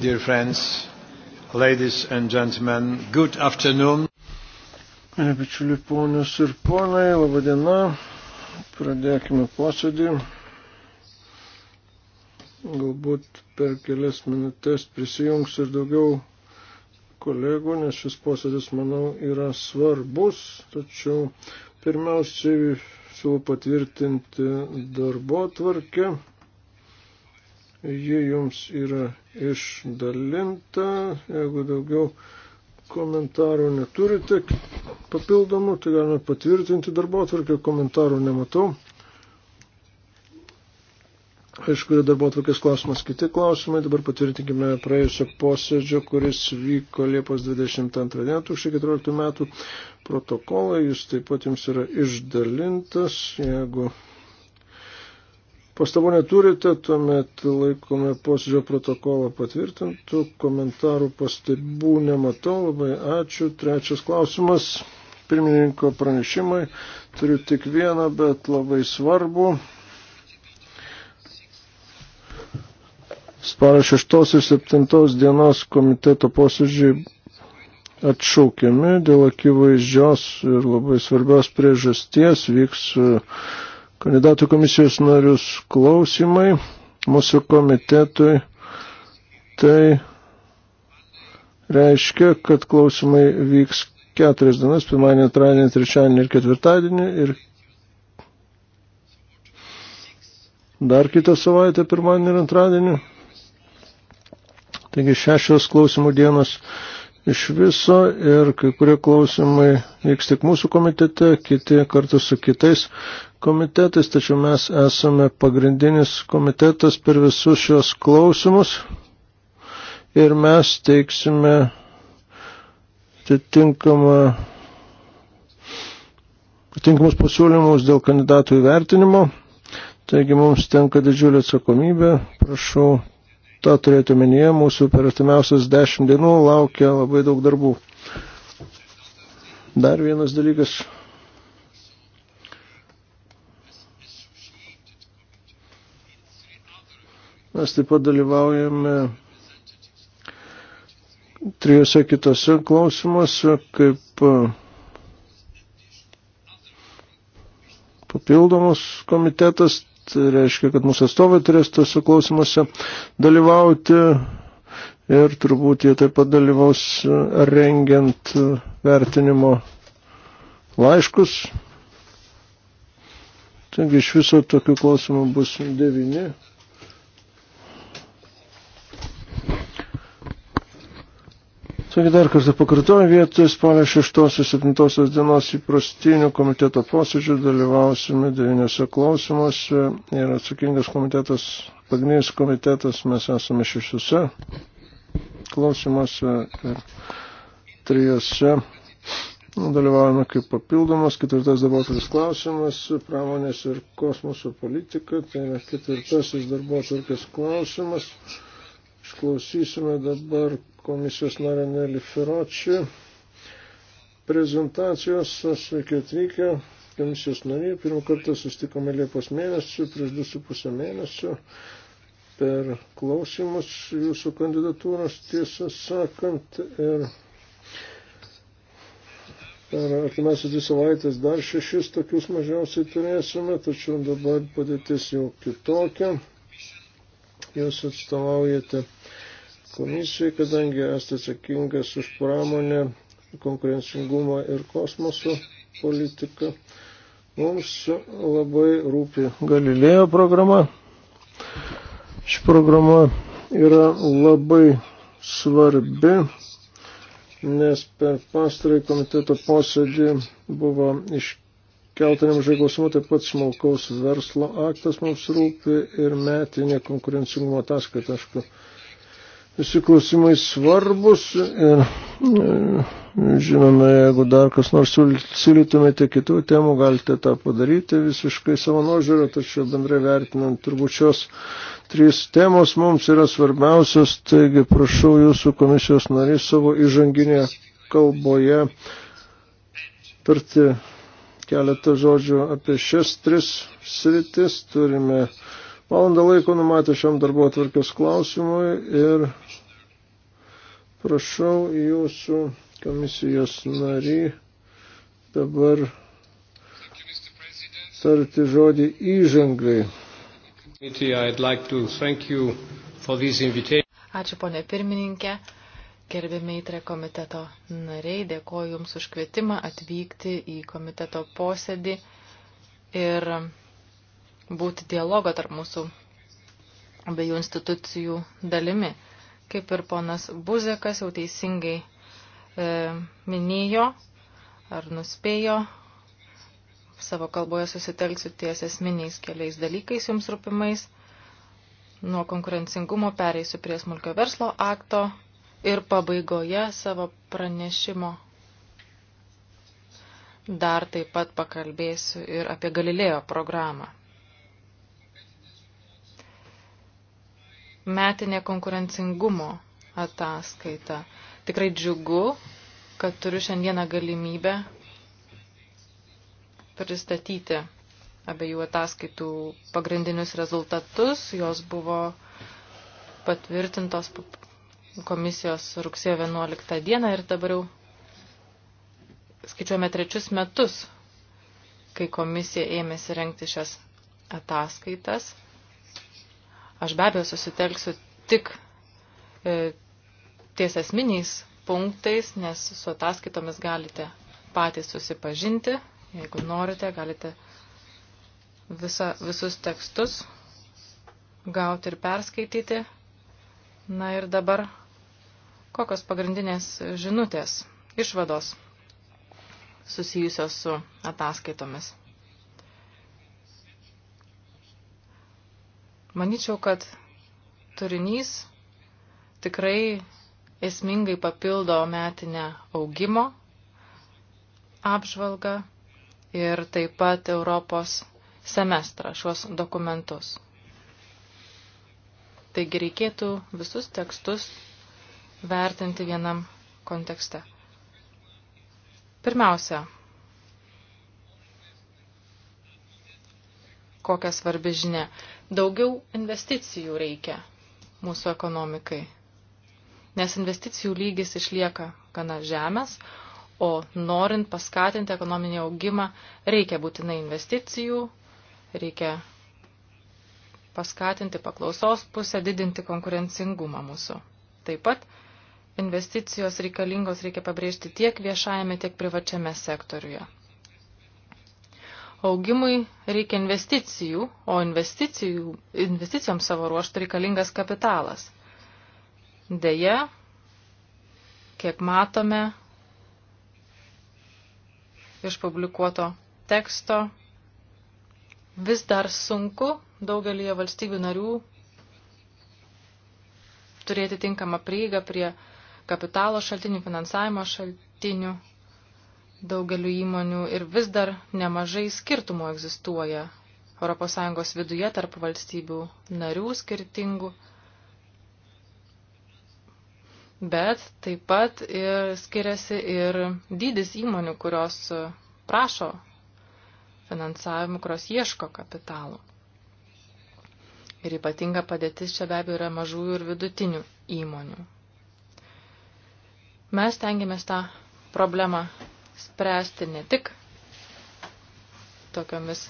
Dear friends, ladies and gentlemen, good afternoon. Mane bičiuli ponios ir ponai, laba diena. Pradėkime posėdį. Galbūt per kelias minutės prisijungs ir daugiau kolegų, nes šis posėdis, manau, yra svarbus, tačiau pirmiausiai siūlau patvirtinti darbo tvarkę. Ji jums yra išdalinta. Jeigu daugiau komentarų neturite papildomų, tai galime patvirtinti darbo atvarkę. Komentarų nematau. Aišku, darbo atvarkės klausimas kiti klausimai. Dabar patvirtinkime praėjusio posėdžio, kuris vyko Liepos 22 dieną 2014 metų protokolą. Jis taip pat jums yra išdalintas. Jeigu Pastabų neturite, tuomet laikome posėdžio protokolą patvirtintų, komentarų pastabų nematau, labai ačiū. Trečias klausimas, pirmininko pranešimai, turiu tik vieną, bet labai svarbu. Spalio 6 ir 7 dienos komiteto posėdžiai atšaukiami dėl akivaizdžios ir labai svarbios priežasties vyks uh, kandidatų komisijos narius klausimai mūsų komitetui. Tai reiškia, kad klausimai vyks keturias dienas, pirmadienį, antradienį, trečiadienį ir ketvirtadienį ir dar kitą savaitę, pirmadienį ir antradienį. Taigi šešios klausimų dienos iš viso ir kai kurie klausimai vyks tik mūsų komitete, kiti kartu su kitais komitetais, tačiau mes esame pagrindinis komitetas per visus šios klausimus ir mes teiksime atitinkamą atitinkamus pasiūlymus dėl kandidatų įvertinimo. Taigi mums tenka didžiulė atsakomybė. Prašau tą turėtų minėję, mūsų per artimiausias dešimt dienų laukia labai daug darbų. Dar vienas dalykas. Mes taip pat dalyvaujame trijose kitose klausimuose, kaip e, papildomas komitetas, Tai reiškia, kad mūsų atstovai turės tose klausimuose dalyvauti ir turbūt jie taip pat dalyvaus rengiant vertinimo laiškus. Taigi iš viso tokių klausimų bus devini. Taigi dar kartą pakartoju, vietoj spalio 6-7 dienos įprastinių komiteto posėdžių dalyvausime devyniose klausimuose ir atsakingas komitetas, pagrindinis komitetas, mes esame šešiuose klausimuose ir trijose dalyvaujame kaip papildomas. Ketvirtas darbuotojas klausimas - pramonės ir kosmoso politika, tai yra ketvirtasis darbuotojas klausimas. Išklausysime dabar komisijos narę Nelį Firočią. Prezentacijos, sveiki atvykę, komisijos narė. Pirmą kartą sustikome Liepos mėnesį, prieš 2,5 mėnesio. Per klausimus jūsų kandidatūros, tiesą sakant, ir Per artimiausias dvi savaitės dar šešis tokius mažiausiai turėsime, tačiau dabar padėtis jau kitokia. Jūs atstovaujate komisijai, kadangi esate atsakingas už pramonę, konkurencingumą ir kosmoso politiką. Mums labai rūpi Galilėjo programa. Ši programa yra labai svarbi, nes per pastarąjį komiteto posėdį buvo iškelta nemažai klausimų, taip pat smulkaus verslo aktas mums rūpi ir metinė konkurencingumo ataskaita. Aišku, visi klausimai svarbus ir e, žinome, jeigu dar kas nors siūlytumėte kitų temų, galite tą padaryti visiškai savo nuožiūrą, tačiau bendrai vertinant turbūt šios trys temos mums yra svarbiausios, taigi prašau jūsų komisijos narys savo įžanginėje kalboje tarti keletą žodžių apie šias tris sritis. Turime uh, Valandą laiko numatė šiam darbo atvarkės klausimui ir prašau jūsų komisijos nary dabar tarti žodį įžangai. Ačiū ponė pirmininkė, gerbėme įtre komiteto nariai, dėkoju Jums už kvietimą atvykti į komiteto posėdį ir būti dialogo tarp mūsų abiejų institucijų dalimi. Kaip ir ponas Buzekas jau teisingai e, minėjo ar nuspėjo, savo kalboje susitelksiu ties esminiais keliais dalykais jums rūpimais. Nuo konkurencingumo pereisiu prie smulkio verslo akto ir pabaigoje savo pranešimo. Dar taip pat pakalbėsiu ir apie Galilėjo programą. metinė konkurencingumo ataskaita. Tikrai džiugu, kad turiu šiandieną galimybę pristatyti abiejų ataskaitų pagrindinius rezultatus. Jos buvo patvirtintos komisijos rugsėjo 11 dieną ir dabar jau skaičiuojame trečius metus, kai komisija ėmėsi renkti šias ataskaitas. Aš be abejo susitelksiu tik e, ties esminiais punktais, nes su ataskaitomis galite patys susipažinti. Jeigu norite, galite visa, visus tekstus gauti ir perskaityti. Na ir dabar kokios pagrindinės žinutės, išvados susijusios su ataskaitomis. Manyčiau, kad turinys tikrai esmingai papildo metinę augimo apžvalgą ir taip pat Europos semestrą, šiuos dokumentus. Taigi reikėtų visus tekstus vertinti vienam kontekste. Pirmiausia, kokia svarbi žinia. Daugiau investicijų reikia mūsų ekonomikai, nes investicijų lygis išlieka gana žemės, o norint paskatinti ekonominį augimą, reikia būtinai investicijų, reikia paskatinti paklausos pusę, didinti konkurencingumą mūsų. Taip pat investicijos reikalingos reikia pabrėžti tiek viešajame, tiek privačiame sektoriuje. Augimui reikia investicijų, o investicijų, investicijoms savo ruoštų reikalingas kapitalas. Deja, kiek matome iš publikuoto teksto, vis dar sunku daugelį valstybių narių turėti tinkamą prieigą prie kapitalo šaltinių, finansavimo šaltinių daugeliu įmonių ir vis dar nemažai skirtumų egzistuoja ES viduje tarp valstybių narių skirtingų, bet taip pat ir skiriasi ir dydis įmonių, kurios prašo finansavimų, kurios ieško kapitalų. Ir ypatinga padėtis čia be abejo yra mažųjų ir vidutinių įmonių. Mes tengiamės tą problemą spręsti ne tik tokiomis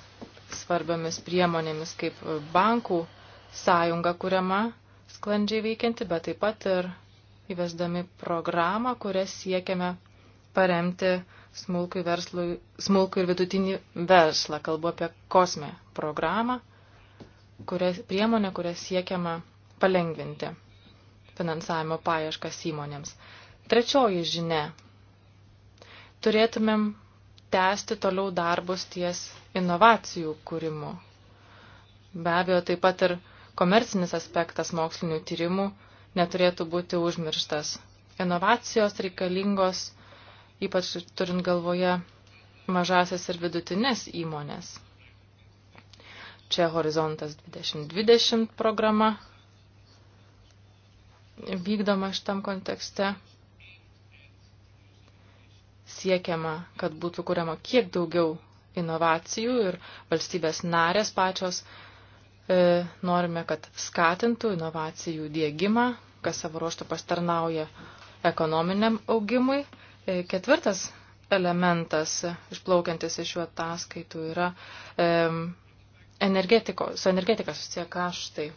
svarbiomis priemonėmis kaip bankų sąjunga kuriama sklandžiai veikianti, bet taip pat ir įvesdami programą, kurią siekiame paremti smulkų, verslui, smulkų ir vidutinį verslą. Kalbu apie kosmę programą, kuria, priemonę, kurią siekiama palengvinti finansavimo paieškas įmonėms. Trečioji žinia turėtumėm tęsti toliau darbus ties inovacijų kūrimu. Be abejo, taip pat ir komercinis aspektas mokslinių tyrimų neturėtų būti užmirštas. Inovacijos reikalingos, ypač turint galvoje mažasias ir vidutinės įmonės. Čia Horizontas 2020 programa vykdoma šitam kontekste siekiama, kad būtų kuriama kiek daugiau inovacijų ir valstybės narės pačios e, norime, kad skatintų inovacijų dėgymą, kas savo ruoštų pastarnauja ekonominiam augimui. E, ketvirtas elementas išplaukiantis iš šių ataskaitų yra e, energetiko, su energetika susiję kaštai.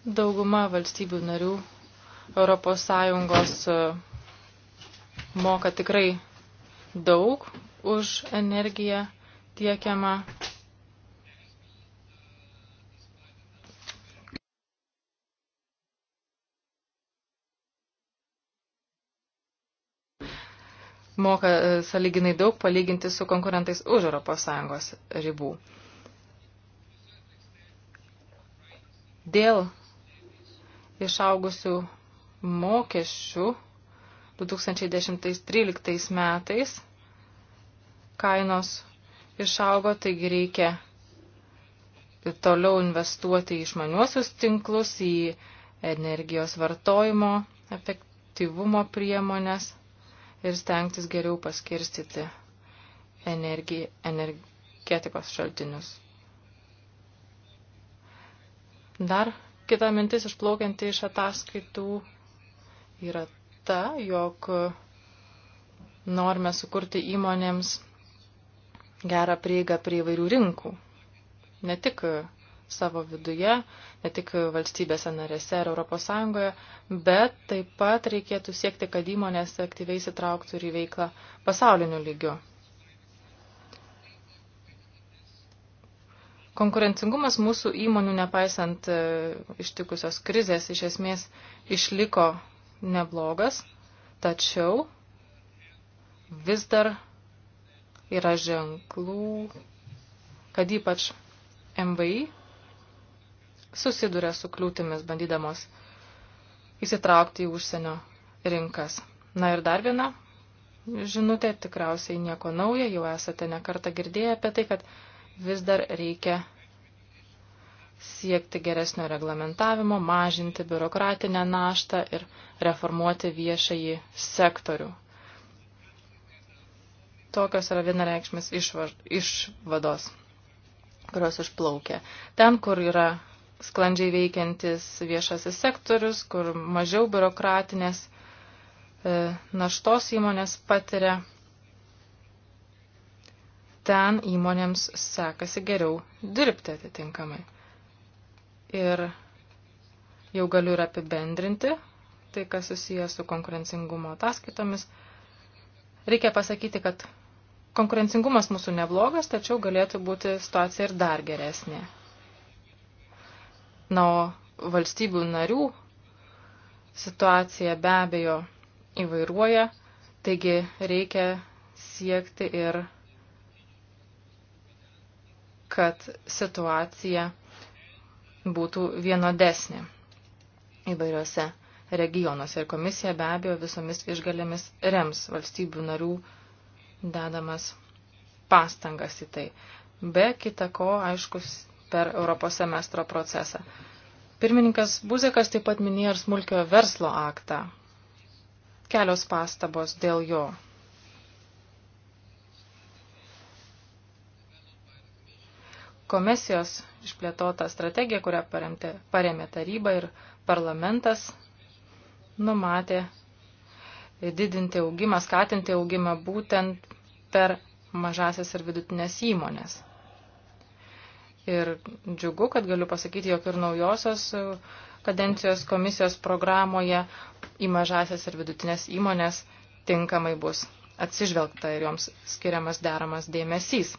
Dauguma valstybių narių ES e, moka tikrai daug už energiją tiekiamą. moka e, saliginai daug palyginti su konkurentais už ES ribų. Dėl išaugusių mokesčių 2010-2013 metais kainos išaugo, taigi reikia toliau investuoti į išmaniuosius tinklus, į energijos vartojimo efektyvumo priemonės ir stengtis geriau paskirstyti energiją, energetikos šaltinius. Dar kita mintis išplaukianti iš ataskaitų yra ta, jog norime sukurti įmonėms gerą prieigą prie įvairių rinkų. Ne tik savo viduje, ne tik valstybėse narėse ir Europos Sąjungoje, bet taip pat reikėtų siekti, kad įmonės aktyviai įsitrauktų ir į veiklą pasauliniu lygiu. Konkurencingumas mūsų įmonių, nepaisant e, ištikusios krizės, iš esmės išliko neblogas, tačiau vis dar yra ženklų, kad ypač MVI susiduria su kliūtimis bandydamos įsitraukti į užsienio rinkas. Na ir dar viena žinutė, tikriausiai nieko nauja, jau esate nekartą girdėję apie tai, kad vis dar reikia siekti geresnio reglamentavimo, mažinti biurokratinę naštą ir reformuoti viešąjį sektorių. Tokios yra vienareikšmės išvados, kurios išplaukia. Ten, kur yra sklandžiai veikiantis viešasis sektorius, kur mažiau biurokratinės e, naštos įmonės patiria, ten įmonėms sekasi geriau dirbti atitinkamai. Ir jau galiu ir apibendrinti tai, kas susijęs su konkurencingumo ataskaitomis. Reikia pasakyti, kad konkurencingumas mūsų neblogas, tačiau galėtų būti situacija ir dar geresnė. Na, o valstybių narių situacija be abejo įvairuoja, taigi reikia siekti ir kad situacija būtų vienodesnė įvairiose regionuose. Ir komisija be abejo visomis išgalėmis rems valstybių narių dedamas pastangas į tai. Be kita ko, aiškus, per Europos semestro procesą. Pirmininkas Buzekas taip pat minėjo ir smulkiojo verslo aktą. Kelios pastabos dėl jo. komisijos išplėtota strategija, kurią paremtė, paremė taryba ir parlamentas, numatė didinti augimą, skatinti augimą būtent per mažasias ir vidutinės įmonės. Ir džiugu, kad galiu pasakyti, jog ir naujosios kadencijos komisijos programoje į mažasias ir vidutinės įmonės tinkamai bus atsižvelgta ir joms skiriamas deramas dėmesys.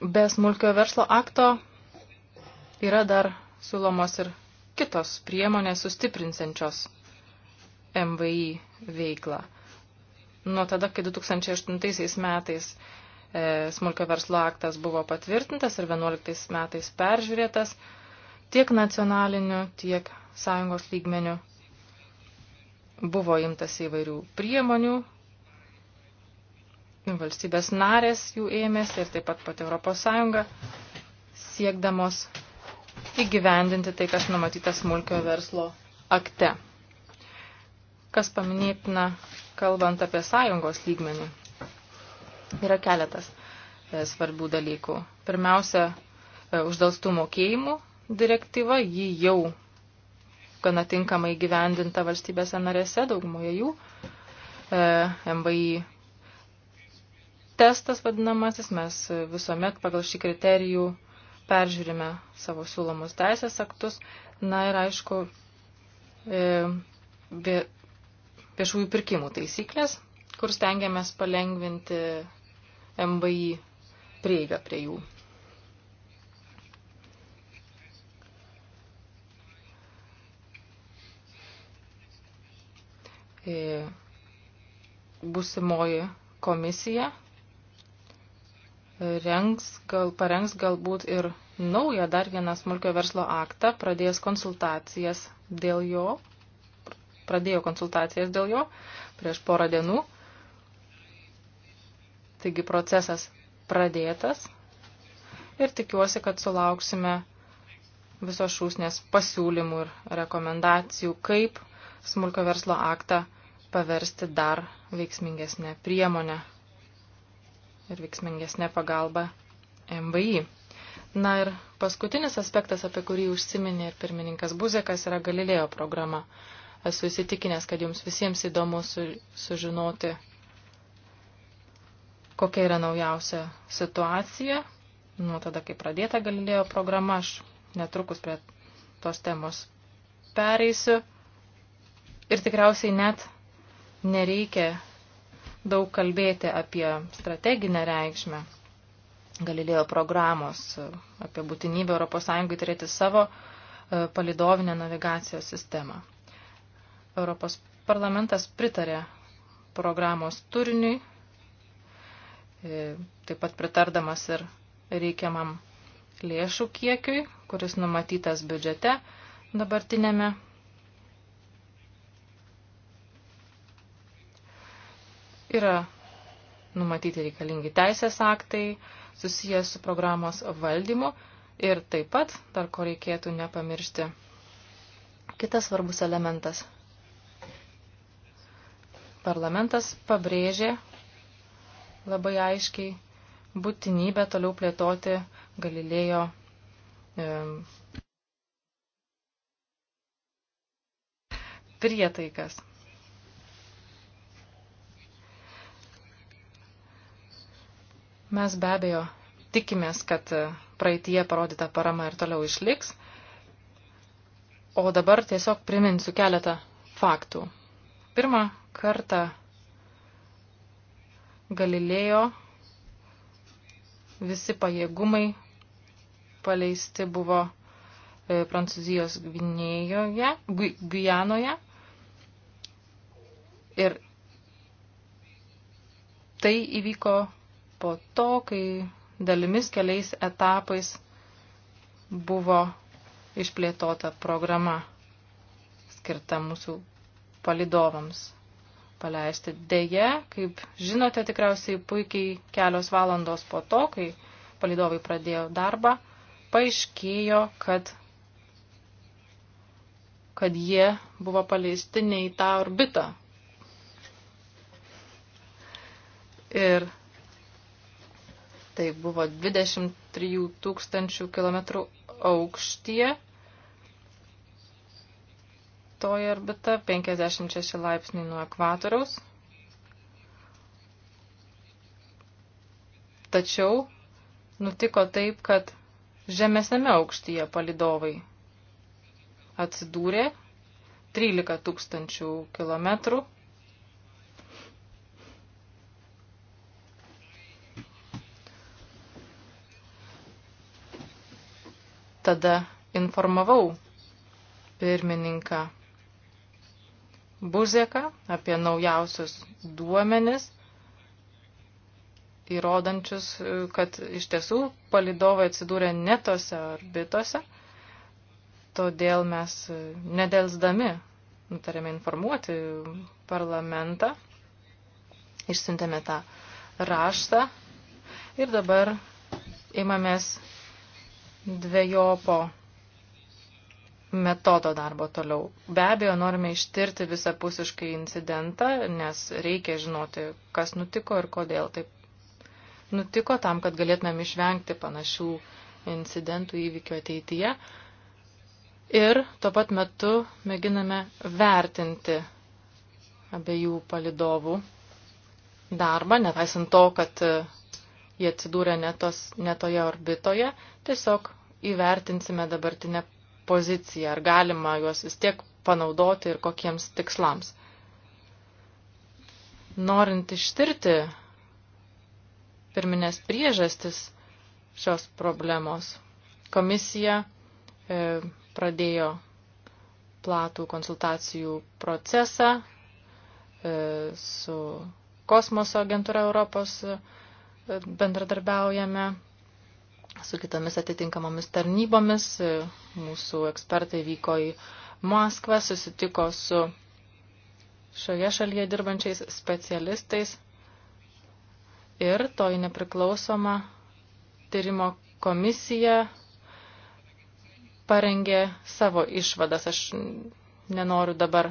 Be smulkio verslo akto yra dar siūlomos ir kitos priemonės sustiprinsiančios MVI veiklą. Nuo tada, kai 2008 metais e, smulkio verslo aktas buvo patvirtintas ir 11 metais peržiūrėtas tiek nacionaliniu, tiek sąjungos lygmeniu, buvo imtas įvairių priemonių valstybės narės jų ėmėsi ir taip pat pat Europos Sąjunga siekdamos įgyvendinti tai, kas numatyta smulkio verslo akte. Kas paminėtina, kalbant apie sąjungos lygmenį, yra keletas e, svarbių dalykų. Pirmiausia, e, uždalstų mokėjimų direktyva, ji jau gana tinkamai gyvendinta valstybėse narėse, daugumoje jų. E, MVI testas vadinamasis, mes visuomet pagal šį kriterijų peržiūrime savo siūlomus teisės aktus. Na ir aišku, e, viešųjų pirkimų taisyklės, kur stengiamės palengvinti MBI prieigą prie jų. E, Būsimoji komisija rengs, gal, parengs galbūt ir naują dar vieną smulkio verslo aktą, pradės konsultacijas dėl jo, pradėjo konsultacijas dėl jo prieš porą dienų. Taigi procesas pradėtas ir tikiuosi, kad sulauksime visos šūsnės pasiūlymų ir rekomendacijų, kaip smulkio verslo aktą paversti dar veiksmingesnę priemonę ir veiksmingesnė pagalba MVI. Na ir paskutinis aspektas, apie kurį užsiminė ir pirmininkas Buzekas, yra Galilėjo programa. Esu įsitikinęs, kad jums visiems įdomu su, sužinoti, kokia yra naujausia situacija. Nuo tada, kai pradėta Galilėjo programa, aš netrukus prie tos temos pereisiu. Ir tikriausiai net nereikia daug kalbėti apie strateginę reikšmę Galilėjo programos, apie būtinybę ES turėti savo e, palidovinę navigacijos sistemą. Europos parlamentas pritarė programos turiniui, e, taip pat pritardamas ir reikiamam lėšų kiekiui, kuris numatytas biudžete dabartinėme Yra numatyti reikalingi teisės aktai susijęs su programos valdymu ir taip pat, dar ko reikėtų nepamiršti, kitas svarbus elementas. Parlamentas pabrėžė labai aiškiai būtinybę toliau plėtoti Galilėjo e, prietaikas. Mes be abejo tikimės, kad e, praeitie parodyta parama ir toliau išliks. O dabar tiesiog priminsiu keletą faktų. Pirmą kartą Galilėjo visi pajėgumai paleisti buvo e, Prancūzijos Gvinėjoje, Gujanoje. Ir tai įvyko po to, kai dalimis keliais etapais buvo išplėtota programa skirta mūsų palidovams paleisti. Deja, kaip žinote, tikriausiai puikiai kelios valandos po to, kai palidovai pradėjo darbą, paaiškėjo, kad, kad jie buvo paleisti ne į tą orbitą. Ir Tai buvo 23 tūkstančių kilometrų aukštyje. Toji orbita 56 laipsniai nuo ekvatoriaus. Tačiau nutiko taip, kad žemesnėme aukštyje palidovai atsidūrė 13 tūkstančių kilometrų tada informavau pirmininką Buzeką apie naujausius duomenis, įrodančius, kad iš tiesų palidovai atsidūrė netose orbitose, todėl mes nedelsdami nutarėme informuoti parlamentą, išsintėme tą raštą ir dabar imamės dviejopo metodo darbo toliau. Be abejo, norime ištirti visapusiškai incidentą, nes reikia žinoti, kas nutiko ir kodėl taip nutiko tam, kad galėtumėm išvengti panašių incidentų įvykių ateityje. Ir tuo pat metu mėginame vertinti abiejų palidovų darbą, nepaisant to, kad jie atsidūrė ne, tos, ne toje orbitoje, Tiesiog įvertinsime dabartinę poziciją, ar galima juos vis tiek panaudoti ir kokiems tikslams. Norint ištirti pirminės priežastis šios problemos, komisija e, pradėjo platų konsultacijų procesą e, su kosmoso agentūra Europos e, bendradarbiaujame su kitomis atitinkamomis tarnybomis. Mūsų ekspertai vyko į Maskvą, susitiko su šioje šalyje dirbančiais specialistais ir toji nepriklausoma tyrimo komisija parengė savo išvadas. Aš nenoriu dabar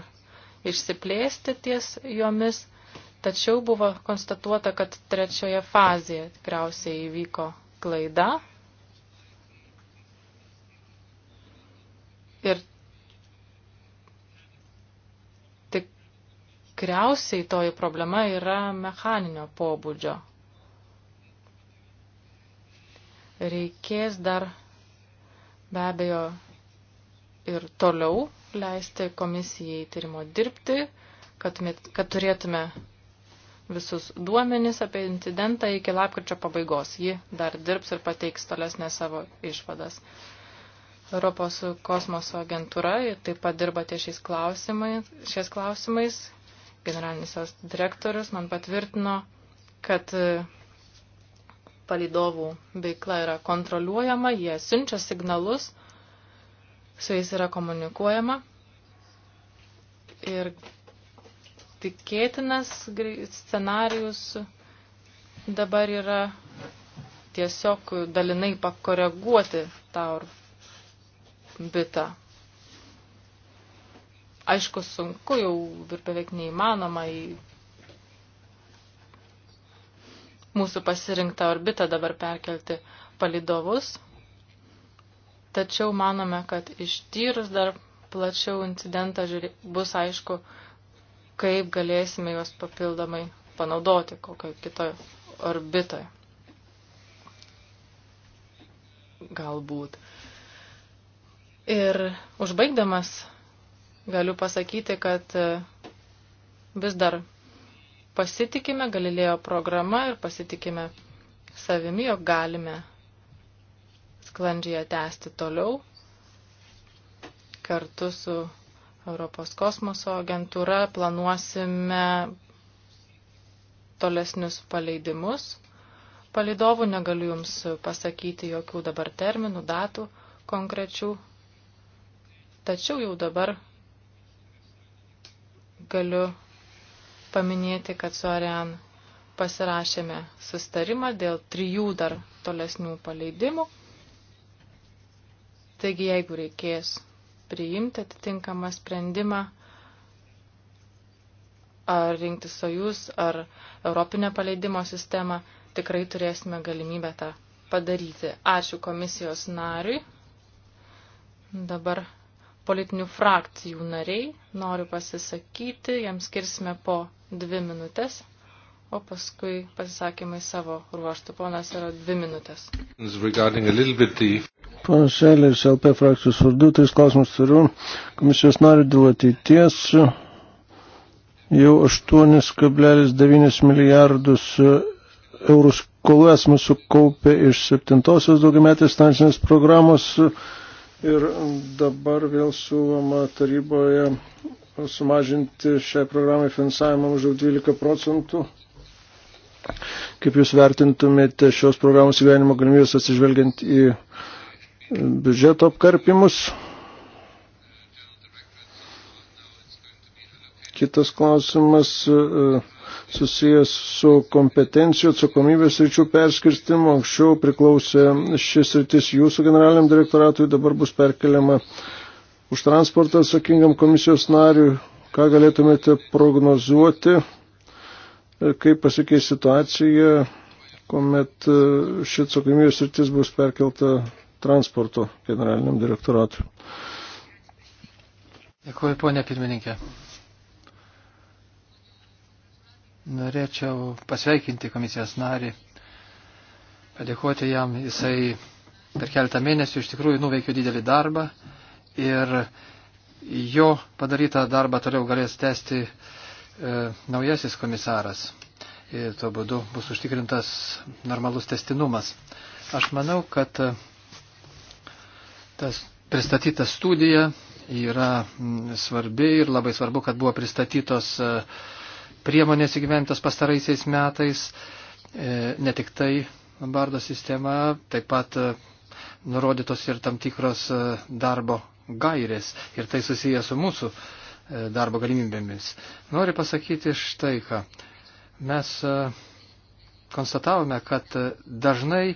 išsiplėsti ties jomis, tačiau buvo konstatuota, kad trečioje fazėje tikriausiai įvyko klaida Ir tikriausiai toji problema yra mechaninio pobūdžio. Reikės dar be abejo ir toliau leisti komisijai tyrimo dirbti, kad, kad turėtume visus duomenis apie incidentą iki lapkričio pabaigos. Ji dar dirbs ir pateiks tolesnės savo išvadas. Europos kosmoso agentūra, taip pat dirbate šiais klausimais, šiais klausimais. Generalinis jos direktorius man patvirtino, kad e, palidovų veikla yra kontroliuojama, jie siunčia signalus, su jais yra komunikuojama. Ir tikėtinas scenarius dabar yra tiesiog dalinai pakoreguoti tą bitą. Aišku, sunku jau ir beveik neįmanoma į mūsų pasirinktą orbitą dabar perkelti palidovus. Tačiau manome, kad ištyrus dar plačiau incidentą bus aišku, kaip galėsime juos papildomai panaudoti kokioje kitoje orbitoje. Galbūt. Ir užbaigdamas galiu pasakyti, kad e, vis dar pasitikime Galilėjo programą ir pasitikime savimi, jog galime sklandžiai tęsti toliau kartu su Europos kosmoso agentūra planuosime tolesnius paleidimus. Palidovų negaliu Jums pasakyti jokių dabar terminų, datų konkrečių, Tačiau jau dabar galiu paminėti, kad su Arian pasirašėme sustarimą dėl trijų dar tolesnių paleidimų. Taigi, jeigu reikės priimti atitinkamą sprendimą, ar rinkti sojus, ar Europinę paleidimo sistemą, tikrai turėsime galimybę tą padaryti. Ačiū komisijos nariui. Dabar politinių frakcijų nariai nori pasisakyti, jam skirsime po dvi minutės, o paskui pasisakymai savo ruoštų. Ponas yra dvi minutės. Ponas Šelės, LP frakcijos vardu, tris klausimus turiu. Komisijos nori dėl ateities jau 8,9 milijardus eurų skolų esame sukaupę iš septintosios daugiametės finansinės programos. Ir dabar vėl siūloma taryboje sumažinti šiai programai finansavimą mažiau 12 procentų. Kaip Jūs vertintumėte šios programos gyvenimo galimybės atsižvelgiant į biudžeto apkarpimus? Kitas klausimas e, e, susijęs su kompetencijų atsakomybės ryčių perskirstimu. Anksčiau priklausė šis rytis jūsų generaliniam direktoratui, dabar bus perkeliama už transportą atsakingam komisijos nariui. Ką galėtumėte prognozuoti, e, kaip pasikeis situacija, kuomet ši atsakomybės rytis bus perkelta transporto generaliniam direktoratui? Dėkuoju, ponė pirmininkė. Norėčiau pasveikinti komisijos narį, padėkoti jam. Jisai per keletą mėnesių iš tikrųjų nuveikė didelį darbą ir jo padarytą darbą toliau galės tęsti e, naujasis komisaras. Ir tuo būdu bus užtikrintas normalus testinumas. Aš manau, kad e, tas pristatyta studija yra svarbi ir labai svarbu, kad buvo pristatytos e, priemonės įgyventas pastaraisiais metais, e, ne tik tai bardo sistema, taip pat e, nurodytos ir tam tikros e, darbo gairės ir tai susiję su mūsų darbo galimybėmis. Noriu pasakyti štai ką. Mes konstatavome, kad dažnai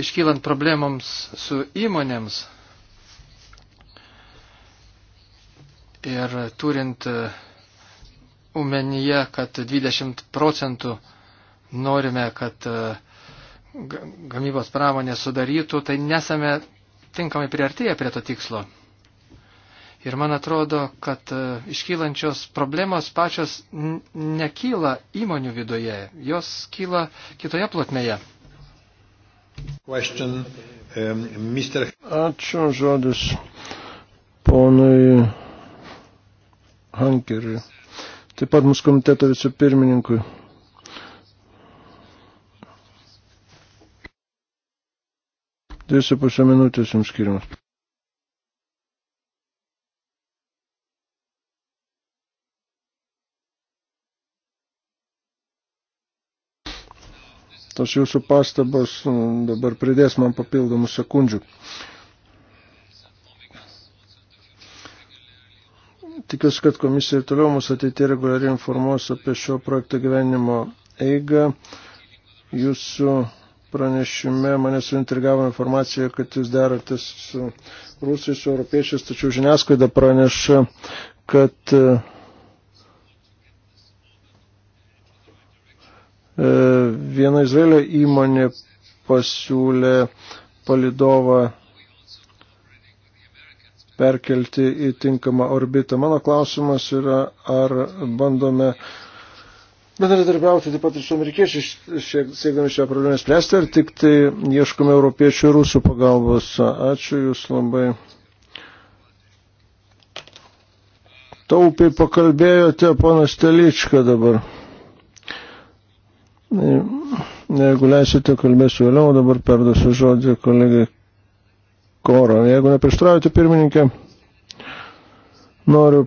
iškylant problemams su įmonėms ir turint omenyje, kad 20 procentų norime, kad e, gamybos pramonė sudarytų, tai nesame tinkamai priartėję prie to tikslo. Ir man atrodo, kad e, iškylančios problemos pačios nekyla įmonių viduje, jos kyla kitoje plotmėje. Question, um, Mr. Ačiū žodis ponui Hankeriui taip pat mūsų komiteto vicepirmininkui. Dvi su pusę minutės jums skirimas. Tos jūsų pastabos mm, dabar pridės man papildomų sekundžių. Tikiuosi, kad komisija ir toliau mūsų ateitie reguliariai informuos apie šio projekto gyvenimo eigą. Jūsų pranešime mane suintrigavo informacija, kad jūs deratės su rusais, su europiečiais, tačiau žiniasklaida praneša, kad e, viena Izraelio įmonė pasiūlė palidovą perkelti į tinkamą orbitą. Mano klausimas yra, ar bandome bendradarbiauti taip pat ir su amerikiečiais, siekdami šią problemą spręsti, ar tik tai ieškome europiečių ir rusų pagalbos. Ačiū Jūs labai. Taupiai pakalbėjote, ponas Teličką dabar. Jeigu leisite, kalbėsiu vėliau, dabar perduosiu žodį kolegai koro. Jeigu neprieštraujate pirmininkę, noriu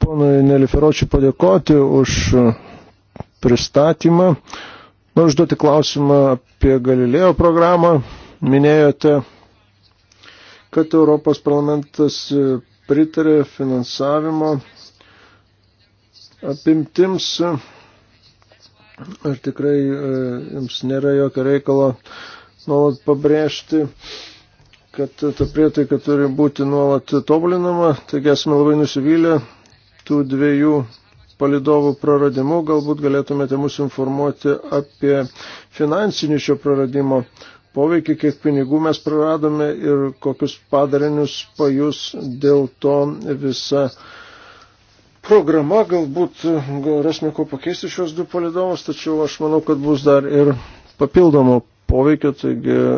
ponui Neliferočiui padėkoti už pristatymą. Noriu užduoti klausimą apie Galilėjo programą. Minėjote, kad Europos parlamentas pritarė finansavimo apimtims. Ar tikrai e, jums nėra jokio reikalo nuolat pabrėžti kad ta prietaika turi būti nuolat tobulinama, taigi esame labai nusivylę tų dviejų palidovų praradimu. Galbūt galėtumėte mus informuoti apie finansinį šio praradimo poveikį, kiek pinigų mes praradome ir kokius padarinius pajus dėl to visa programa. Galbūt rasime ko pakeisti šios du palidovus, tačiau aš manau, kad bus dar ir papildomų poveikio, taigi e,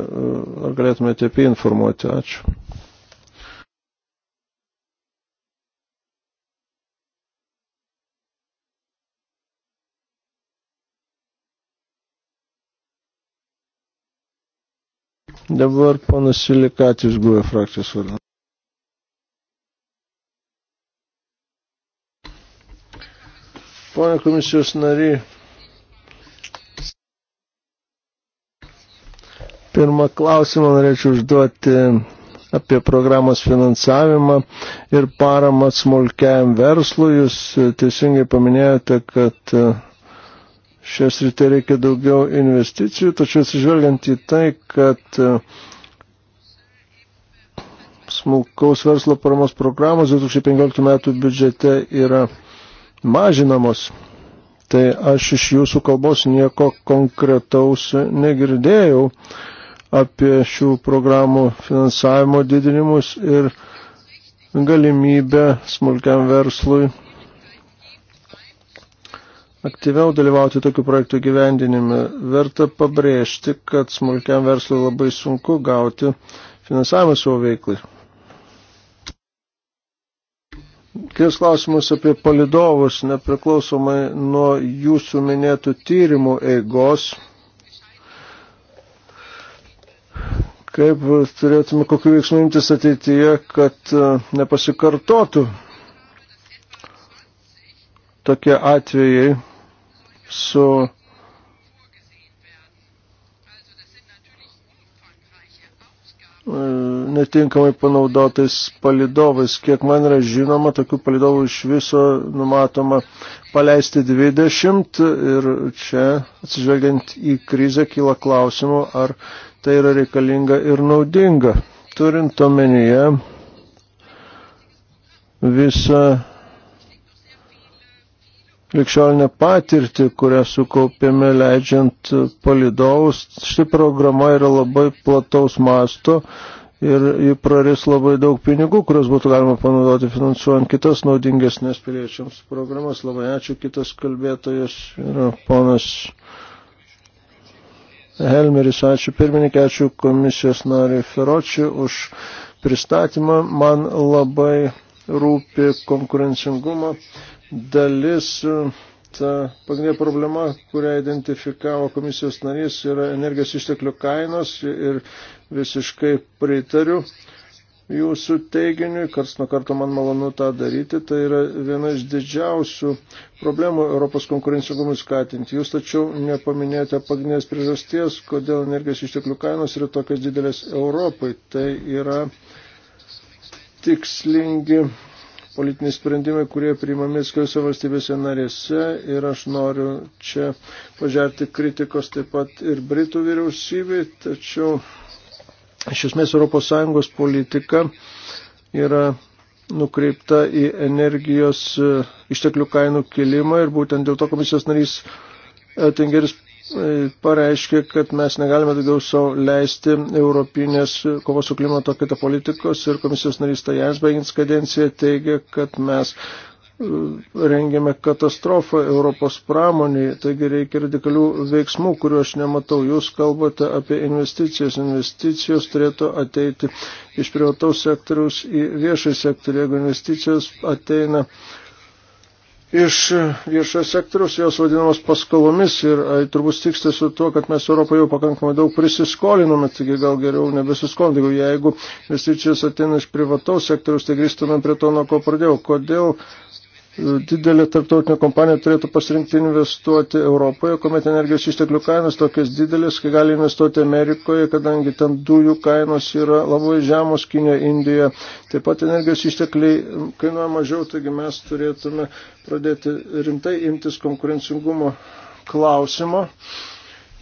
ar galėtumėte apie informuoti? Ačiū. Dabar panas Silikatis guoja frakcijos vardą. Pone komisijos nariai, Pirmą klausimą norėčiau užduoti apie programos finansavimą ir paramą smulkiajam verslui. Jūs teisingai paminėjote, kad e, šias rytė reikia daugiau investicijų, tačiau atsižvelgiant į tai, kad e, smulkaus verslo paramos programos 2015 metų biudžete yra mažinamos. Tai aš iš jūsų kalbos nieko konkretaus negirdėjau. Uh, apie šių programų finansavimo didinimus ir galimybę smulkiam verslui aktyviau dalyvauti tokių projektų gyvendinime. Verta pabrėžti, kad smulkiam verslui labai sunku gauti finansavimą savo veiklai. Kies klausimus apie palidovus, nepriklausomai nuo jūsų minėtų tyrimų eigos, kaip turėtume kokiu veiksmu imtis ateityje, kad e, nepasikartotų tokie atvejai su netinkamai panaudotais palidovais. Kiek man yra žinoma, tokių palidovų iš viso numatoma paleisti 20 ir čia, atsižvelgiant į krizę, kyla klausimų, ar tai yra reikalinga ir naudinga, turint omenyje visą likščiolinę patirtį, kurią sukaupėme leidžiant palidovus. Ši programa yra labai plataus masto ir ji praris labai daug pinigų, kurios būtų galima panaudoti finansuojant kitas naudingesnės piliečiams programas. Labai ačiū, kitas kalbėtojas yra ponas Helmeris, ačiū pirmininkė, ačiū komisijos nariai Feročiui už pristatymą. Man labai rūpi konkurencingumo dalis. Ta pagrindinė problema, kurią identifikavo komisijos narys, yra energijos išteklių kainos ir visiškai pritariu jūsų teiginiui, kars nuo karto man malonu tą daryti, tai yra viena iš didžiausių problemų Europos konkurencingumui skatinti. Jūs tačiau nepaminėjote pagrindinės priežasties, kodėl energijos išteklių kainos yra tokios didelės Europai. Tai yra tikslingi politiniai sprendimai, kurie priimami skiriuose valstybėse narėse ir aš noriu čia pažerti kritikos taip pat ir Britų vyriausybei, tačiau Iš esmės ES politika yra nukreipta į energijos e, išteklių kainų kilimą ir būtent dėl to komisijos narys e, Tingeris e, pareiškė, kad mes negalime daugiau savo leisti Europinės kovos su klimato kaita politikos ir komisijos narys Tajans baigins kadenciją teigia, kad mes rengiame katastrofą Europos pramoniai, taigi reikia radikalių veiksmų, kuriuo aš nematau. Jūs kalbate apie investicijas. Investicijos turėtų ateiti iš privataus sektoriaus į viešą sektorių. Jeigu investicijos ateina iš viešojo sektoriaus, jos vadinamos paskalomis ir ai, turbūt tiksta su tuo, kad mes Europoje jau pakankamai daug prisiskolinome, taigi gal geriau nebesiskolinti, jeigu investicijos ateina iš privataus sektoriaus, tai grįžtume prie to, nuo ko pradėjau. Kodėl didelė tarptautinė kompanija turėtų pasirinkti investuoti Europoje, kuomet energijos išteklių kainos tokios didelės, kai gali investuoti Amerikoje, kadangi ten dujų kainos yra labai žemos Kinė, Indija. Taip pat energijos ištekliai kainuoja mažiau, taigi mes turėtume pradėti rimtai imtis konkurencingumo klausimo.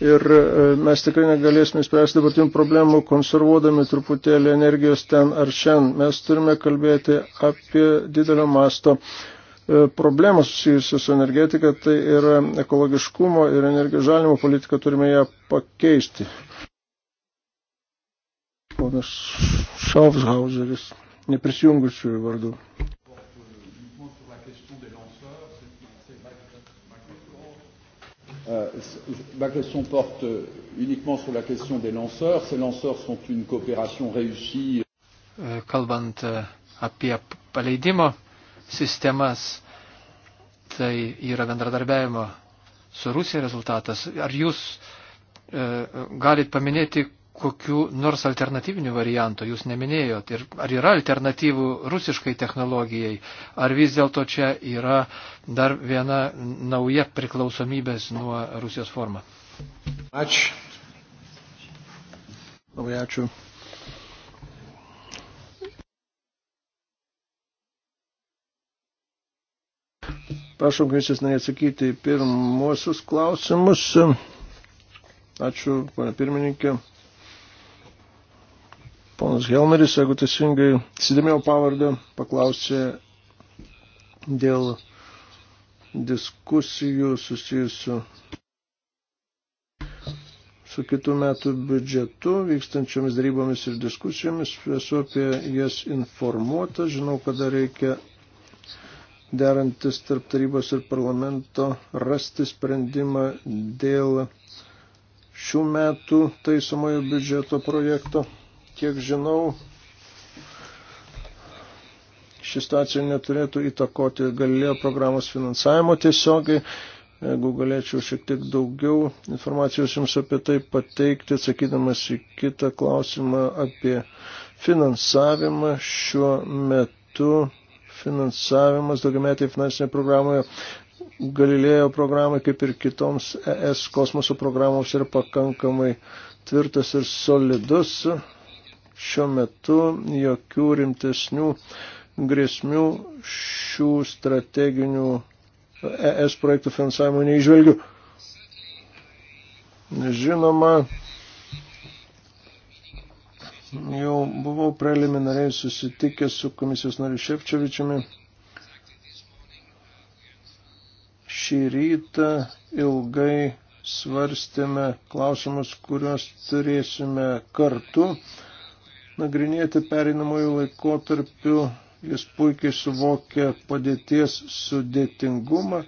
Ir e, mes tikrai negalėsime spręsti dabartinių problemų, konservuodami truputėlį energijos ten ar šiandien. Mes turime kalbėti apie didelio masto uh, E, problemą susijusią su energetika, tai yra ekologiškumo ir energijos žalimo politika, turime ją pakeisti. Ponas Schaufhauseris, neprisijungusiųjų vardu. Euh, ma question porte uniquement sur la question des lanceurs. Ces lanceurs sont une coopération réussie. Kalbant euh, apie paleidimo sistemas. Tai yra bendradarbiavimo su Rusija rezultatas. Ar jūs e, galit paminėti kokiu nors alternatyviniu variantu, jūs neminėjot, ir ar yra alternatyvų rusiškai technologijai, ar vis dėlto čia yra dar viena nauja priklausomybės nuo Rusijos forma. Ačiū. Labai ačiū. Prašom komisijos neatsakyti į pirmosius klausimus. Ačiū, pana pirmininkė. Ponas Helmeris, jeigu teisingai įsidėmėjau pavardę, paklausė dėl diskusijų susijusių su kitų metų biudžetu, vykstančiomis darybomis ir diskusijomis. Esu apie jas informuota, žinau, kada reikia derantis tarp tarybos ir parlamento rasti sprendimą dėl šių metų taisomojo biudžeto projekto. Kiek žinau, ši situacija neturėtų įtakoti galėjo programos finansavimo tiesiogiai. Jeigu galėčiau šiek tiek daugiau informacijos jums apie tai pateikti, atsakydamas į kitą klausimą apie finansavimą šiuo metu finansavimas daugiametėje finansinėje programoje Galilėjo programai, kaip ir kitoms ES kosmoso programoms, yra pakankamai tvirtas ir solidus. Šiuo metu jokių rimtesnių grėsmių šių strateginių ES projektų finansavimo neižvelgiu. Žinoma, Jau buvau preliminariai susitikęs su komisijos nariu Šepčiovičiumi. Šį rytą ilgai svarstėme klausimus, kuriuos turėsime kartu nagrinėti pereinamojų laikotarpių. Jis puikiai suvokia padėties sudėtingumą.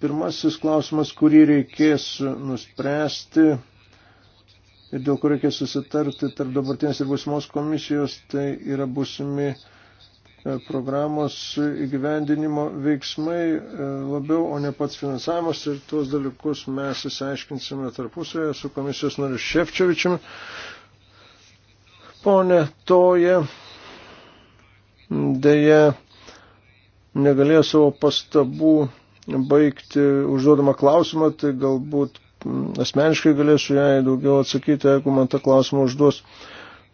Pirmasis klausimas, kurį reikės nuspręsti, ir dėl ko reikia susitarti tarp dabartinės ir būsimos komisijos, tai yra būsimi e, programos įgyvendinimo veiksmai e, labiau, o ne pats finansavimas ir tuos dalykus mes įsiaiškinsime tarpusavėje su komisijos nariu Šefčiovičiumi. Pone Toje, dėja, negalėjo savo pastabų baigti užduodamą klausimą, tai galbūt asmeniškai galėsiu jai daugiau atsakyti, jeigu man tą klausimą užduos.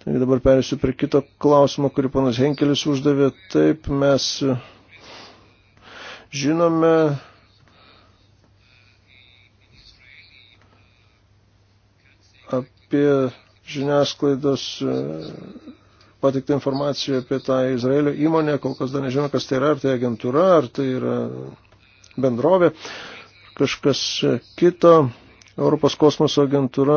Taigi dabar perėsiu prie kito klausimo, kurį panas Henkelis uždavė. Taip, mes žinome, apie žiniasklaidos e, pateiktą informaciją apie tą Izraelio įmonę, kol kas dar nežinau, kas tai yra, ar tai agentūra, ar tai yra bendrovė, kažkas kito. Europos kosmoso agentūra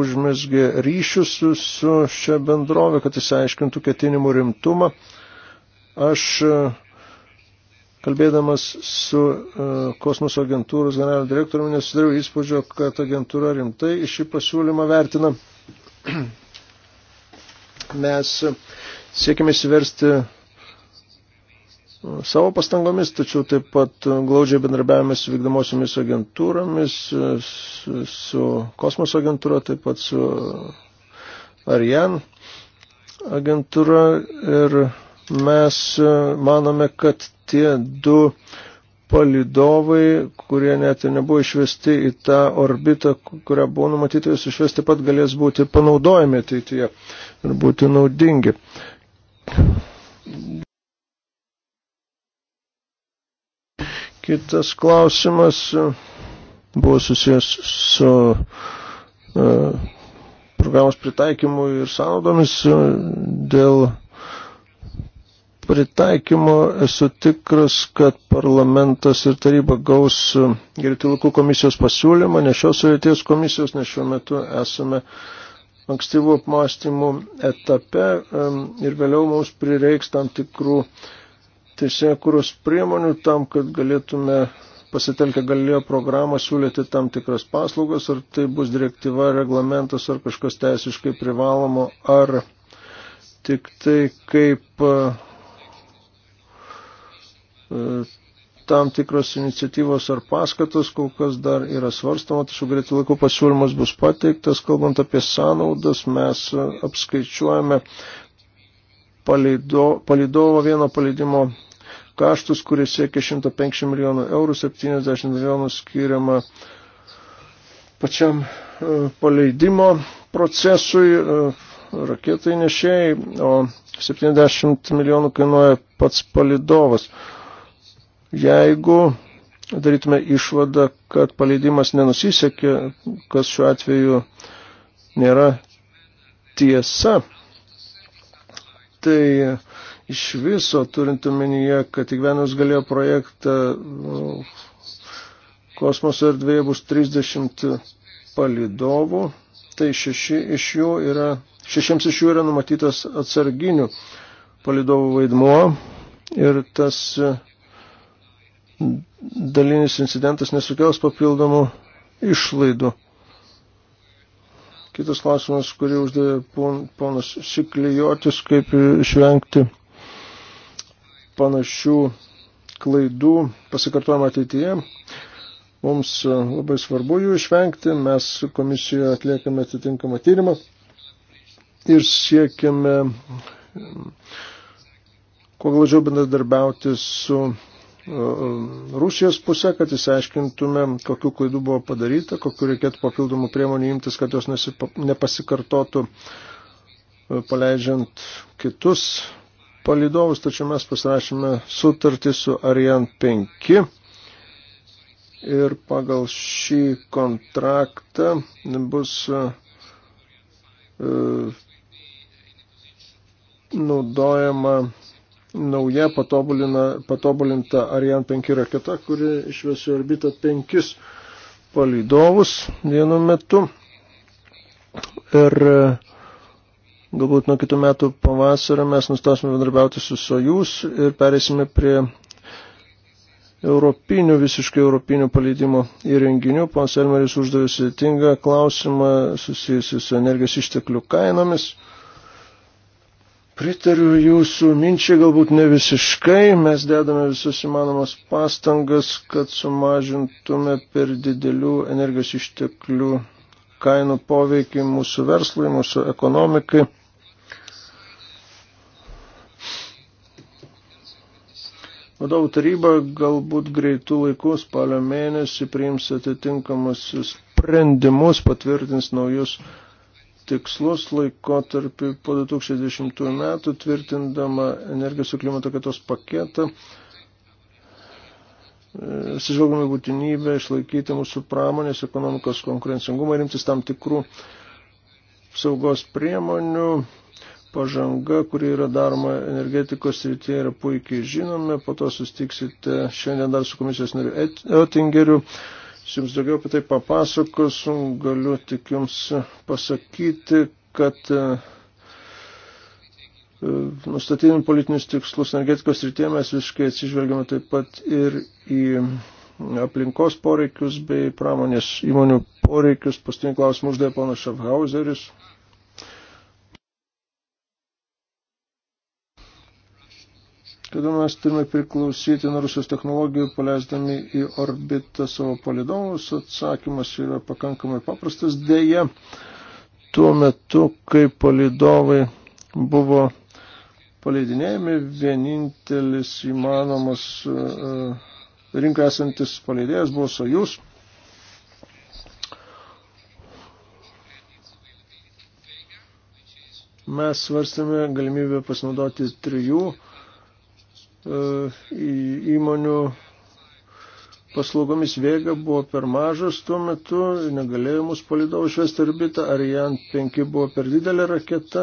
užmesgė ryšius su, su šia bendrovė, kad įsiaiškintų ketinimų rimtumą. Aš e, kalbėdamas su e, kosmoso agentūros generaliniu direktoriumi nesidariau įspūdžio, kad agentūra rimtai šį pasiūlymą vertina. Mes e, siekime įsiversti savo pastangomis, tačiau taip pat glaudžiai bendrabiavame su vykdomosiomis agentūromis, su, su kosmoso agentūra, taip pat su Ariane agentūra ir mes manome, kad tie du palidovai, kurie net ir nebuvo išvesti į tą orbitą, kurią buvo numatyti jūs išvesti, pat galės būti panaudojami ateityje ir būti naudingi. Kitas klausimas e, buvo susijęs su uh, programos pritaikymu ir sąnaudomis e, dėl pritaikymo esu tikras, kad parlamentas ir taryba gaus gertilukų komisijos pasiūlymą, ne šios sovieties komisijos, nes šiuo metu esame ankstyvų apmąstymų etape ir vėliau mums prireiks tam tikrų teisėkuros priemonių tam, kad galėtume pasitelkę galėjo programą siūlyti tam tikras paslaugas, ar tai bus direktyva, reglamentas, ar kažkas teisiškai privalomo, ar tik tai kaip e, e, tam tikros iniciatyvos ar paskatos kol kas dar yra svarstama, tačiau greitai laiku pasiūlymas bus pateiktas. Kalbant apie sąnaudas, mes apskaičiuojame palido, palidovo vieno palidimo kaštus, kuris siekia 150 milijonų eurų, 70 milijonų skiriama pačiam e, paleidimo procesui e, raketai nešėjai, o 70 milijonų kainuoja pats palidovas. Jeigu darytume išvadą, kad paleidimas nenusisekė, kas šiuo atveju nėra tiesa, tai Iš viso, turint omenyje, kad įgyvenus galėjo projektą, nu, kosmoso erdvėje bus 30 palidovų, tai šeši iš jų yra, šešiems iš jų yra numatytas atsarginių palidovų vaidmuo ir tas e, dalinis incidentas nesukels papildomų išlaidų. Kitas klausimas, kurį uždavė ponas Siklijotis, kaip išvengti panašių klaidų pasikartojama ateityje. Mums e, labai svarbu jų išvengti, mes komisijoje atliekame atitinkamą tyrimą ir siekiame e, kuo glaudžiau bendradarbiauti su e, Rusijos pusė, kad įsiaiškintume, kokiu klaidu buvo padaryta, kokiu reikėtų papildomų priemonių imtis, kad jos nepasikartotų, paleidžiant kitus palidovus, tačiau mes pasirašėme sutartį su Ariane 5 ir pagal šį kontraktą bus e, naudojama nauja patobulinta Ariane 5 raketa, kuri išvesi orbitą 5 palydovus vienu metu. Ir e, Galbūt nuo kitų metų pavasario mes nustosime bendrabiauti su Sojus ir pereisime prie europinių, visiškai europinių paleidimo įrenginių. Pons Elmeris uždavė sėtingą klausimą susijusiu su energijos išteklių kainomis. Pritariu jūsų minčiai, galbūt ne visiškai. Mes dedame visus įmanomas pastangas, kad sumažintume per didelių energijos išteklių kainų poveikį mūsų verslui, mūsų ekonomikai. Vadovų taryba galbūt greitų laikų spalio mėnesį priims atitinkamus sprendimus, patvirtins naujus tikslus laikotarpį po 2020 metų, tvirtindama energijos ir klimato kaitos paketą atsižvelgdami būtinybę išlaikyti mūsų pramonės ekonomikos konkurencingumą ir imtis tam tikrų saugos priemonių. Pažanga, kuri yra daroma energetikos srityje, yra puikiai žinome. Po to sustiksite šiandien dar su komisijos nariu Oettingeriu. Jums daugiau apie tai papasakos. Galiu tik jums pasakyti, kad nustatydami politinius tikslus energetikos rytėje mes visiškai atsižvelgiame taip pat ir į aplinkos poreikius bei pramonės įmonių poreikius. Paskutinį klausimą uždavė ponas Schaffhauseris. Kada mes turime priklausyti nuo Rusijos technologijų, paleisdami į orbitą savo palidovus, atsakymas yra pakankamai paprastas. Deja, tuo metu, kai palidovai buvo paleidinėjami, vienintelis įmanomas e, e, rinkoje esantis paleidėjas buvo Sojus. Mes svarstėme galimybę pasinaudoti trijų e, įmonių paslaugomis vėga buvo per mažas tuo metu, negalėjo mūsų palidovų išvesti orbitą, Ariane 5 buvo per didelė raketa,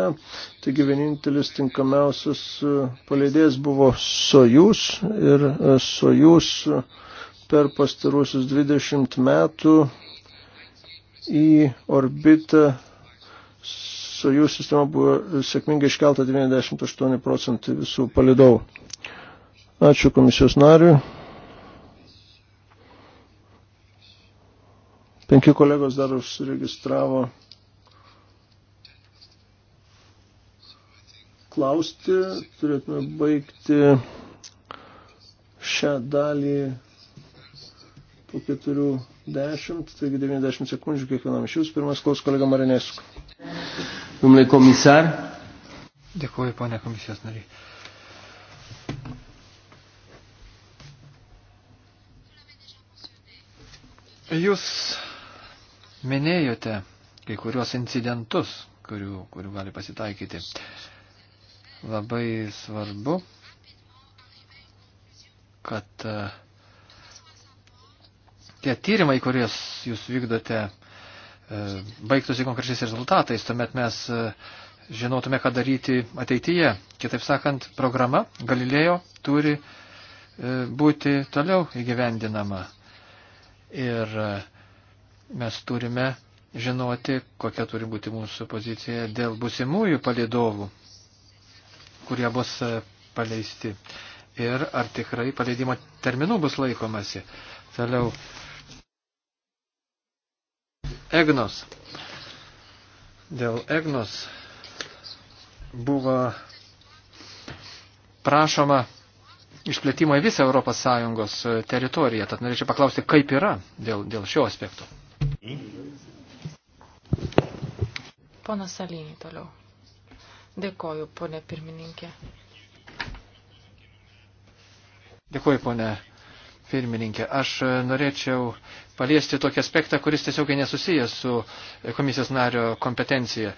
taigi vienintelis tinkamiausias e, paleidėjas buvo Sojus ir e, Sojus e, per pastarusius 20 metų į orbitą Sojus sistema buvo sėkmingai iškelta 98 procentai visų palidovų. Ačiū komisijos nariui. Penki kolegos dar užsiregistravo klausti. Turėtume baigti šią dalį po 4.10, taigi 90 sekundžių kiekvienam iš jūsų. Pirmas klaus kolega Marinesku. Domnule komisar. Dėkuoju, ponė komisijos nariai. Jūs minėjote kai kuriuos incidentus, kurių, kurių gali pasitaikyti. Labai svarbu, kad e, tie tyrimai, kuriuos jūs vykdote, e, baigtųsi konkrečiais rezultatais, tuomet mes e, žinotume, ką daryti ateityje. Kitaip sakant, programa Galilėjo turi būti toliau įgyvendinama. Ir mes turime žinoti, kokia turi būti mūsų pozicija dėl busimųjų palidovų, kurie bus e, paleisti. Ir ar tikrai paleidimo terminų bus laikomasi. Toliau. Egnos. Dėl Egnos buvo prašoma išplėtimo į visą ES e, teritoriją. Tad norėčiau paklausti, kaip yra dėl, dėl šio aspekto. Ponas Salinį toliau. Dėkoju, ponė pirmininkė. Dėkoju, ponė pirmininkė. Aš e, norėčiau paliesti tokį aspektą, kuris tiesiog nesusijęs su e, komisijos nario kompetencija.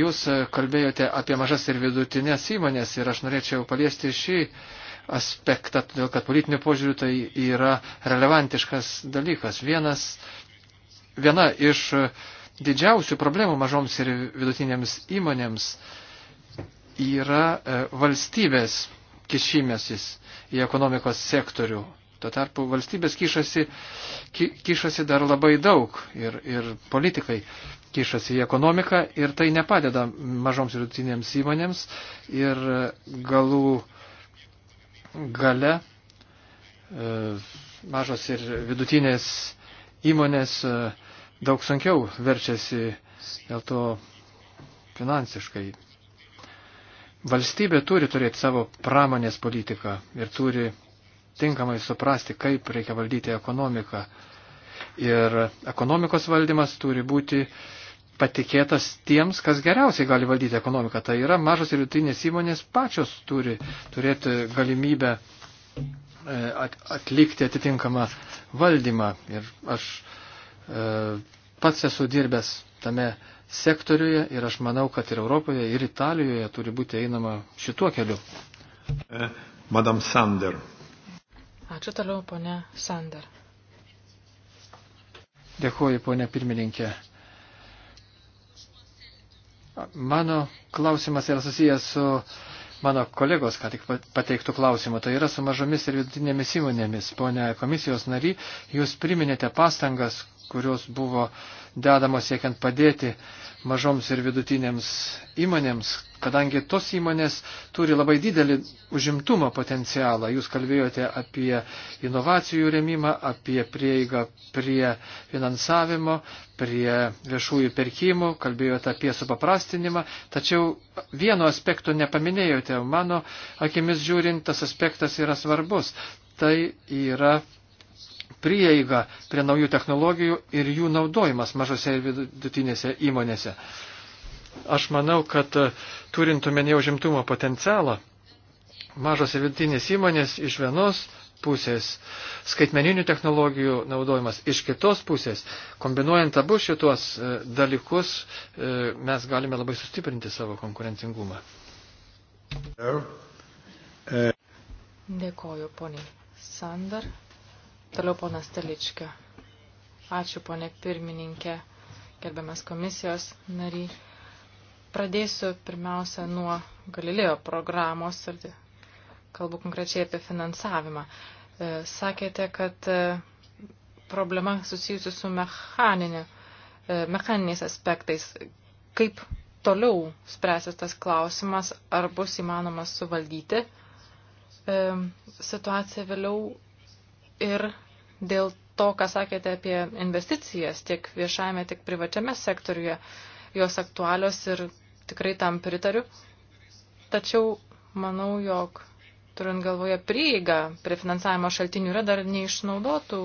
Jūs e, kalbėjote apie mažas ir vidutinės įmonės ir aš norėčiau paliesti šį aspektą, todėl kad politiniu požiūriu tai yra relevantiškas dalykas. Vienas viena iš e, didžiausių problemų mažoms ir vidutinėms įmonėms yra e, valstybės kišimėsis į ekonomikos sektorių. Tuo tarpu valstybės kišasi, ki, kišasi dar labai daug ir, ir politikai kišasi į ekonomiką ir tai nepadeda mažoms ir vidutinėms įmonėms ir e, galų gale mažos ir vidutinės įmonės uh, daug sunkiau verčiasi dėl to finansiškai. Valstybė turi turėti savo pramonės politiką ir turi tinkamai suprasti, kaip reikia valdyti ekonomiką. Ir ekonomikos valdymas turi būti patikėtas tiems, kas geriausiai gali valdyti ekonomiką. Tai yra mažos ir vidutinės įmonės pačios turi turėti galimybę e, atlikti atitinkamą valdymą. Ir aš E, pats esu dirbęs tame sektoriuje ir aš manau, kad ir Europoje, ir Italijoje turi būti einama šituo keliu. E, Madam Sander. Ačiū toliau, ponė Sander. Dėkuoju, ponė pirmininkė. Mano klausimas yra susijęs su mano kolegos, ką tik pateiktų klausimų, tai yra su mažomis ir vidutinėmis įmonėmis. Pone komisijos nary, jūs priminėte pastangas, kurios buvo dedamos siekiant padėti mažoms ir vidutinėms įmonėms, kadangi tos įmonės turi labai didelį užimtumo potencialą. Jūs kalbėjote apie inovacijų remimą, apie prieigą prie finansavimo, prie viešųjų pirkimų, kalbėjote apie supaprastinimą, tačiau vieno aspekto nepaminėjote. Mano akimis žiūrint, tas aspektas yra svarbus. Tai yra prieiga prie naujų technologijų ir jų naudojimas mažose ir vidutinėse įmonėse. Aš manau, kad e, turint omenyje užimtumo potencialą, mažos ir vidutinės įmonės iš vienos pusės, skaitmeninių technologijų naudojimas iš kitos pusės, kombinuojant abu šitos e, dalykus, e, mes galime labai sustiprinti savo konkurencingumą. Dėkoju, poniai Sandar. Toliau ponas Telička. Ačiū, ponė pirmininkė, gerbiamas komisijos nariai. Pradėsiu pirmiausia nuo Galilėjo programos ir kalbu konkrečiai apie finansavimą. E, sakėte, kad e, problema susijusi su mechaninė, e, mechaniniais aspektais. Kaip toliau spręsis tas klausimas, ar bus įmanomas suvaldyti situaciją vėliau ir dėl to, ką sakėte apie investicijas tiek viešajame, tiek privačiame sektoriuje. Jos aktualios ir tikrai tam pritariu. Tačiau manau, jog turint galvoje prieigą prie finansavimo šaltinių yra dar neišnaudotų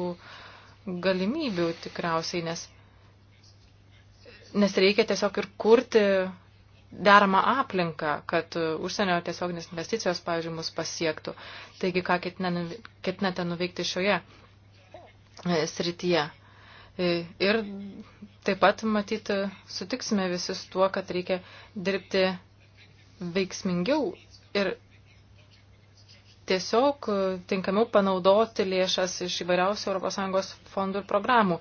galimybių tikriausiai, nes, nes reikia tiesiog ir kurti deramą aplinką, kad užsienio tiesioginės investicijos, pavyzdžiui, mus pasiektų. Taigi, ką ketinate nuveikti šioje E, srityje. E, ir taip pat, matyt, sutiksime visi su tuo, kad reikia dirbti veiksmingiau ir tiesiog tinkamiau panaudoti lėšas iš įvairiausių ES fondų ir programų,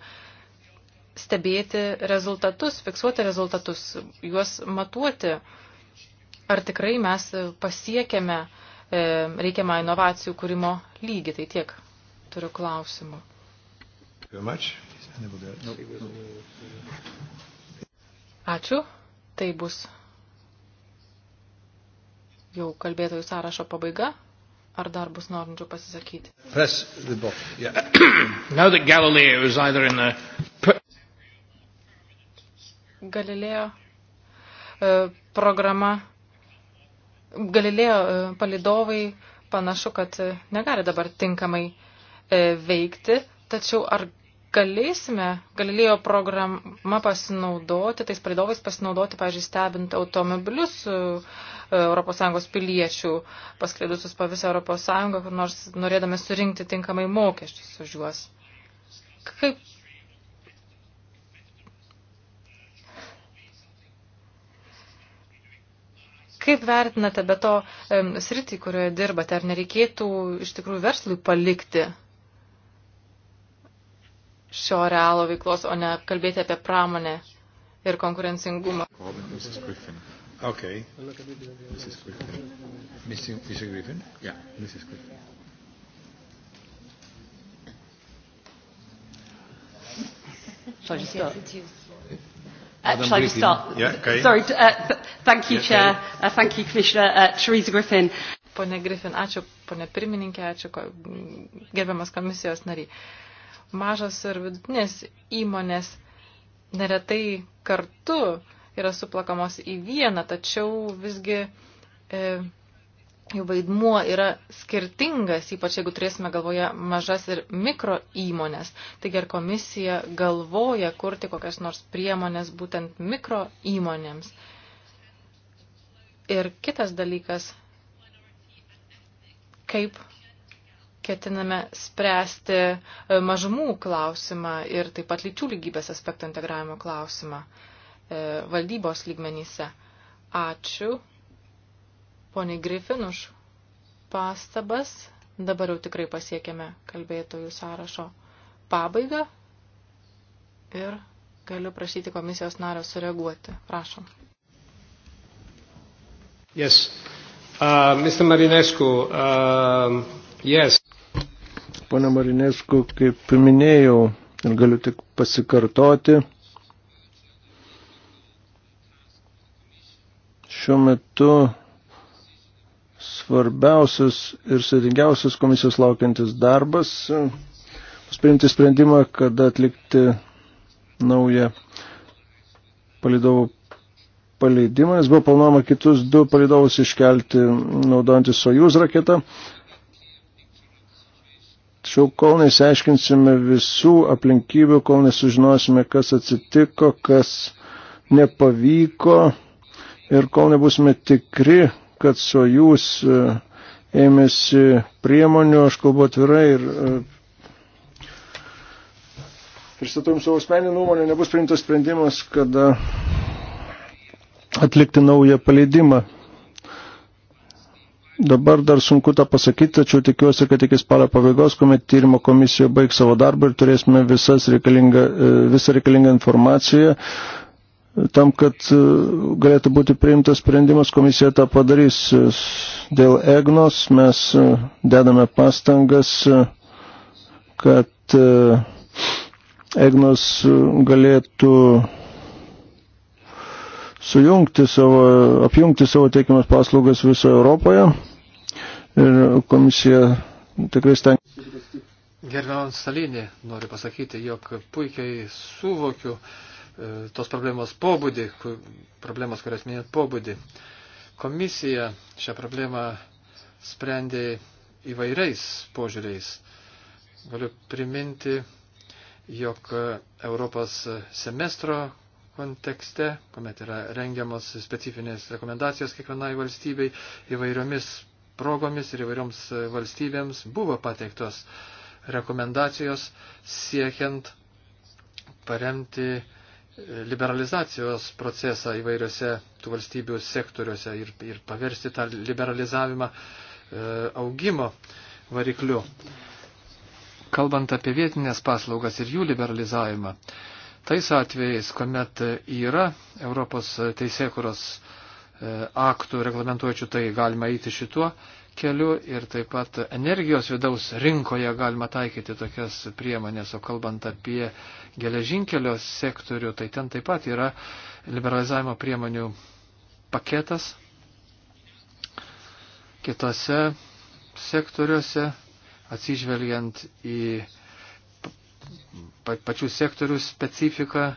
stebėti rezultatus, fiksuoti rezultatus, juos matuoti, ar tikrai mes pasiekėme e, reikiamą inovacijų kūrimo lygį. Tai tiek turiu klausimų. Ačiū. Tai bus jau kalbėtojų sąrašo pabaiga. Ar dar bus norinčių pasisakyti? Press the box. Yeah. Now that Galileo is either in a... Galileo e, programa, Galileo e, palidovai panašu, kad e, negali dabar tinkamai veikti, tačiau ar galėsime Galilėjo programa pasinaudoti, tais palidovais pasinaudoti, pavyzdžiui, stebint automobilius ES piliečių paskleidusius po visą ES, kur nors norėdami surinkti tinkamai mokesčius už juos. Kaip Kaip vertinate be to sritį, kurioje dirbate, ar nereikėtų iš tikrųjų verslui palikti šio realo veiklos, o ne kalbėti apie pramonę ir konkurencingumą. Okay. Mrs. Griffin. Mrs. Griffin? Yeah, Mrs. Griffin. Shall I start? Uh, shall I just start? Uh, yeah, okay. Sorry. Uh, th thank you, yeah, Chair. Okay. Uh, thank you, Commissioner. Uh, Theresa Griffin. Pone Griffin, ačiū, pone pirmininkė, ačiū, gerbiamas komisijos nariai. Uh, mažas ir vidutinės įmonės neretai kartu yra suplakamos į vieną, tačiau visgi e, jų vaidmuo yra skirtingas, ypač jeigu turėsime galvoje mažas ir mikro įmonės. Taigi ar komisija galvoja kurti kokias nors priemonės būtent mikro įmonėms. Ir kitas dalykas, kaip ketiname spręsti e, mažumų klausimą ir taip pat lyčių lygybės aspektų integravimo klausimą e, valdybos lygmenyse. Ačiū, poniai Grifin, už pastabas. Dabar jau tikrai pasiekėme kalbėtojų sąrašo pabaigą ir galiu prašyti komisijos nario sureaguoti. Prašom. Yes. Uh, Mr. Marinescu, uh, yes. Pone Marinesku, kaip minėjau, ir galiu tik pasikartoti, šiuo metu svarbiausias ir sėdingiausias komisijos laukiantis darbas bus priimti sprendimą, kada atlikti naują palidovų paleidimą, nes buvo planuojama kitus du palidovus iškelti naudojantį Sojuz raketą. Tačiau kol neišsiaiškinsime visų aplinkybių, kol nesužinosime, kas atsitiko, kas nepavyko ir kol nebusime tikri, kad sojus e, ėmėsi priemonių, aš kalbu atvirai ir e, pristatau jums savo asmeninį nuomonę, nebus priimtas sprendimas, kada atlikti naują paleidimą Dabar dar sunku tą pasakyti, tačiau tikiuosi, kad iki spalio pabaigos, kuomet tyrimo komisija baigs savo darbą ir turėsime reikalingą, e, visą reikalingą informaciją. E, tam, kad e, galėtų būti priimtas sprendimas, komisija tą padarys dėl EGNOS. Mes dedame pastangas, kad EGNOS galėtų sujungti savo, apjungti savo teikiamas paslaugas visoje Europoje ir komisija tikrai stengiasi. Gerbiamam Salinė, noriu pasakyti, jog puikiai suvokiu e, tos problemos pobūdį, problemos, kurias minėt pobūdį. Komisija šią problemą sprendė įvairiais požiūriais. Galiu priminti, jog Europos semestro kontekste, kuomet yra rengiamos specifinės rekomendacijos kiekvienai valstybei įvairiomis progomis ir įvairioms e, valstybėms buvo pateiktos rekomendacijos siekiant paremti e, liberalizacijos procesą įvairiose tų valstybių sektoriuose ir, ir paversti tą liberalizavimą e, augimo varikliu. Kalbant apie vietinės paslaugas ir jų liberalizavimą, tais atvejais, kuomet yra Europos teisėkuros E, aktų reglamentuojančių, tai galima eiti šituo keliu ir taip pat energijos vidaus rinkoje galima taikyti tokias priemonės, o kalbant apie geležinkelio sektorių, tai ten taip pat yra liberalizavimo priemonių paketas. Kitose sektoriuose, atsižvelgiant į pačių sektorių specifiką,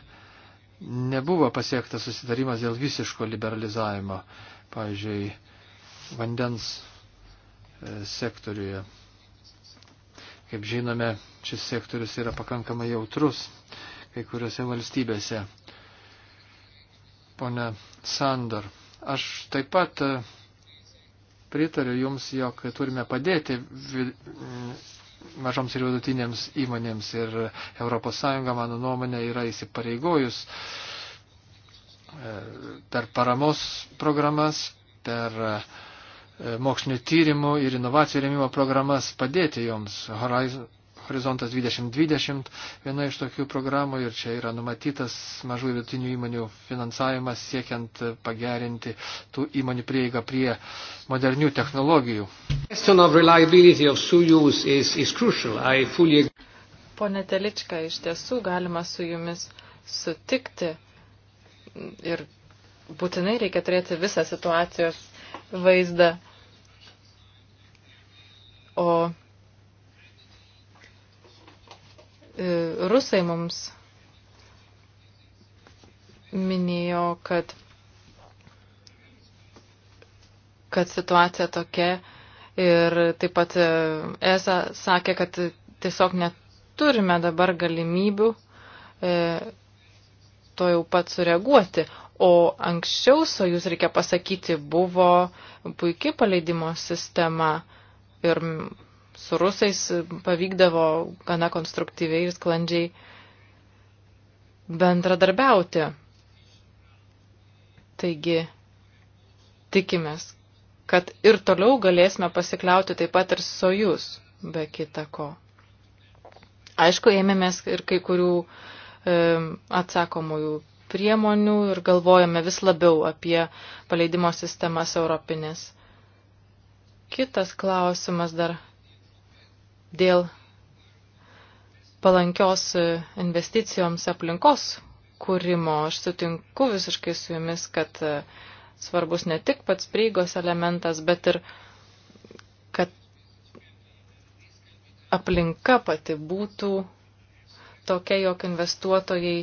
nebuvo pasiektas susitarimas dėl visiško liberalizavimo, pavyzdžiui, vandens e, sektoriuje. Kaip žinome, šis sektorius yra pakankamai jautrus kai kuriuose valstybėse. Pone Sandor, aš taip pat e, pritariu Jums, jog turime padėti mažoms ir vidutinėms įmonėms. Ir ES, mano nuomonė, yra įsipareigojus e, per paramos programas, per e, mokslinio tyrimų ir inovacijų rėmimo programas padėti joms. Horizon Horizontas 2020, viena iš tokių programų ir čia yra numatytas mažų ir vidutinių įmonių finansavimas siekiant pagerinti tų įmonių prieigą prie modernių technologijų. Pone Telička, iš tiesų galima su jumis sutikti ir būtinai reikia turėti visą situacijos vaizdą. O E, rusai mums minėjo, kad, kad situacija tokia ir taip pat e, ESA sakė, kad tiesiog neturime dabar galimybių e, to jau pat sureaguoti. O anksčiau, so jūs reikia pasakyti, buvo puikiai paleidimo sistema ir su rusais pavykdavo gana konstruktyviai ir sklandžiai bendradarbiauti. Taigi tikimės, kad ir toliau galėsime pasikliauti taip pat ir sojus, be kita ko. Aišku, ėmėmės ir kai kurių e, atsakomųjų priemonių ir galvojame vis labiau apie paleidimo sistemas europinės. Kitas klausimas dar dėl palankios investicijoms aplinkos kūrimo. Aš sutinku visiškai su jumis, kad e, svarbus ne tik pats prieigos elementas, bet ir kad aplinka pati būtų tokia, jog investuotojai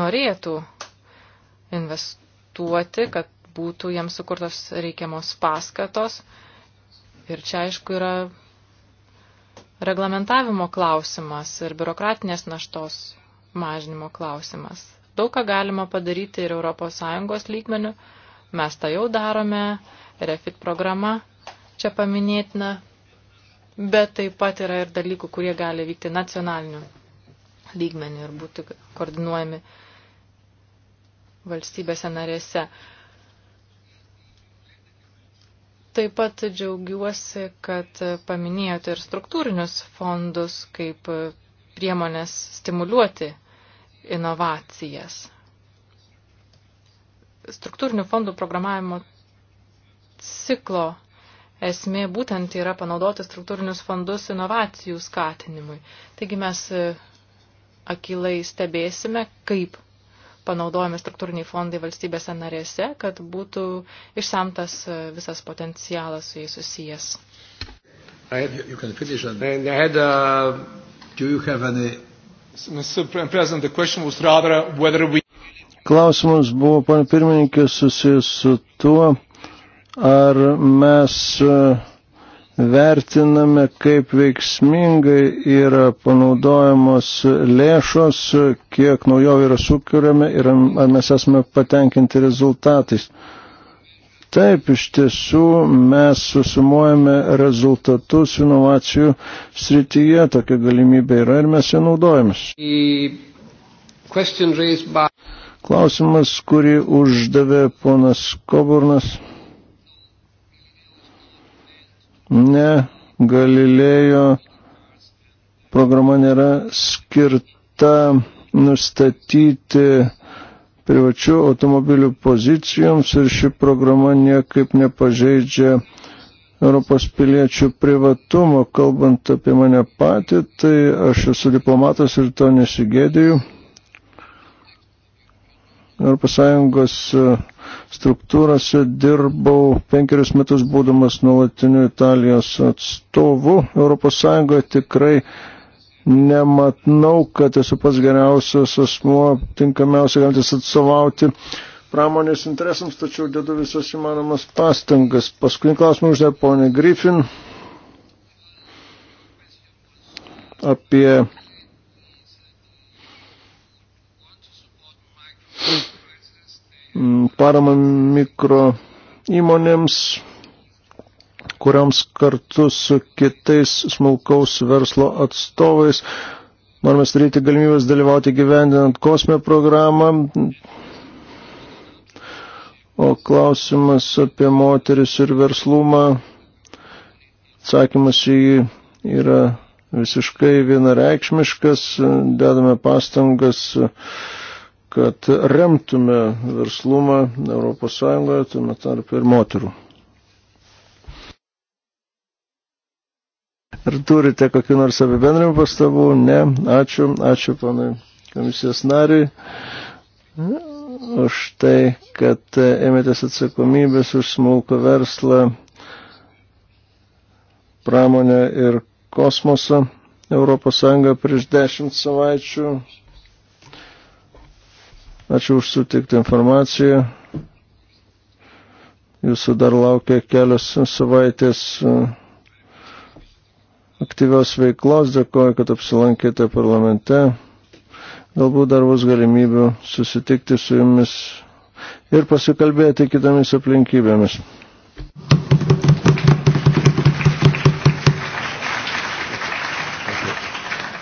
norėtų investuoti, kad būtų jiems sukurtos reikiamos paskatos. Ir čia, aišku, yra reglamentavimo klausimas ir biurokratinės naštos mažinimo klausimas. Daug ką galima padaryti ir ES lygmenių. Mes tą jau darome, refit programa čia paminėtina, bet taip pat yra ir dalykų, kurie gali vykti nacionaliniu lygmeniu ir būti koordinuojami valstybėse narėse. Taip pat džiaugiuosi, kad paminėjote ir struktūrinius fondus kaip priemonės stimuliuoti inovacijas. Struktūrinių fondų programavimo ciklo esmė būtent yra panaudoti struktūrinius fondus inovacijų skatinimui. Taigi mes akilai stebėsime, kaip panaudojami struktūriniai fondai valstybėse narėse, kad būtų išsamtas e, visas potencialas su jais susijęs. Uh, Klausimas buvo, pana pirmininkė, susijęs su tuo, ar mes uh, vertiname, kaip veiksmingai yra panaudojamos lėšos, kiek naujovių yra sukūrėme ir ar mes esame patenkinti rezultatais. Taip, iš tiesų mes susumuojame rezultatus inovacijų srityje, tokia galimybė yra ir mes ją naudojamės. Klausimas, kurį uždavė ponas Koburnas. Ne, Galilėjo programa nėra skirta nustatyti privačių automobilių pozicijoms ir ši programa niekaip nepažeidžia Europos piliečių privatumo. Kalbant apie mane patį, tai aš esu diplomatas ir to nesigėdėjau. ES e, struktūrose dirbau penkerius metus būdamas nuolatiniu Italijos atstovu ES tikrai nematnau, kad esu pats geriausias asmuo, tinkamiausiai galintis atstovauti pramonės interesams, tačiau dedu visas įmanomas pastangas. Paskutinį klausimą uždė ponė Griffin apie Mm, paramą mikro įmonėms, kuriams kartu su kitais smulkaus verslo atstovais norime sudaryti galimybės dalyvauti gyvendinant kosmę programą. O klausimas apie moteris ir verslumą, atsakymas į jį yra visiškai vienareikšmiškas, dedame pastangas kad remtume verslumą Europos Sąjungoje, tame tarp ir moterų. Ar turite kokiu nors apibendrimų pastabų? Ne. Ačiū. Ačiū panai komisijos nariui už tai, kad ėmėtės atsakomybės už smulko verslą, pramonę ir kosmosą. Europos Sąjunga prieš dešimt savaičių Ačiū už sutiktą informaciją. Jūsų dar laukia kelios savaitės e, aktyvios veiklos. Dėkuoju, kad apsilankėte parlamente. Galbūt dar bus galimybių susitikti su jumis ir pasikalbėti kitomis aplinkybėmis.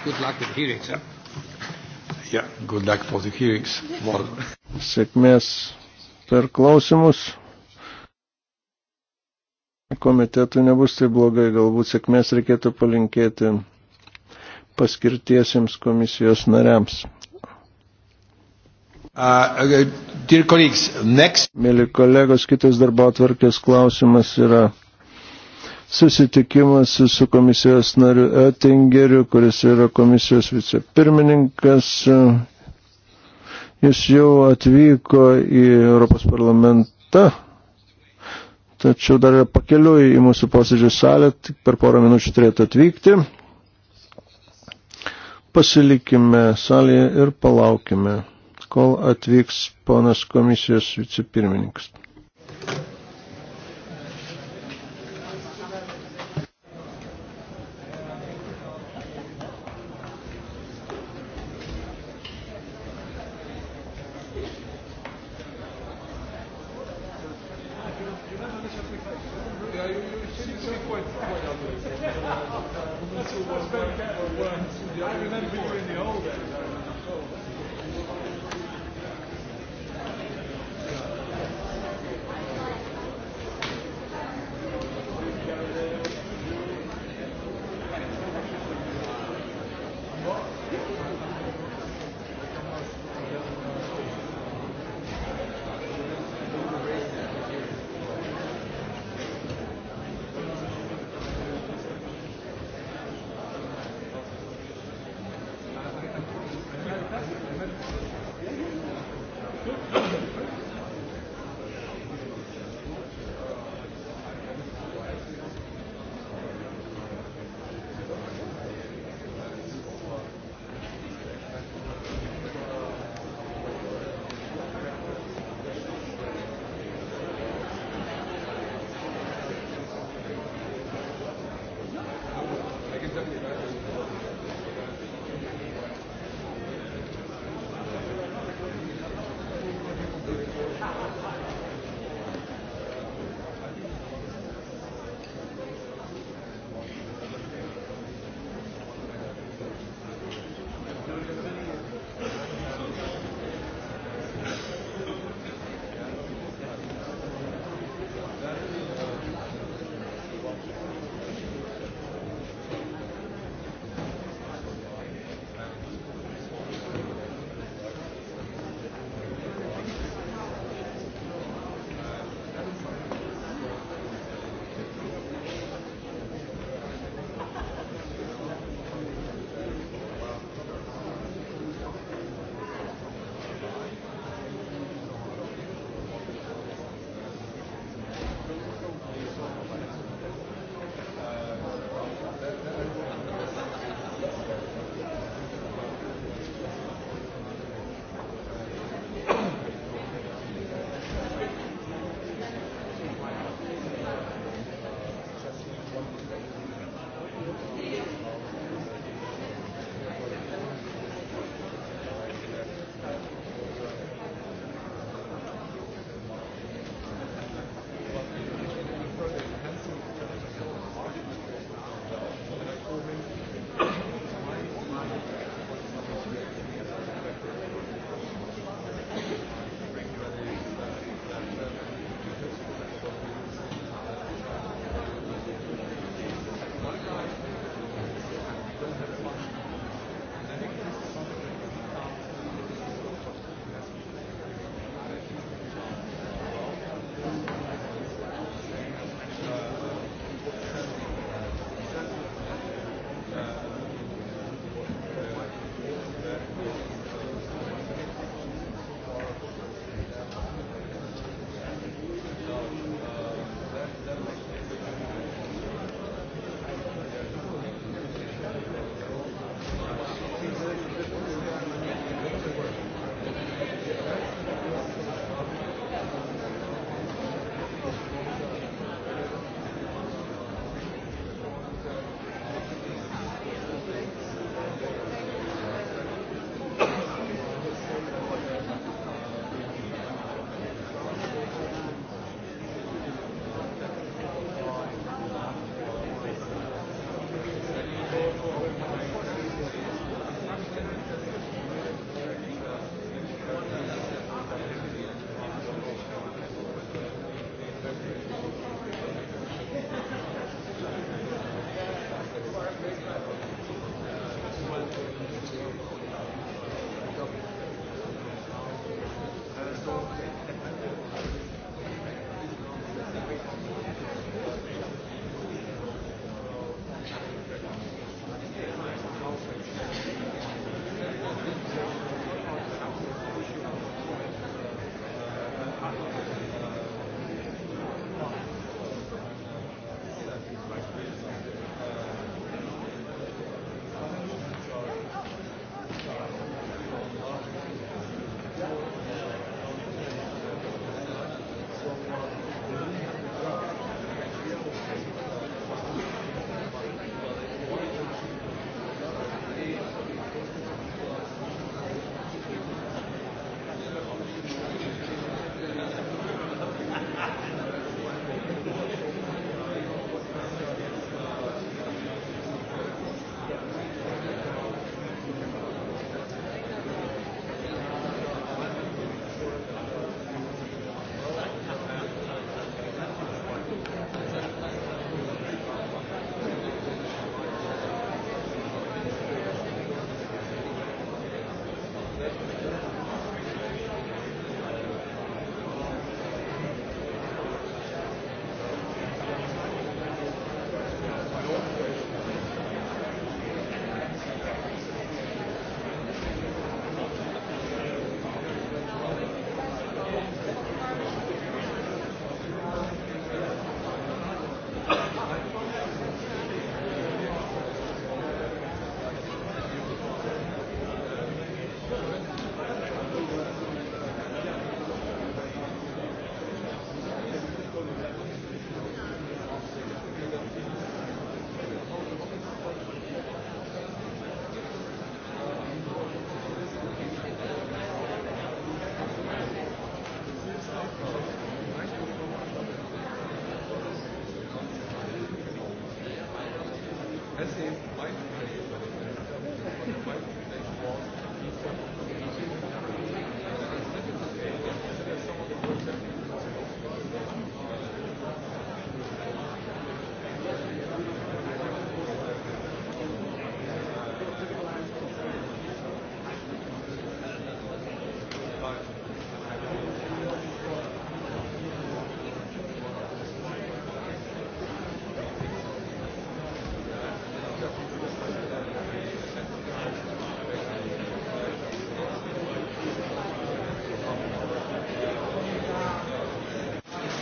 Good luck with hearings, huh? Yeah, good luck for the hearings. Sėkmės per klausimus. Komitetui nebus tai blogai, galbūt sėkmės reikėtų palinkėti paskirtiesiems komisijos nariams. Uh, Mėly kolegos, kitas darbo atvarkės klausimas yra susitikimas su komisijos nariu Oettingeriu, kuris yra komisijos vicepirmininkas. Jis jau atvyko į Europos parlamentą, tačiau dar yra pakeliui į mūsų posėdžių salę, tik per porą minučių turėtų atvykti. Pasilikime salėje ir palaukime, kol atvyks ponas komisijos vicepirmininkas.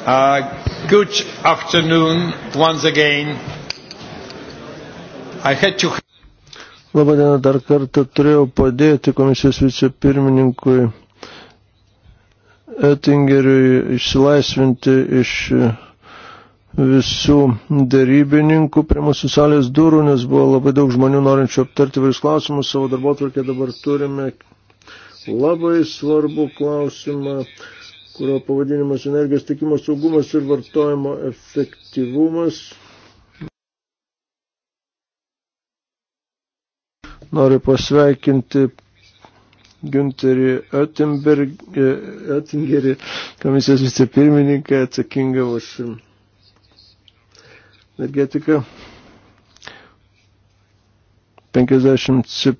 Uh, good afternoon once again. I had to... Labadiena, dar kartą turėjau padėti komisijos vicepirmininkui Ettingeriui išsilaisvinti iš uh, visų darybininkų prie mūsų salės durų, nes buvo labai daug žmonių norinčių aptarti vairius klausimus. Savo darbotvarkę dabar turime labai svarbų klausimą kurio pavadinimas energijos tikimo saugumas ir vartojimo efektyvumas. Noriu pasveikinti Günterį Oettingerį, komisijos vicepirmininką atsakingą už energetiką. 57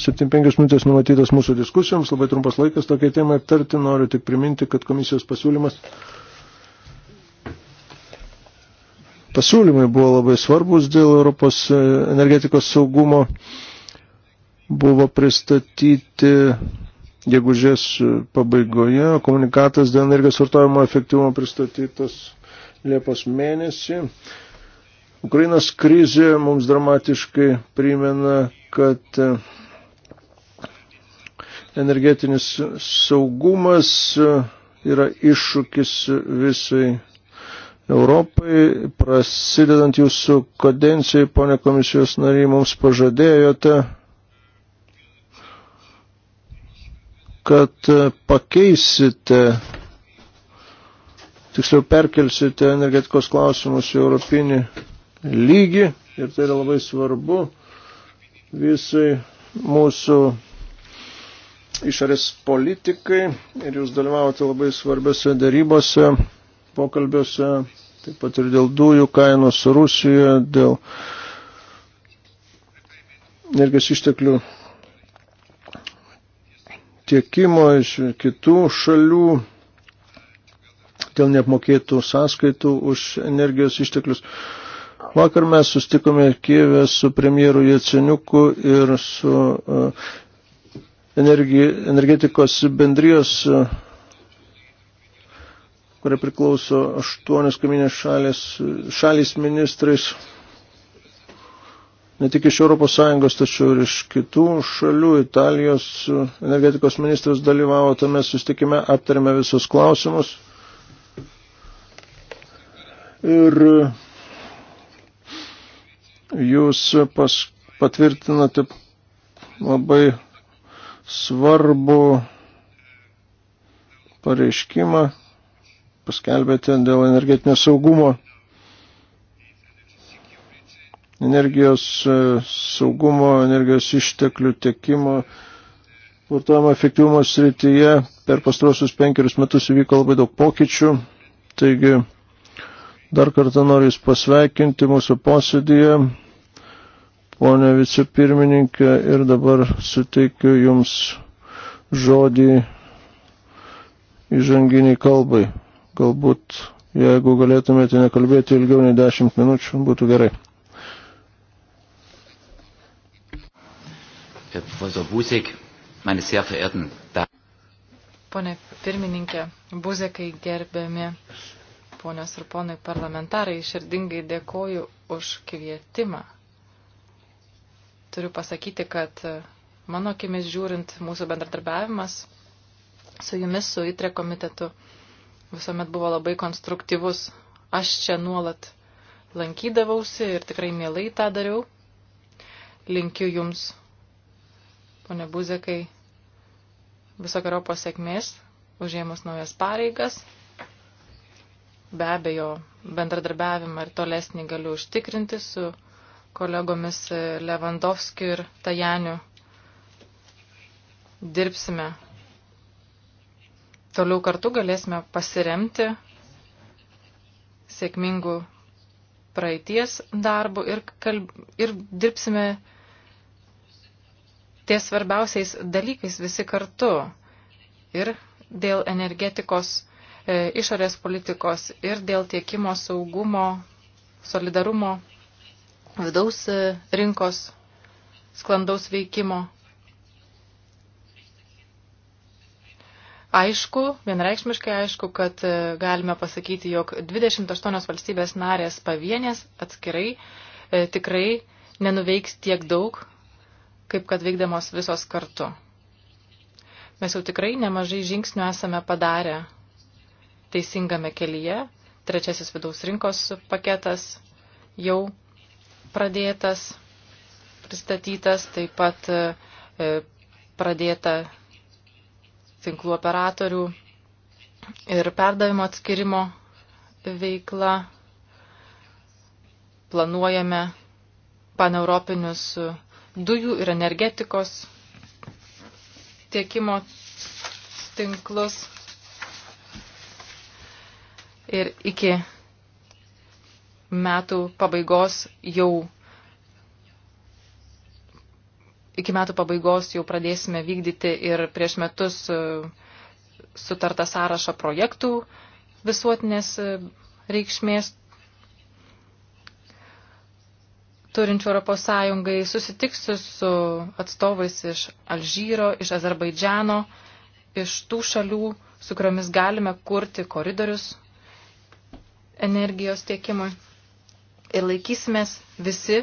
75 minutės numatytas mūsų diskusijoms, labai trumpas laikas tokiai temai aptarti, noriu tik priminti, kad komisijos pasiūlymas pasiūlymai buvo labai svarbus dėl Europos e, energetikos saugumo, buvo pristatyti gegužės pabaigoje, komunikatas dėl energijos vartojimo efektyvumo pristatytas Liepos mėnesį. Ukrainos krizė mums dramatiškai primena, kad e, Energetinis saugumas yra iššūkis visai Europai. Prasidedant jūsų kadencijai, ponė komisijos nariai, mums pažadėjote, kad pakeisite tiksliau perkelsite energetikos klausimus į europinį lygį ir tai yra labai svarbu visai mūsų išorės politikai ir jūs dalyvavote labai svarbiose darybose, pokalbiuose, taip pat ir dėl dujų kainos Rusijoje, dėl energijos išteklių tiekimo iš kitų šalių, dėl neapmokėtų sąskaitų už energijos išteklius. Vakar mes sustikome Kijeve su premjeru Jeceniuku ir su uh, energetikos bendrijos, kuria priklauso aštuonios kaminės šalės, šalys ministrais, ne tik iš ES, tačiau ir iš kitų šalių. Italijos energetikos ministras dalyvavo tame sustikime, aptarėme visus klausimus. Ir jūs pas, patvirtinate labai svarbu pareiškimą paskelbėte dėl energetinio saugumo. Energijos e, saugumo, energijos išteklių tiekimo, vartojimo efektyvumo srityje per pastrosius penkerius metus įvyko labai daug pokyčių. Taigi, dar kartą noriu Jūs pasveikinti mūsų posėdėje ponė vicepirmininkė, ir dabar suteikiu Jums žodį įžanginiai kalbai. Galbūt, jeigu galėtumėte nekalbėti ilgiau nei 10 minučių, būtų gerai. Profesor Busek, meine sehr verehrten Damen. Pone pirmininkė, buzekai gerbiami ponios ir ponai parlamentarai, širdingai dėkoju už kvietimą turiu pasakyti, kad e, mano akimis žiūrint mūsų bendradarbiavimas su jumis, su ITRE komitetu visuomet buvo labai konstruktyvus. Aš čia nuolat lankydavausi ir tikrai mielai tą dariau. Linkiu jums, pone Buzekai, visokiojo pasiekmės, užėmus naujas pareigas. Be abejo, bendradarbiavimą ir tolesnį galiu užtikrinti su kolegomis Levandovskiu ir Tajaniu dirbsime. Toliau kartu galėsime pasiremti sėkmingų praeities darbų ir, kalb... ir dirbsime ties svarbiausiais dalykais visi kartu ir dėl energetikos e, išorės politikos ir dėl tiekimo saugumo, solidarumo vidaus e, rinkos sklandaus veikimo. Aišku, vienreikšmiškai aišku, kad e, galime pasakyti, jog 28 valstybės narės pavienės atskirai e, tikrai nenuveiks tiek daug, kaip kad veikdamos visos kartu. Mes jau tikrai nemažai žingsnių esame padarę teisingame kelyje. Trečiasis vidaus rinkos paketas jau pradėtas, pristatytas, taip pat e, e, pradėta tinklų operatorių ir perdavimo atskirimo veikla. Planuojame paneuropinius dujų ir energetikos tiekimo tinklus. Ir iki metų pabaigos jau iki metų pabaigos jau pradėsime vykdyti ir prieš metus e, sutartą sąrašą projektų visuotinės e, reikšmės turinčių Europos Sąjungai. Susitiksiu su atstovais iš Alžyro, iš Azerbaidžiano, iš tų šalių, su kuriomis galime kurti koridorius energijos tiekimui ir laikysimės visi,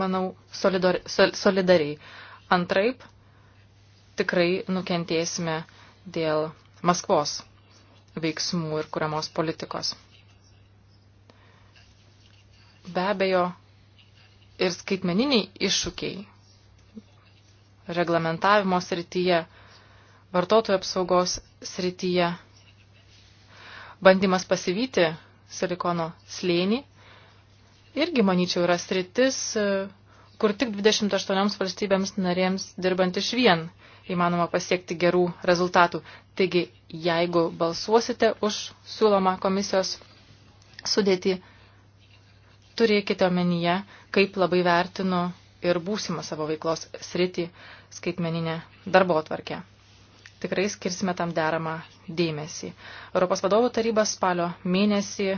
manau, solidar, sol, solidariai. Antraip, tikrai nukentėsime dėl Maskvos veiksmų ir kuriamos politikos. Be abejo, ir skaitmeniniai iššūkiai reglamentavimo srityje, vartotojų apsaugos srityje, bandymas pasivyti silikono slėnį irgi, manyčiau, yra sritis, e, kur tik 28 valstybėms narėms dirbant iš vien įmanoma pasiekti gerų rezultatų. Taigi, jeigu balsuosite už siūlomą komisijos sudėtį, turėkite omenyje, kaip labai vertinu ir būsimą savo veiklos sritį skaitmeninę darbo atvarkę. Tikrai skirsime tam deramą dėmesį. Europos vadovų tarybas spalio mėnesį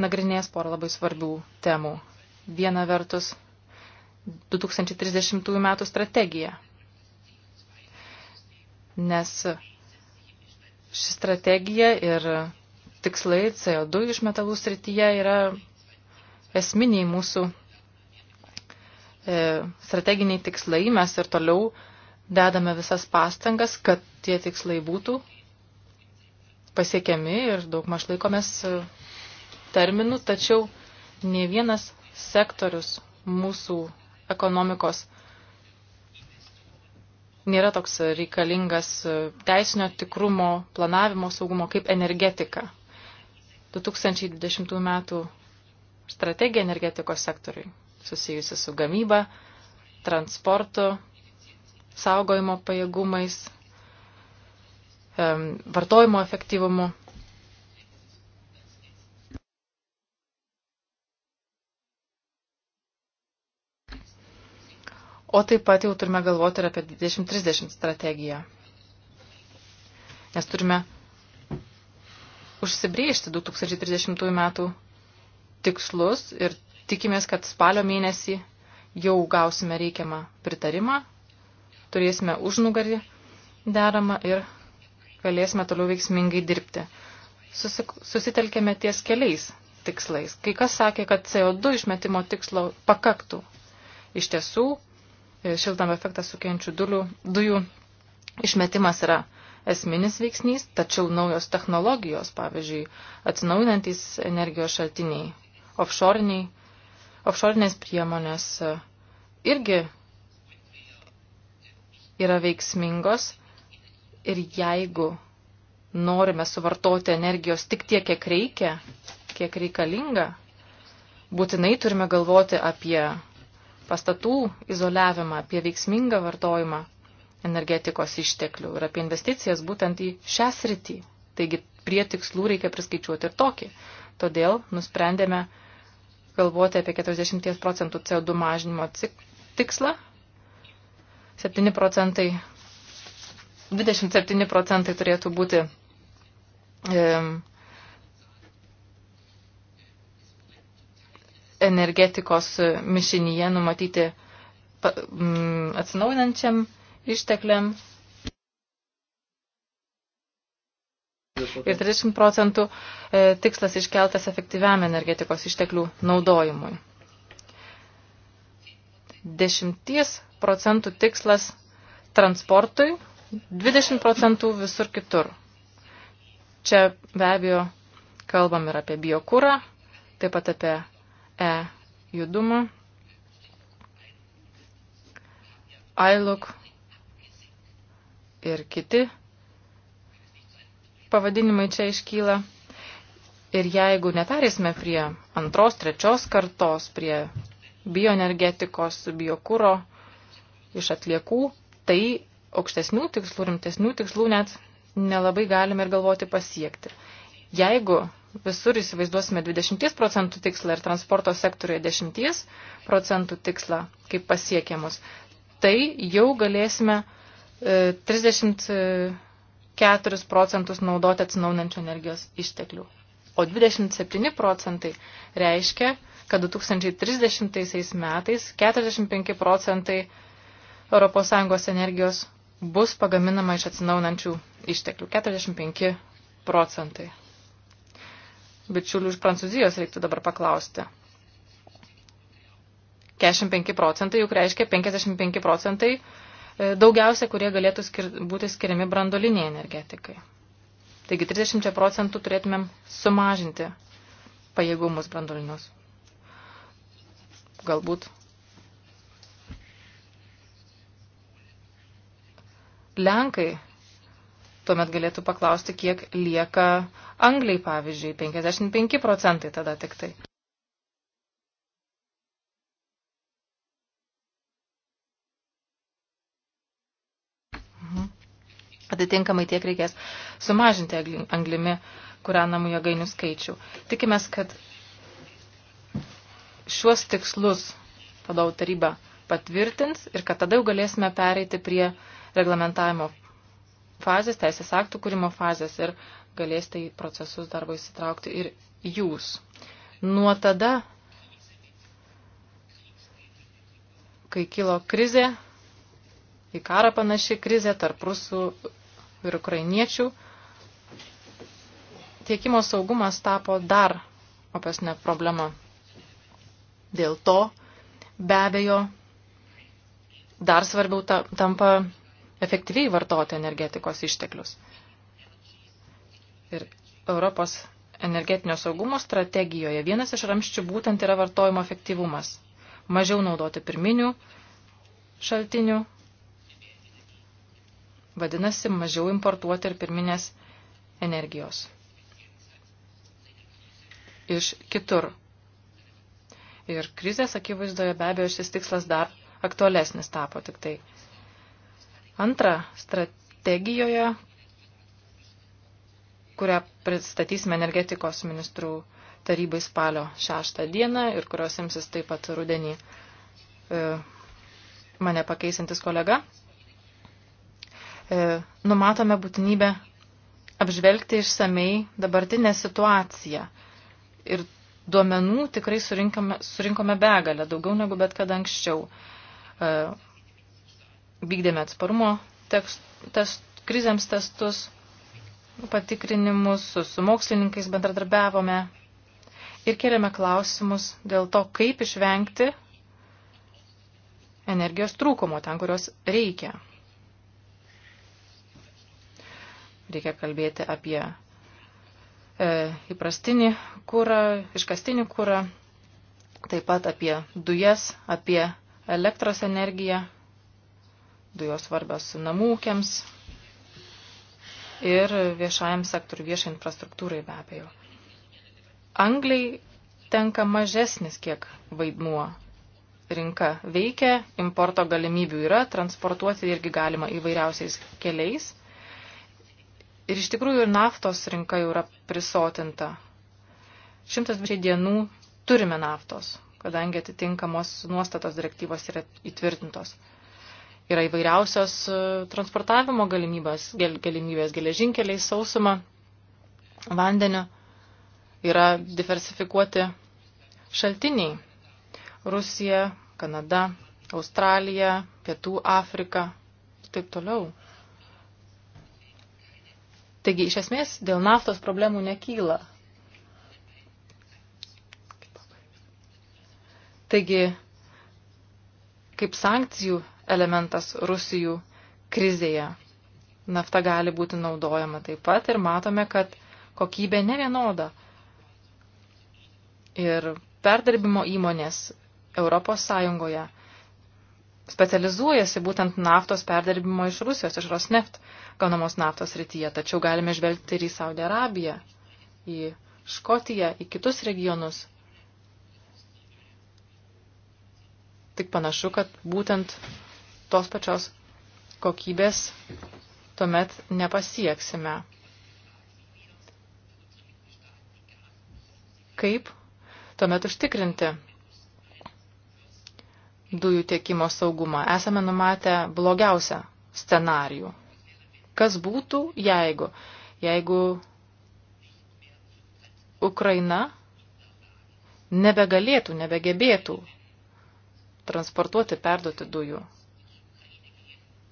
nagrinės porą labai svarbių temų. Viena vertus 2030 metų strategija. Nes ši strategija ir tikslai CO2 iš metalų srityje yra esminiai mūsų e, strateginiai tikslai. Mes ir toliau dedame visas pastangas, kad tie tikslai būtų pasiekiami ir daug maž laikomės e, terminų, tačiau ne vienas sektorius mūsų ekonomikos nėra toks reikalingas teisinio tikrumo, planavimo saugumo kaip energetika. 2020 metų strategija energetikos sektoriui susijusi su gamyba, transportu, saugojimo pajėgumais, vartojimo efektyvumu O taip pat jau turime galvoti ir apie 2030 strategiją. Nes turime užsibriežti 2030 metų tikslus ir tikimės, kad spalio mėnesį jau gausime reikiamą pritarimą, turėsime užnugarį deramą ir galėsime toliau veiksmingai dirbti. Susik susitelkėme ties keliais tikslais. Kai kas sakė, kad CO2 išmetimo tikslo pakaktų. Iš tiesų, šiltam efektą sukeliančių dujų išmetimas yra esminis veiksnys, tačiau naujos technologijos, pavyzdžiui, atsinaujinantys energijos šaltiniai, offshoriniai, offshorinės priemonės e, irgi yra veiksmingos ir jeigu norime suvartoti energijos tik tiek, kiek reikia, kiek reikalinga, būtinai turime galvoti apie pastatų izoliavimą, apie veiksmingą vartojimą energetikos išteklių ir apie investicijas būtent į šią sritį. Taigi prie tikslų reikia priskaičiuoti ir tokį. Todėl nusprendėme galvoti apie 40 procentų CO2 mažinimo tikslą. 7 procentai, 27 procentai turėtų būti e, energetikos mišinyje numatyti mm, atsinaujinančiam ištekliam ir 30 procentų e, tikslas iškeltas efektyviam energetikos išteklių naudojimui. 10 procentų tikslas transportui, 20 procentų visur kitur. Čia be abejo kalbam ir apie biokūrą, taip pat apie e-judumą, ILOC ir kiti pavadinimai čia iškyla. Ir jeigu netarėsime prie antros, trečios kartos, prie bioenergetikos, biokūro iš atliekų, tai aukštesnių tikslų, rimtesnių tikslų net nelabai galime ir galvoti pasiekti. Jeigu visur įsivaizduosime 20 procentų tikslą ir transporto sektoriuje 10 procentų tikslą kaip pasiekiamus, tai jau galėsime 34 e, procentus naudoti atsinaunančių energijos išteklių. O 27 procentai reiškia, kad 2030 metais 45 procentai ES energijos bus pagaminama iš atsinaunančių išteklių. 45 procentai bičiulių iš Prancūzijos reiktų dabar paklausti. 45 procentai juk reiškia 55 procentai e, daugiausia, kurie galėtų skir būti skiriami brandoliniai energetikai. Taigi 30 procentų turėtumėm sumažinti pajėgumus brandolinius. Galbūt Lenkai tuomet galėtų paklausti, kiek lieka angliai, pavyzdžiui, 55 procentai tada tik tai. Mhm. Atitinkamai tiek reikės sumažinti anglimi kūrenamų jėgainių skaičių. Tikimės, kad šiuos tikslus vadovų taryba patvirtins ir kad tada jau galėsime pereiti prie reglamentavimo fazės, teisės aktų kūrimo fazės ir galėsite tai į procesus darbo įsitraukti ir jūs. Nuo tada, kai kilo krizė, į karą panaši krizė tarp rusų ir ukrainiečių, tiekimo saugumas tapo dar opesnė problema. Dėl to, be abejo, dar svarbiau ta, tampa efektyviai vartoti energetikos išteklius. Ir Europos energetinio saugumo strategijoje vienas iš ramščių būtent yra vartojimo efektyvumas. Mažiau naudoti pirminių šaltinių, vadinasi, mažiau importuoti ir pirminės energijos iš kitur. Ir krizės akivaizdoje be abejo šis tikslas dar aktualesnis tapo tik tai. Antra, strategijoje, kurią pristatysime energetikos ministrų tarybai spalio 6 dieną ir kurios imsis taip pat rudenį e, mane pakeisintis kolega, e, numatome būtinybę apžvelgti išsamei dabartinę situaciją. Ir duomenų tikrai surinkome, surinkome begalę, daugiau negu bet kada anksčiau. E, vykdėme atsparumo tekst, test, krizėms testus, patikrinimus, su, su mokslininkais bendradarbiavome ir keliame klausimus dėl to, kaip išvengti energijos trūkumo ten, kurios reikia. Reikia kalbėti apie e, įprastinį kūrą, iškastinį kūrą, taip pat apie dujas, apie elektros energiją, dujos svarbios namūkiams ir viešajam sektoriu, viešai infrastruktūrai be abejo. Angliai tenka mažesnis kiek vaidmuo. Rinka veikia, importo galimybių yra, transportuoti irgi galima įvairiausiais keliais. Ir iš tikrųjų ir naftos rinka jau yra prisotinta. 120 dienų turime naftos, kadangi atitinkamos nuostatos direktyvos yra įtvirtintos. Yra įvairiausios e, transportavimo galimybės, galimybės geležinkeliai, sausuma, vandeniu. Yra diversifikuoti šaltiniai. Rusija, Kanada, Australija, Pietų Afrika ir taip toliau. Taigi, iš esmės, dėl naftos problemų nekyla. Taigi, kaip sankcijų elementas Rusijų krizėje. Nafta gali būti naudojama taip pat ir matome, kad kokybė nevienoda. Ir perdarbimo įmonės Europos Sąjungoje specializuojasi būtent naftos perdarbimo iš Rusijos, iš Rosneft gaunamos naftos rytyje. Tačiau galime žvelgti ir į Saudę Arabiją, į Škotiją, į kitus regionus. Tik panašu, kad būtent tos pačios kokybės tuomet nepasieksime. Kaip tuomet užtikrinti dujų tiekimo saugumą? Esame numatę blogiausią scenarijų. Kas būtų, jeigu? Jeigu Ukraina nebegalėtų, nebegebėtų transportuoti, perduoti dujų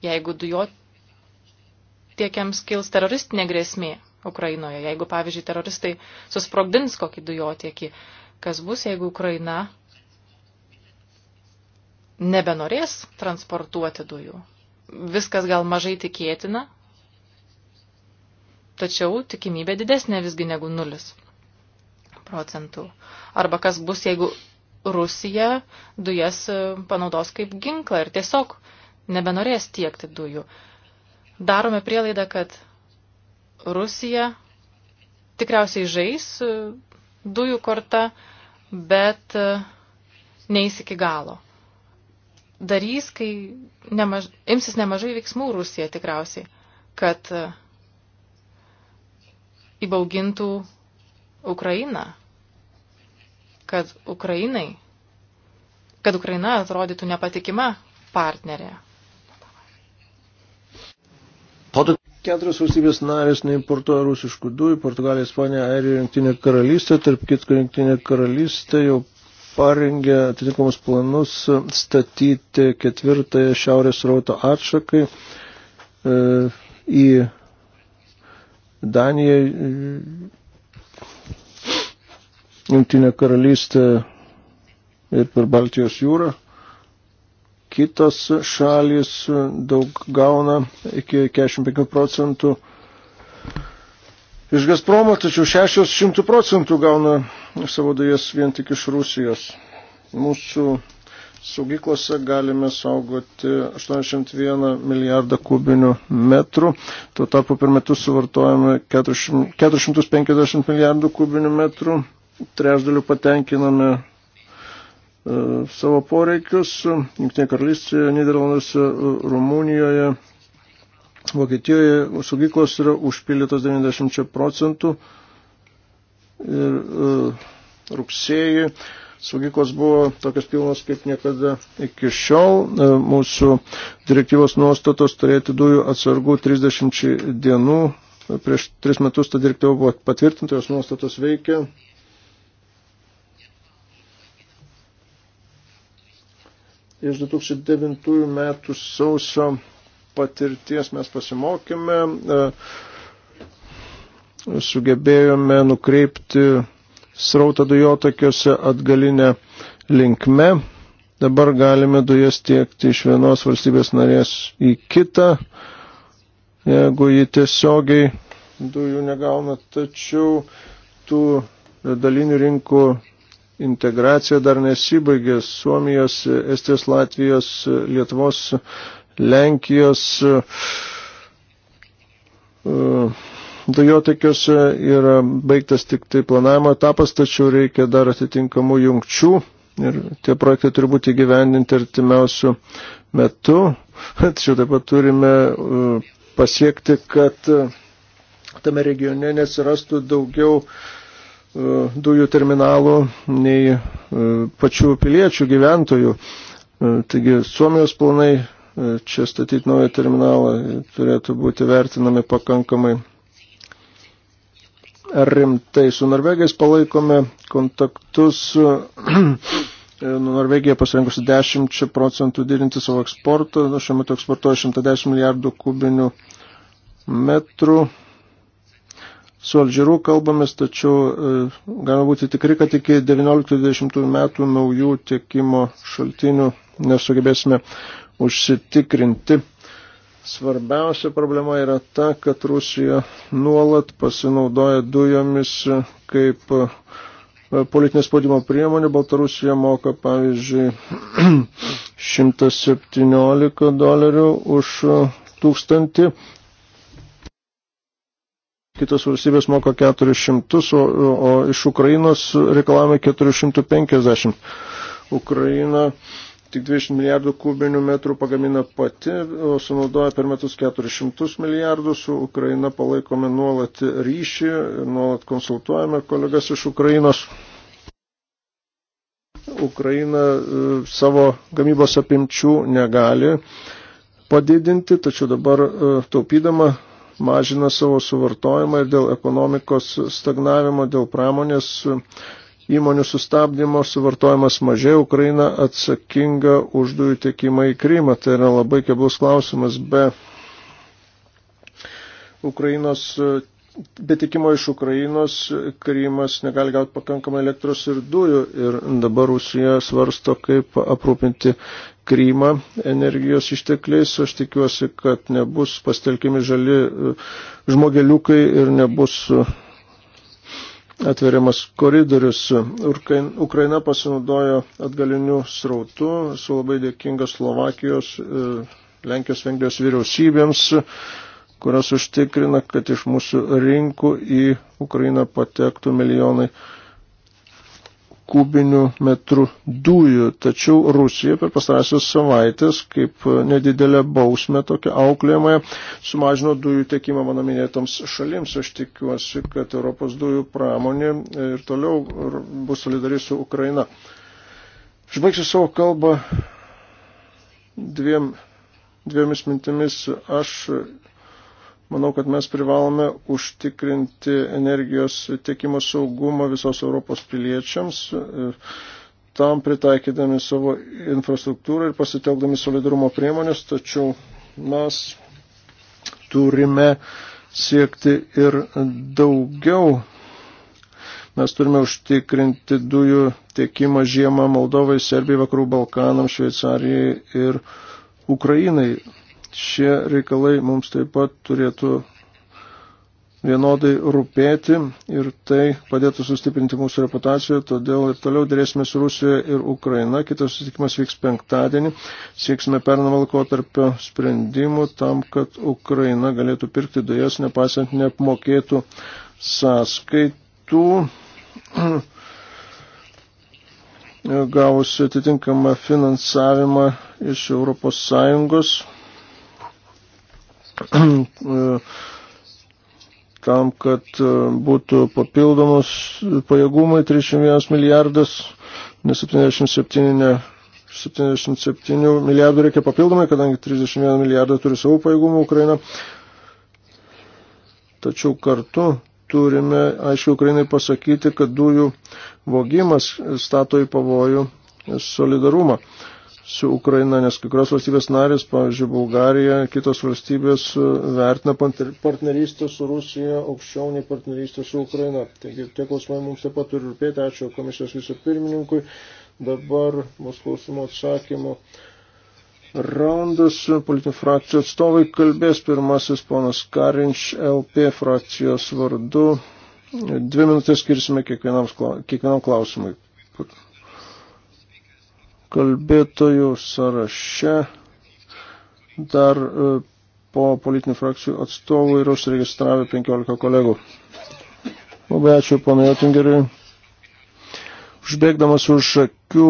jeigu dujotiekiams kils teroristinė grėsmė Ukrainoje, jeigu, pavyzdžiui, teroristai susprogdins kokį dujotiekį, kas bus, jeigu Ukraina nebenorės transportuoti dujų. Viskas gal mažai tikėtina, tačiau tikimybė didesnė visgi negu nulis procentų. Arba kas bus, jeigu Rusija dujas panaudos kaip ginklą ir tiesiog uh, nebenorės tiekti dujų. Darome prielaidą, kad Rusija tikriausiai žais e, dujų kortą, bet e, neįs iki galo. Darys, kai nemaž, imsis nemažai veiksmų Rusija tikriausiai, kad e, įbaugintų Ukrainą, kad Ukrainai, kad Ukraina atrodytų nepatikima partnerė. Keturios valstybės narės neimportuoja rusiškų dujų - Portugalija, Ispanija, Airija, Junktinė karalystė. Tarp kitko, Junktinė karalystė jau parengė atitinkamus planus statyti ketvirtąją šiaurės rauto atšakai e, į Daniją, Junktinę karalystę ir per Baltijos jūrą. Kitos šalis daug gauna iki 45 procentų iš Gazpromo, tačiau 600 procentų gauna savo dujas vien tik iš Rusijos. Mūsų saugyklose galime saugoti 81 milijardą kubinių metrų, tuo tarpu per metus suvartojame 400, 450 milijardų kubinių metrų, trešdalių patenkiname E, savo poreikius. Junktinė karalystė, Niderlanduose, e, Rumunijoje, Vokietijoje saugyklos yra užpildytos 90 procentų ir uh, rugsėjį saugyklos buvo tokios pilnos kaip niekada iki šiol. Uh, mūsų direktyvos nuostatos turėti dujų atsargų 30 dienų. Prieš tris metus ta direktyva buvo patvirtinta, jos nuostatos veikia Iš 2009 metų sausio patirties mes pasimokėme, e, sugebėjome nukreipti srautą dujotakiuose atgalinę linkme. Dabar galime dujas tiekti iš vienos valstybės narės į kitą, jeigu jį tiesiogiai dujų negauna. Tačiau tų dalinių rinkų integracija dar nesibaigė. Suomijos, Estijos, Latvijos, Lietuvos, Lenkijos e, dujotekiuose yra baigtas tik tai planavimo etapas, tačiau reikia dar atitinkamų jungčių ir tie projektai turi būti gyvendinti artimiausių metų. Tačiau taip pat turime e, pasiekti, kad e, tame regione nesirastų daugiau uh, E, dujų terminalų, nei e, pačių piliečių gyventojų. E, taigi Suomijos planai čia statyti naują terminalą turėtų būti vertinami pakankamai rimtai. Su Norvegais palaikome kontaktus. Nu, Norvegija pasirinkusi 10 procentų didinti savo eksportą, šiuo metu eksportuoja 110 milijardų kubinių metrų su Alžyru kalbamės, tačiau e, galime būti tikri, kad iki 19-20 metų naujų tiekimo šaltinių nesugebėsime užsitikrinti. Svarbiausia problema yra ta, kad Rusija nuolat pasinaudoja dujomis kaip e, politinės spaudimo priemonių. Baltarusija moka, pavyzdžiui, 117 dolerių už e, tūkstantį kitos valstybės moka 400, o, o iš Ukrainos reikalavome 450. Ukraina tik 20 milijardų kubinių metrų pagamina pati, o sunaudoja per metus 400 milijardų. Su Ukraina palaikome nuolat ryšį, nuolat konsultuojame kolegas iš Ukrainos. Ukraina e, savo gamybos apimčių negali padidinti, tačiau dabar e, taupydama mažina savo suvartojimą ir dėl ekonomikos stagnavimo, dėl pramonės įmonių sustabdymo suvartojimas mažėja, Ukraina atsakinga už dujų tiekimą į Krymą. Tai yra labai keblus klausimas be Ukrainos betikimo iš Ukrainos Krymas negali gauti pakankamai elektros ir dujų ir dabar Rusija svarsto, kaip aprūpinti Krymą energijos ištekliais. Aš tikiuosi, kad nebus pastelkimi žali e, žmogeliukai ir nebus e, atveriamas koridorius. Ukraina pasinaudojo atgaliniu srautu. Esu labai dėkingas Slovakijos, e, Lenkijos, Vengrijos vyriausybėms kurios užtikrina, kad iš mūsų rinkų į Ukrainą patektų milijonai kubinių metrų dujų. Tačiau Rusija per pastarąsias savaitės, kaip nedidelė bausmė tokia auklėjamąją, sumažino dujų tiekimą mano minėtoms šalims. Aš tikiuosi, kad Europos dujų pramonė ir toliau bus solidari su Ukraina. Aš baigsiu savo kalbą dviem, dviemis mintimis. Aš Manau, kad mes privalome užtikrinti energijos tiekimo saugumą visos Europos piliečiams, e, tam pritaikydami savo infrastruktūrą ir pasitelkdami solidarumo priemonės, tačiau mes turime siekti ir daugiau mes turime užtikrinti dujų tiekimą žiemą Moldovai, Serbijai, Vakarų Balkanam, Šveicarijai ir Ukrainai. Šie reikalai mums taip pat turėtų vienodai rūpėti ir tai padėtų sustiprinti mūsų reputaciją, todėl ir toliau dėrėsime su Rusija ir Ukraina. Kitas susitikimas vyks penktadienį. Sieksime pernamą laikotarpio sprendimų tam, kad Ukraina galėtų pirkti dujas, nepasiant neapmokėtų sąskaitų. gavusi atitinkamą finansavimą iš Europos Sąjungos tam, kad e, būtų papildomos pajėgumai 31 milijardas, ne 77, ne 77 milijardų reikia papildomai, kadangi 31 milijardą turi savo pajėgumų Ukraina. Tačiau kartu turime, aišku, Ukrainai pasakyti, kad dujų vogimas stato į pavojų solidarumą su Ukraina, nes kai kurios valstybės narės, pavyzdžiui, Bulgarija, kitos valstybės e, vertina partnerystę su Rusija aukščiau nei partnerystę su Ukraina. Taigi tie klausimai mums taip pat turi rūpėti. Ačiū komisijos viso pirmininkui. Dabar mūsų klausimų atsakymų. Raundas politinių frakcijų atstovai kalbės pirmasis ponas Karinč LP frakcijos vardu. Dvi minutės skirsime kiekvienam klausimui kalbėtojų sąraše. Dar e, po politinių frakcijų atstovų yra užsiregistravę 15 kolegų. Labai ačiū ponui Jotingeriui. Užbėgdamas už akių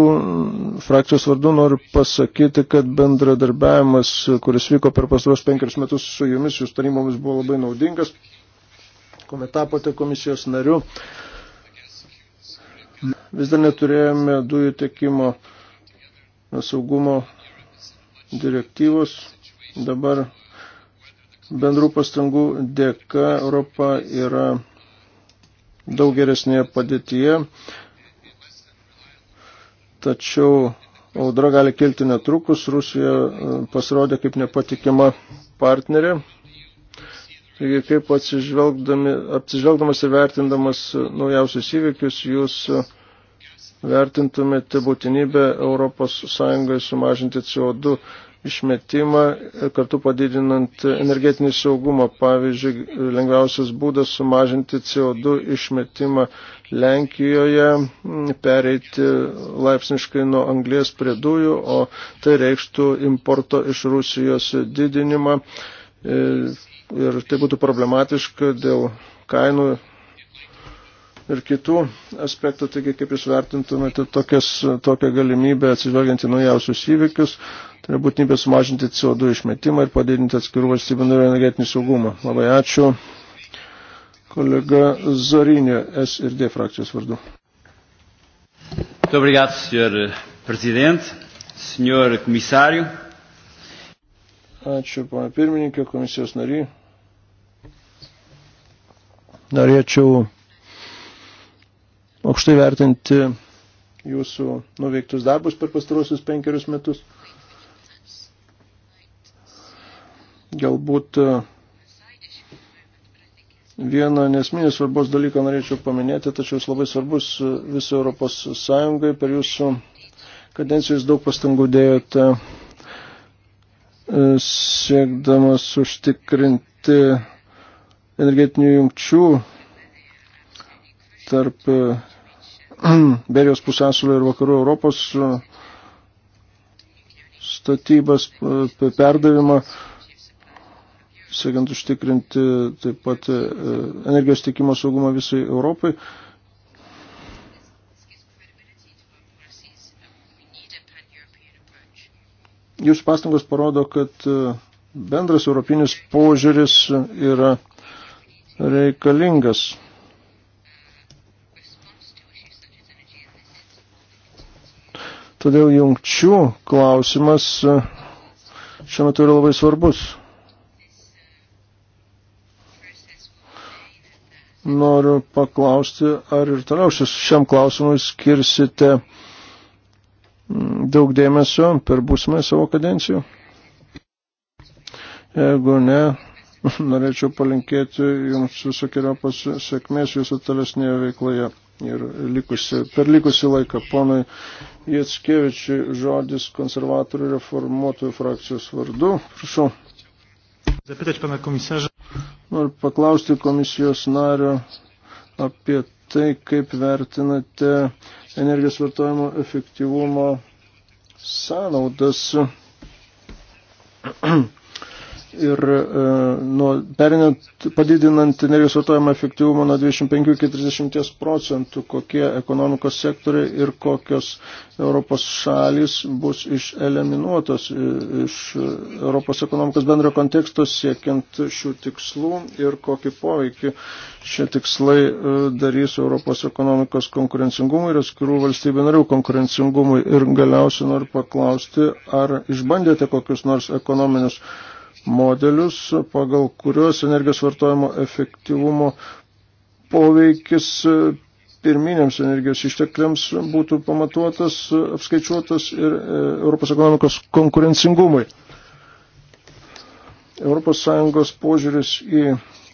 frakcijos vardu noriu pasakyti, kad bendradarbiavimas, kuris vyko per pastaros penkerius metus su jumis, jūs tarybomis buvo labai naudingas, kuomet tapote komisijos nariu. Vis dar neturėjome dujų tiekimo saugumo direktyvos. Dabar bendrų pastangų dėka Europa yra daug geresnėje padėtyje, tačiau audra gali kilti netrukus. Rusija e, pasirodė kaip nepatikima partnerė. Taigi, kaip atsižvelgdamas ir vertindamas e, naujausius įvykius, jūs e, vertintumėte būtinybę ES sumažinti CO2 išmetimą ir e, kartu padidinant energetinį saugumą. Pavyzdžiui, lengviausias būdas sumažinti CO2 išmetimą Lenkijoje, pereiti laipsniškai nuo anglės prie dujų, o tai reikštų importo iš Rusijos didinimą. E, ir tai būtų problematiška dėl kainų ir kitų aspektų, taigi kaip jūs vertintumėte tokias, tokią galimybę atsižvelgiant į naujausius įvykius, tai yra būtinybė sumažinti CO2 išmetimą ir padidinti atskirų valstybių narių energetinį saugumą. Labai ačiū. Kolega Zorinė, S ir D frakcijos vardu. Muito obrigado, Sr. Presidente, Sr. Comissário. Ačiū, pana pirmininkė, komisijos nariai. Norėčiau aukštai vertinti jūsų nuveiktus darbus per pastarosius penkerius metus. Galbūt e, vieną nesminį svarbos dalyką norėčiau paminėti, tačiau jis labai svarbus e, viso Europos Sąjungai. Per jūsų kadencijos daug pastangų dėjote e, siekdamas užtikrinti energetinių jungčių tarp Berijos pusęsulio ir vakarų Europos uh, statybas, uh, perdavimą, siekiant užtikrinti taip pat uh, energijos tikimo saugumą visai Europai. Jūsų pastangos parodo, kad bendras europinis požiūris yra reikalingas. Todėl jungčių klausimas e, šiuo metu yra labai svarbus. Noriu paklausti, ar ir toliau šis, šiam klausimui skirsite mm, daug dėmesio per būsimą savo kadenciją? Jeigu ne, norėčiau palinkėti jums visokiojo sėkmės jūsų tolesnėje veikloje ir likusi, per likusi laiką ponai Jetskevičiui žodis konservatorių reformuotojų frakcijos vardu. Prašau. Zapytać pana komisarza. Noriu paklausti komisijos nario apie tai, kaip vertinate energijos vartojimo efektyvumo sąnaudas. ir e, nuo perinant, padidinant energijos vartojimo efektyvumą nuo 25 iki 30 procentų, kokie ekonomikos sektoriai ir kokios Europos šalis bus išeliminuotos e, iš Europos ekonomikos bendro konteksto siekiant šių tikslų ir kokį poveikį šie tikslai e, darys Europos ekonomikos konkurencingumui ir atskirų valstybių narių konkurencingumui. Ir galiausiai noriu paklausti, ar išbandėte kokius nors ekonominius modelius, pagal kuriuos energijos vartojimo efektyvumo poveikis e, pirminiams energijos ištekliams būtų pamatuotas, apskaičiuotas ir e, Europos ekonomikos konkurencingumui. Europos Sąjungos požiūris į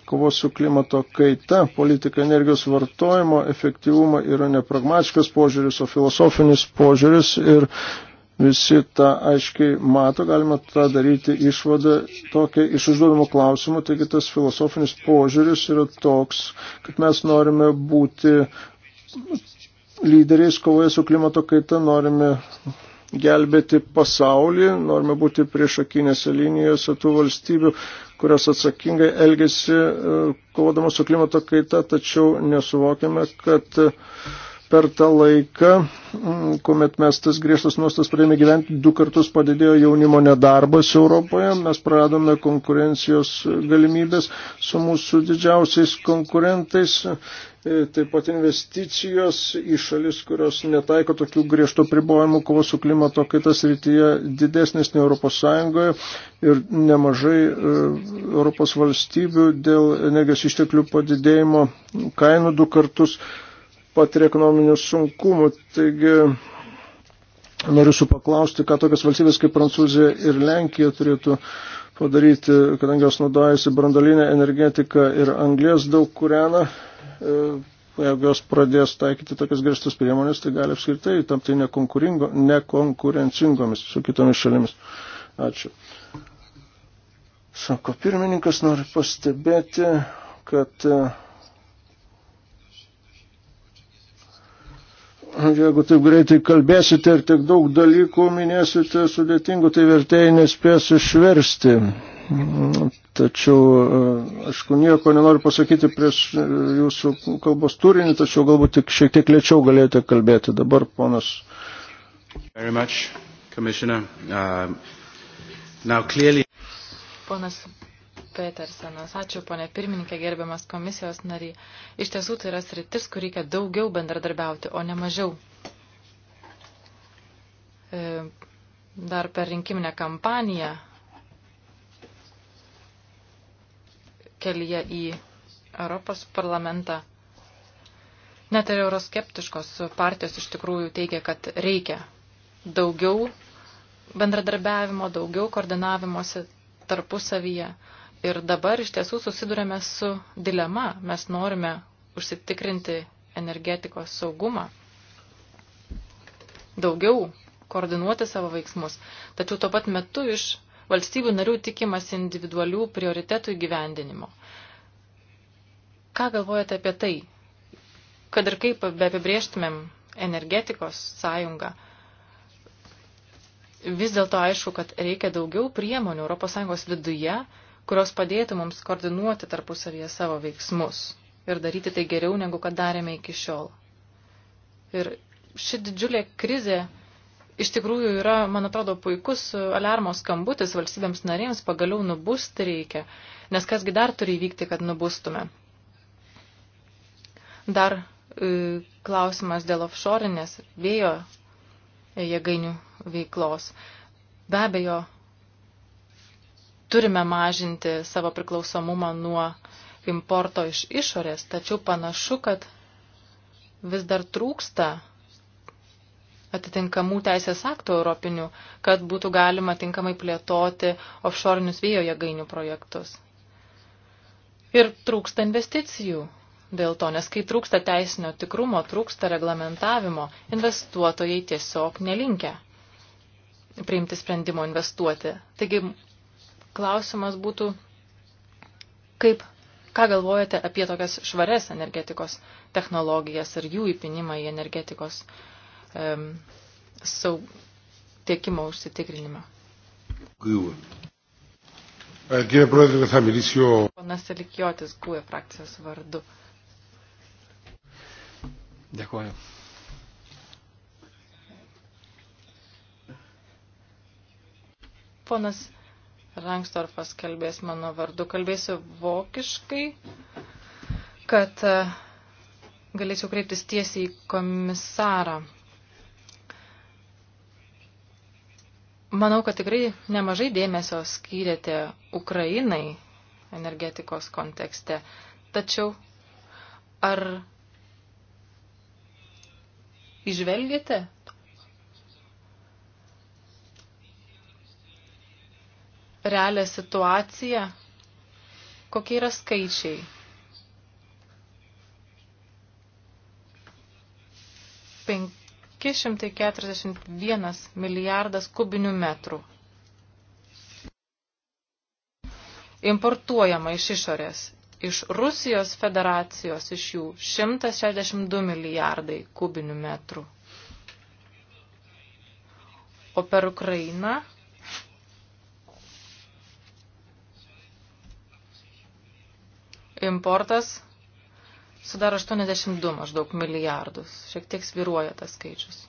kovos su klimato kaita, politika energijos vartojimo efektyvumą yra ne pragmatiškas požiūris, o filosofinis požiūris ir Visi tą aiškiai mato, galima tą daryti išvadą tokia iš užduodamų klausimų, taigi tas filosofinis požiūris yra toks, kad mes norime būti lyderiais kovoje su klimato kaita, norime gelbėti pasaulį, norime būti priešakinėse linijose tų valstybių, kurios atsakingai elgesi e, kovodamos su klimato kaita, tačiau nesuvokiame, kad uh, per tą laiką, mm, kuomet mes tas griežtas nuostas pradėjome gyventi, du kartus padidėjo jaunimo nedarbas Europoje, mes praradome konkurencijos galimybės su mūsų didžiausiais konkurentais, e, taip pat investicijos į šalis, kurios netaiko tokių griežto pribojimų kovo su klimato kaitas rytyje didesnės nei Europos Sąjungoje ir nemažai e, Europos valstybių dėl energijos išteklių padidėjimo kainų du kartus patiria ekonominių sunkumų. Taigi noriu su paklausti, ką tokios valstybės kaip Prancūzija ir Lenkija turėtų padaryti, kadangi jos naudojasi brandolinę energetiką ir anglės daug kūrena. E, jeigu jos pradės taikyti tokias griežtas priemonės, tai gali apskritai tapti nekonkurencingomis su kitomis šalimis. Ačiū. Sako pirmininkas, noriu pastebėti, kad e, jeigu taip greitai kalbėsite ir tiek daug dalykų minėsite sudėtingų, tai vertėjai nespės išversti. Tačiau, e, aišku, nieko nenoriu pasakyti prieš jūsų kalbos turinį, tačiau galbūt tik šiek tiek lėčiau galėjote kalbėti. Dabar, ponas. Much, uh, clearly... Ponas Petersenas. Ačiū, ponė pirmininkė, gerbiamas komisijos nariai. Iš tiesų tai yra sritis, kur reikia daugiau bendradarbiauti, o ne mažiau. E, dar per rinkiminę kampaniją kelyje į Europos parlamentą. Net ir euroskeptiškos partijos iš tikrųjų teigia, kad reikia daugiau bendradarbiavimo, daugiau koordinavimuose tarpusavyje. Ir dabar iš tiesų susidurėme su dilema. Mes norime užsitikrinti energetikos saugumą, daugiau koordinuoti savo veiksmus, tačiau tuo pat metu iš valstybių narių tikimas individualių prioritetų įgyvendinimo. Ką galvojate apie tai? Kad ir kaip be apibrieštumėm energetikos sąjungą, vis dėlto aišku, kad reikia daugiau priemonių ES viduje, kurios padėtų mums koordinuoti tarpusavyje savo veiksmus ir daryti tai geriau, negu kad darėme iki šiol. Ir ši didžiulė krizė iš tikrųjų yra, man atrodo, puikus alarmo skambutis valstybėms narėms, pagaliau nubusti reikia, nes kasgi dar turi įvykti, kad nubustume. Dar y, e, klausimas dėl offshore'inės vėjo jėgainių veiklos. Be abejo, turime mažinti savo priklausomumą nuo importo iš išorės, tačiau panašu, kad vis dar trūksta atitinkamų teisės aktų europinių, kad būtų galima tinkamai plėtoti offshore'inius vėjo jėgainių projektus. Ir trūksta investicijų dėl to, nes kai trūksta teisinio tikrumo, trūksta reglamentavimo, investuotojai tiesiog nelinkia priimti sprendimo investuoti. Taigi klausimas būtų, kaip, ką galvojate apie tokias švarias energetikos technologijas ir jų įpinimą į energetikos um, saug, tiekimo užsitikrinimą. Κύριε Πρόεδρε, θα μιλήσω... Ponas Elikiotis, GUE frakcijos vardu. Dėkuoju. Ponas Rangstorfas kalbės mano vardu. Kalbėsiu vokiškai, kad e, galėčiau kreiptis tiesiai į komisarą. Manau, kad tikrai nemažai dėmesio skyrėte Ukrainai energetikos kontekste. Tačiau ar išvelgėte realią situaciją? Kokie yra skaičiai? Penk 541 milijardas kubinių metrų. Importuojama iš išorės. Iš Rusijos federacijos iš jų 162 milijardai kubinių metrų. O per Ukrainą importas sudaro 82 maždaug milijardus. Šiek tiek sviruoja tas skaičius.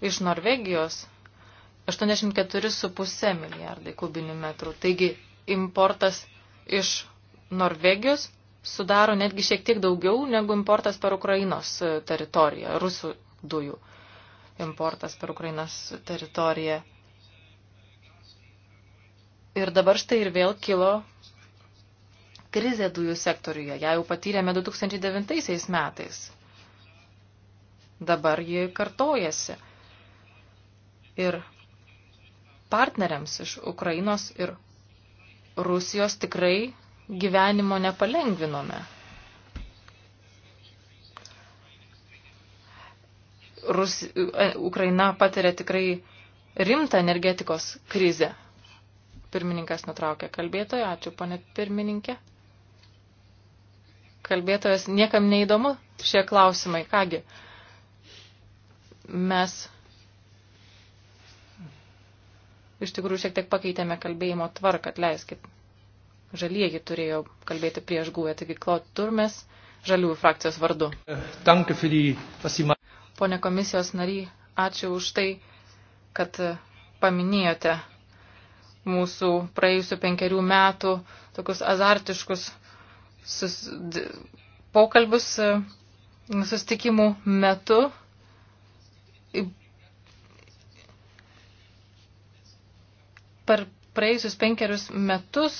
Iš Norvegijos 84,5 milijardai kubinių metrų. Taigi importas iš Norvegijos sudaro netgi šiek tiek daugiau negu importas per Ukrainos teritoriją, rusų dujų importas per Ukrainos teritoriją. Ir dabar štai ir vėl kilo krizė dujų sektoriuje. Ją jau patyrėme 2009 metais. Dabar ji kartojasi. Ir partneriams iš Ukrainos ir Rusijos tikrai gyvenimo nepalengvinome. Rus, e, Ukraina patiria tikrai rimtą energetikos krizę. Pirmininkas nutraukė kalbėtoją. Ačiū, ponė pirmininkė. Kalbėtojas niekam neįdomu šie klausimai. Kągi, mes iš tikrųjų šiek tiek pakeitėme kalbėjimo tvarką, atleiskit. Žalieji turėjo kalbėti prieš guvę, taigi Klot Turmes, žaliųjų frakcijos vardu. Pone komisijos nary, ačiū už tai, kad paminėjote mūsų praėjusių penkerių metų tokius azartiškus sus, d, pokalbius e, sustikimų metu. Per praėjusius penkerius metus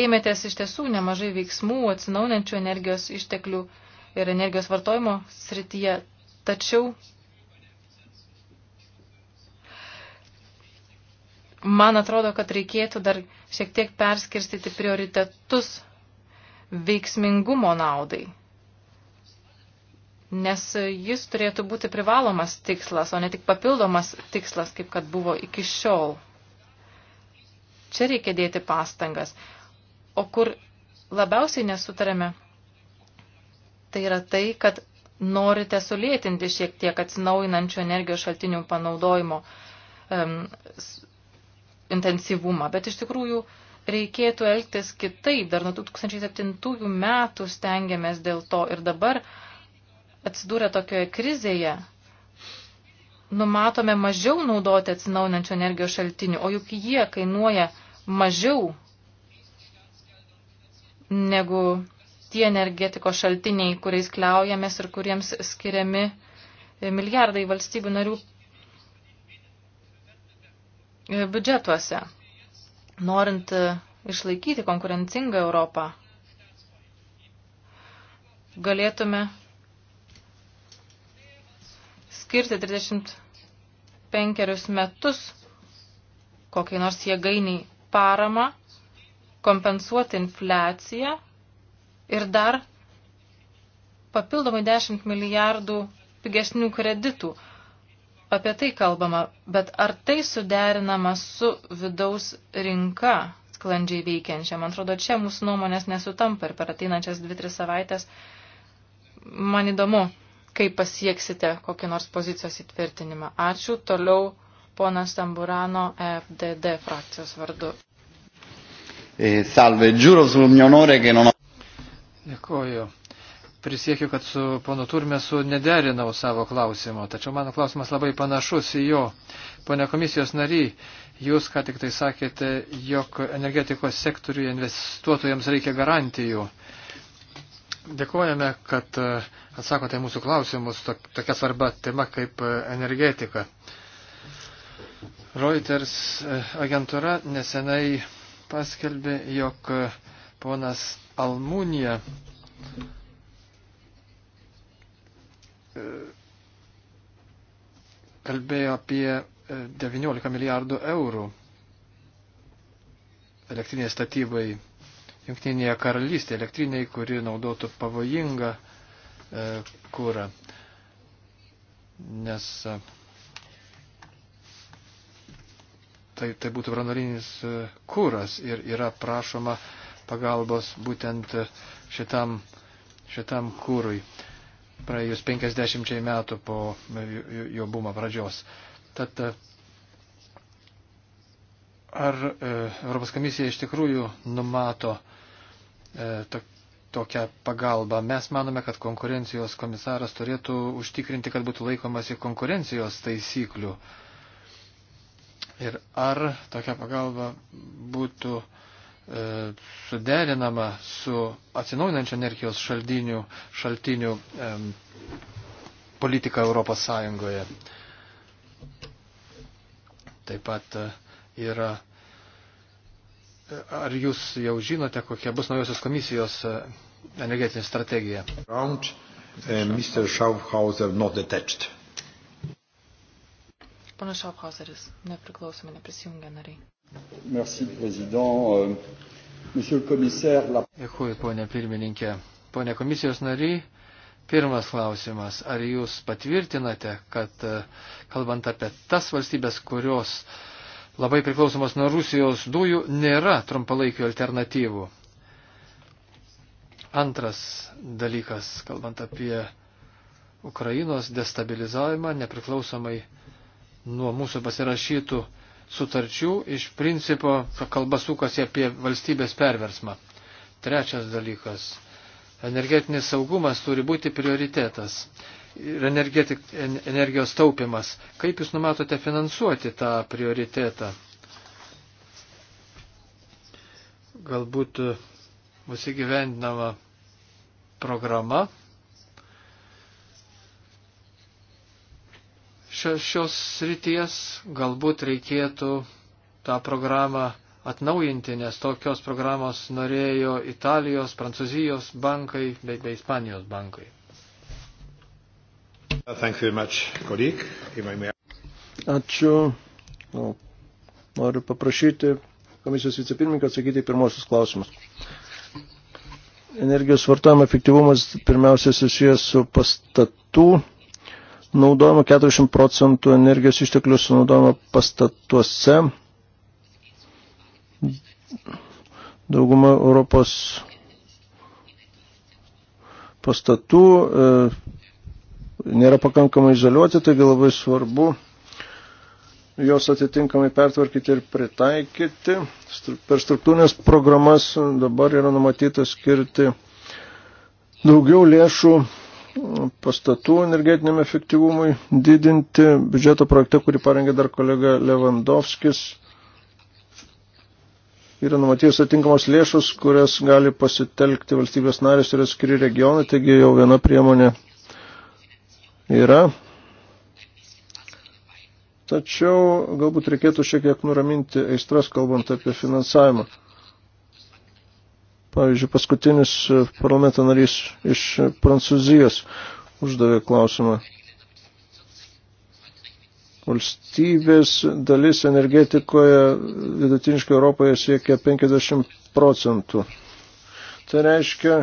ėmėtės iš tiesų nemažai veiksmų atsinaunančių energijos išteklių ir energijos vartojimo srityje, tačiau Man atrodo, kad reikėtų dar šiek tiek perskirstyti prioritetus veiksmingumo naudai. Nes jis turėtų būti privalomas tikslas, o ne tik papildomas tikslas, kaip kad buvo iki šiol. Čia reikia dėti pastangas. O kur labiausiai nesutarėme, tai yra tai, kad norite sulėtinti šiek tiek atsinaujinančių energijos šaltinių panaudojimo um, intensyvumą, bet iš tikrųjų reikėtų elgtis kitaip. Dar nuo 2007 metų stengiamės dėl to ir dabar atsidūrę tokioje krizėje numatome mažiau naudoti atsinaunančių energijos šaltinių, o juk jie kainuoja mažiau negu tie energetikos šaltiniai, kuriais kliaujamės ir kuriems skiriami milijardai valstybių narių biudžetuose. Norint e, išlaikyti konkurencingą Europą, galėtume skirti 35 metus kokiai nors jėgainiai paramą, kompensuoti infliaciją ir dar papildomai 10 milijardų pigesnių kreditų apie tai kalbama, bet ar tai suderinama su vidaus rinka sklandžiai veikiančia? Man atrodo, čia mūsų nuomonės nesutampa ir per ateinančias dvi, tris savaitės man įdomu, kaip pasieksite kokį nors pozicijos įtvirtinimą. Ačiū. Toliau ponas Tamburano FDD frakcijos vardu. E, salve, giuro sul mio onore che non ho. Dėkuoju prisiekiu, kad su ponu Turmesu nederinau savo klausimo, tačiau mano klausimas labai panašus į jo. Pone komisijos nary, jūs ką tik tai sakėte, jog energetikos sektoriuje investuotojams reikia garantijų. Dėkojame, kad e, atsakote mūsų klausimus tokia svarba tema kaip e, energetika. Reuters e, agentūra nesenai paskelbė, jog ponas Almūnija E, kalbėjo apie 19 e, milijardų eurų elektrinės statybai Junktinėje karalystėje, elektriniai, kuri naudotų pavojingą e, kūrą. Nes e, tai, tai būtų branolinis e, kūras ir yra prašoma pagalbos būtent e, šitam, šitam kūrui praėjus 50 metų po jo bumo pradžios. Tad ar e, Europos komisija iš tikrųjų numato e, tokią pagalbą? Mes manome, kad konkurencijos komisaras turėtų užtikrinti, kad būtų laikomasi konkurencijos taisyklių. Ir ar tokia pagalba būtų uh, E, suderinama su atsinaujinančio energijos šaltinių, šaltinių e, em, politika Europos Sąjungoje. Taip pat e, yra. Ar jūs jau žinote, kokia bus naujosios komisijos energetinė strategija? Round, Mr. Schaufhauser not attached. Pana Schaufhauseris, nepriklausomi, neprisijungia nariai. Merci, Président. Euh, Monsieur le Commissaire. La... Dėkui, ponė pirmininkė. Pone komisijos nariai, pirmas klausimas. Ar jūs patvirtinate, kad e, kalbant apie tas valstybės, kurios labai priklausomos nuo Rusijos dujų, nėra trumpalaikių alternatyvų? Antras dalykas, kalbant apie Ukrainos destabilizavimą, nepriklausomai nuo mūsų pasirašytų sutarčių iš principo kalba sukasi apie valstybės perversmą. Trečias dalykas. Energetinis saugumas turi būti prioritetas ir energijos taupimas. Kaip Jūs numatote finansuoti tą prioritetą? Galbūt bus įgyvendinama programa šios srities, galbūt reikėtų tą programą atnaujinti, nes tokios programos norėjo Italijos, Prancūzijos bankai bei, bei Ispanijos bankai. Ačiū. Nu, noriu paprašyti komisijos vicepirmininką atsakyti į pirmosius klausimus. Energijos vartojimo efektyvumas pirmiausia susijęs su pastatų naudojama, 40 procentų energijos išteklių sunaudojama pastatuose. Dauguma Europos pastatų e, nėra pakankamai izoliuoti, taigi labai svarbu jos atitinkamai pertvarkyti ir pritaikyti. Per struktūrinės programas dabar yra numatyta skirti daugiau lėšų pastatų energetiniam efektyvumui didinti. Biudžeto projekte, kurį parengė dar kolega Levandovskis, yra numatytos atinkamos lėšos, kurias gali pasitelkti valstybės narės ir atskiri regionai, taigi jau viena priemonė yra. Tačiau galbūt reikėtų šiek tiek nuraminti aistras, kalbant apie finansavimą. Pavyzdžiui, paskutinis e, parlamento narys iš e, Prancūzijos uždavė klausimą. Valstybės dalis energetikoje vidutiniškai Europoje siekia 50 procentų. Tai reiškia,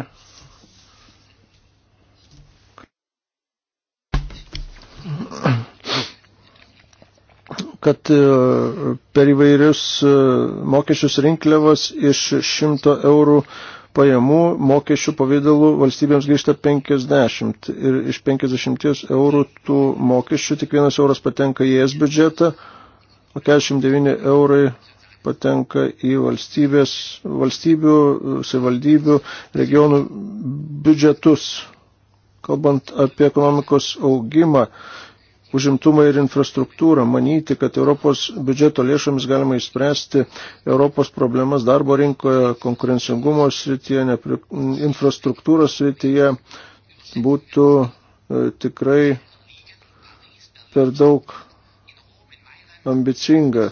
kad e, per įvairius e, mokesčius rinkliavas iš 100 eurų pajamų mokesčių pavydalų valstybėms grįžta 50 ir iš 50 eurų tų mokesčių tik vienas euras patenka į es biudžetą, o 49 eurai patenka į valstybės, valstybių, savivaldybių, regionų biudžetus. Kalbant apie ekonomikos augimą, užimtumą ir infrastruktūrą. Manyti, kad Europos biudžeto lėšomis galima įspręsti Europos problemas darbo rinkoje, konkurencingumo srityje, nepri... infrastruktūros srityje būtų e, tikrai per daug ambicinga.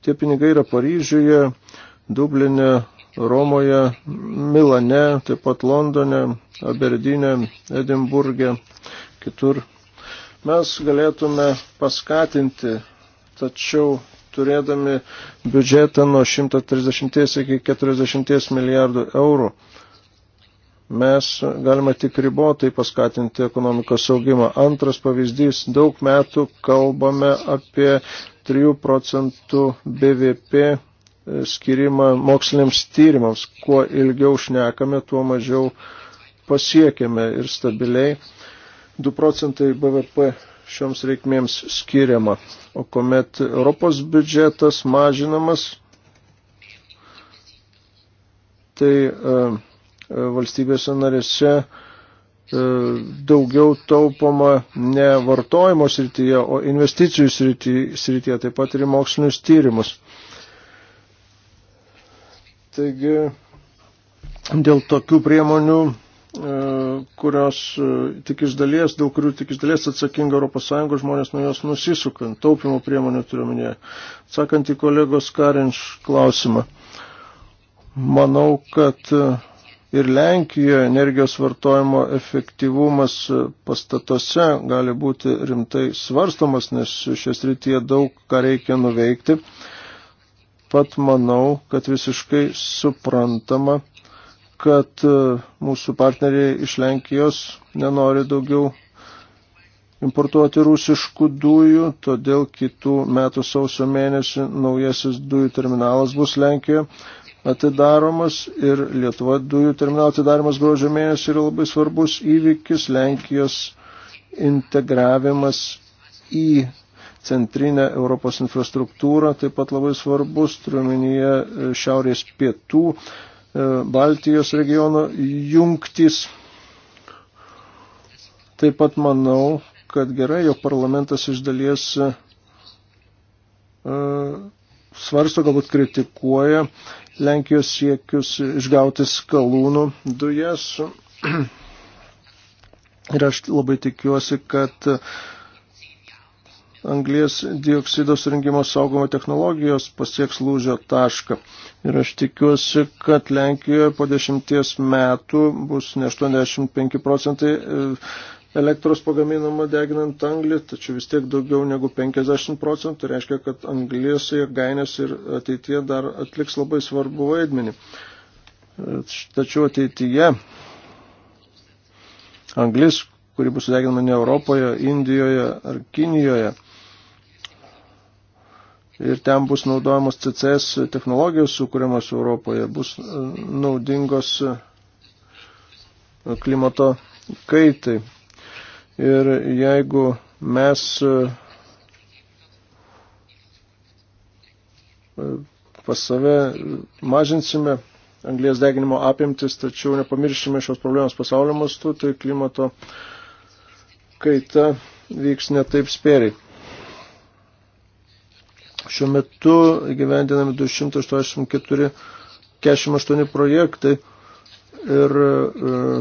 Tie pinigai yra Paryžiuje, Dublinė, Romoje, Milane, taip pat Londone, Aberdinė, Edimburgė kitur, mes galėtume paskatinti, tačiau turėdami biudžetą nuo 130 iki 40 milijardų eurų, mes galime tik ribotai paskatinti ekonomikos saugimą. Antras pavyzdys, daug metų kalbame apie 3 procentų BVP skirimą moksliniams tyrimams. Kuo ilgiau šnekame, tuo mažiau pasiekėme ir stabiliai 2 procentai BVP šioms reikmėms skiriama. O kuomet Europos biudžetas mažinamas, tai e, e, valstybėse narėse e, daugiau taupoma ne vartojimo srityje, o investicijų srityje, taip pat ir mokslinius tyrimus. Taigi dėl tokių priemonių E, kurios e, tik iš dalies, dėl kurių tik iš dalies atsakinga ES žmonės nuo jos nusisuka, taupimo priemonių turiu minėję. Sakant į kolegos Karinš klausimą, manau, kad e, ir Lenkijoje energijos vartojimo efektyvumas pastatuose gali būti rimtai svarstomas, nes šias rytyje daug ką reikia nuveikti. Pat manau, kad visiškai suprantama, kad e, mūsų partneriai iš Lenkijos nenori daugiau importuoti rusiškų dujų, todėl kitų metų sausio mėnesį naujasis dujų terminalas bus Lenkijoje atidaromas ir Lietuva dujų terminalo atidarimas gruodžio mėnesį yra labai svarbus įvykis Lenkijos integravimas į centrinę Europos infrastruktūrą, taip pat labai svarbus, turiuomenyje e, šiaurės pietų E, Baltijos regiono jungtis. Taip pat manau, kad gerai, jo parlamentas iš dalies uh, svarsto, galbūt kritikuoja Lenkijos siekius išgauti skalūnų dujas. Ir aš labai tikiuosi, kad uh, anglės dioksido surinkimo saugomo technologijos pasieks lūžio tašką. Ir aš tikiuosi, kad Lenkijoje po dešimties metų bus ne 85 procentai e, elektros pagaminama deginant anglį, tačiau vis tiek daugiau negu 50 procentų tai reiškia, kad anglės jėgainės ir ateityje dar atliks labai svarbu vaidmenį. E, tačiau ateityje anglis, kuri bus deginama ne Europoje, Indijoje ar Kinijoje, ir ten bus naudojamos CCS technologijos sukūriamos Europoje, bus e, naudingos e, klimato kaitai. Ir jeigu mes e, pas save mažinsime anglės deginimo apimtis, tačiau nepamiršime šios problemos pasaulio mastu, tai klimato kaita vyks netaip spėriai. Šiuo metu gyvendinami 284 48 projektai ir e,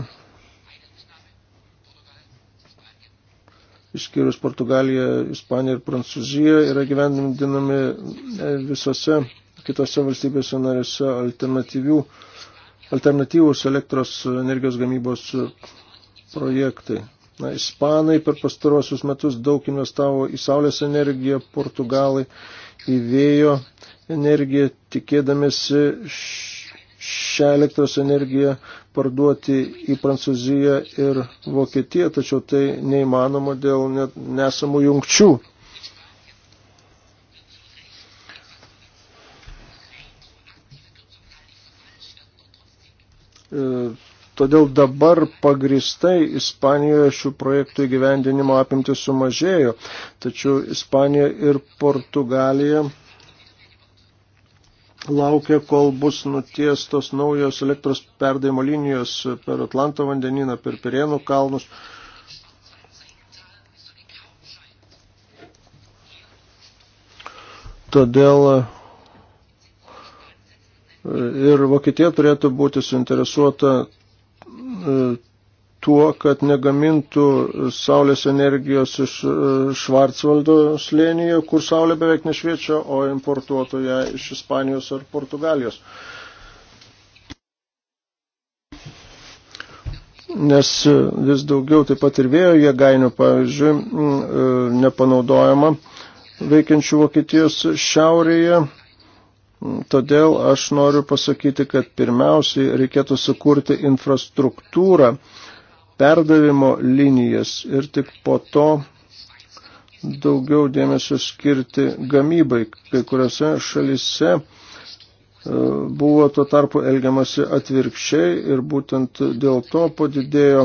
išskyrus Portugaliją, Ispaniją ir Prancūziją yra gyvendinami e, visose kitose valstybėse narėse alternatyvių, alternatyvus elektros energijos gamybos projektai. Na, Ispanai per pastarosius metus daug investavo į saulės energiją, Portugalai į vėjo energiją, tikėdamėsi šią elektros energiją parduoti į Prancūziją ir Vokietiją, tačiau tai neįmanoma dėl nesamų jungčių. E, Todėl dabar pagristai Ispanijoje šių projektų įgyvendinimo apimtis sumažėjo, tačiau Ispanija ir Portugalija laukia, kol bus nutiestos naujos elektros perdavimo linijos per Atlanto vandenyną, per Pirėnų kalnus. Todėl e, ir Vokietija turėtų būti suinteresuota E, tuo, kad negamintų saulės energijos iš e, Švarcvaldo slėnyje, kur saulė beveik nešviečia, o importuotų ją iš Ispanijos ar Portugalijos. Nes e, vis daugiau taip pat ir vėjo jėgainių, pavyzdžiui, nepanaudojama veikiančių Vokietijos šiaurėje Todėl aš noriu pasakyti, kad pirmiausiai reikėtų sukurti infrastruktūrą, perdavimo linijas ir tik po to daugiau dėmesio skirti gamybai. Kai kuriuose šalise e, buvo tuo tarpu elgiamasi atvirkščiai ir būtent dėl to padidėjo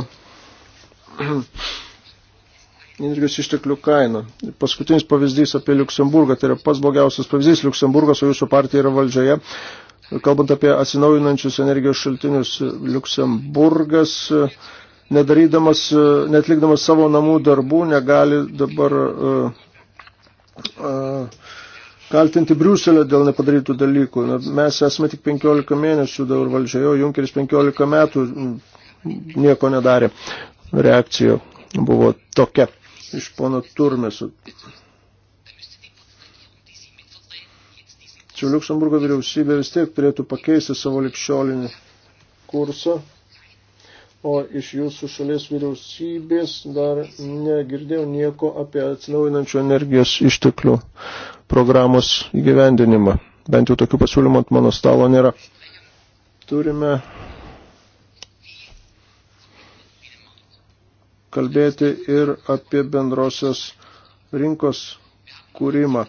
energijos išteklių kainą. Paskutinis pavyzdys apie Luksemburgą, tai yra pats blogiausias pavyzdys. Luksemburgas, o jūsų partija yra valdžioje. Kalbant apie atsinaujinančius energijos šaltinius, Luksemburgas, nedarydamas, netlikdamas savo namų darbų, negali dabar uh, uh, kaltinti Briuselio dėl nepadarytų dalykų. Na, mes esame tik 15 mėnesių dabar valdžioje, o Junkeris 15 metų mm, nieko nedarė. Reakcija buvo tokia iš pono Turmesų. Čia Luxemburgo vyriausybė vis tiek turėtų pakeisti savo likščiolinį kursą, o iš jūsų šalies vyriausybės dar negirdėjau nieko apie atsinaujinančių energijos išteklių programos įgyvendinimą. Bent jau tokių pasiūlymų ant mano stalo nėra. Turime kalbėti ir apie bendrosios rinkos kūrimą.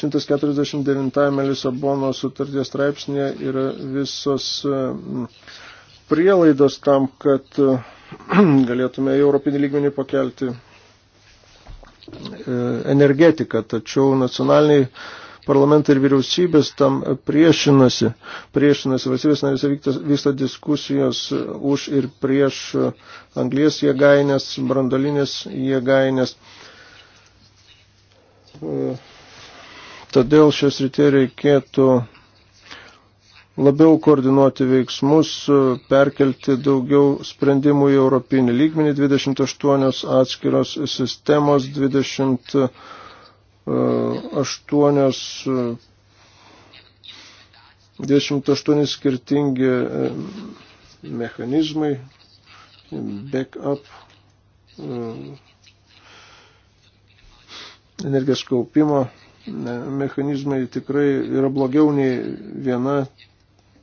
149 Lisabono sutarties straipsnėje yra visos mm, prielaidos tam, kad mm, galėtume į Europinį lygmenį pakelti e, energetiką, tačiau nacionaliniai parlamentai ir vyriausybės tam priešinasi. Priešinasi valstybės narėse vyksta diskusijos už ir prieš anglies jėgainės, brandolinės jėgainės. Todėl šios rytė reikėtų labiau koordinuoti veiksmus, perkelti daugiau sprendimų į europinį lygmenį 28 atskiros sistemos 20 8, 28 skirtingi e, mechanizmai, backup, e, energijos kaupimo e, mechanizmai tikrai yra blogiau nei viena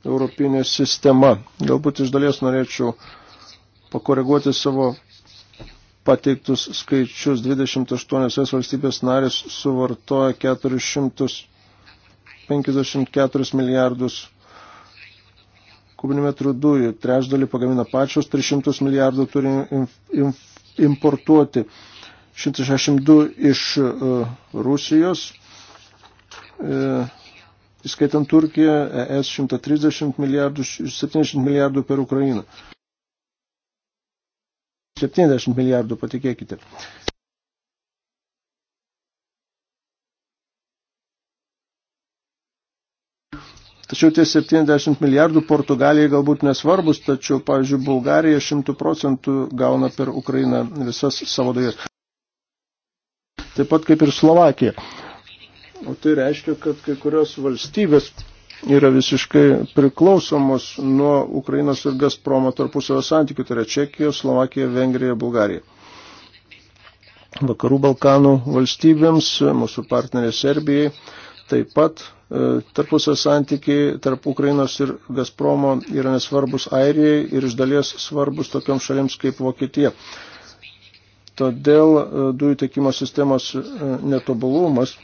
europinė sistema. Galbūt iš dalies norėčiau pakoreguoti savo pateiktus skaičius 28 valstybės narės suvartoja 454 milijardus kubinių metrų dujų. Trečdalį pagamina pačios, 300 milijardų turi importuoti. 162 iš uh, Rusijos, uh, įskaitant Turkiją, ES 130 milijardų, 70 milijardų per Ukrainą. 70 milijardų, patikėkite. Tačiau tie 70 milijardų Portugalijai galbūt nesvarbus, tačiau, pavyzdžiui, Bulgarija 100 procentų gauna per Ukrainą visas savo dujas. Taip pat kaip ir Slovakija. O tai reiškia, kad kai kurios valstybės yra visiškai priklausomos nuo Ukrainos ir Gazpromo tarpusavio santykių, tai yra Čekija, Slovakija, Vengrija, Bulgarija. Vakarų Balkanų valstybėms, mūsų partnerė Serbijai, taip pat e, tarpusavio santykiai tarp Ukrainos ir Gazpromo yra nesvarbus Airijai ir iš dalies svarbus tokiam šalims kaip Vokietija. Todėl e, dujų tiekimo sistemos e, netobulumas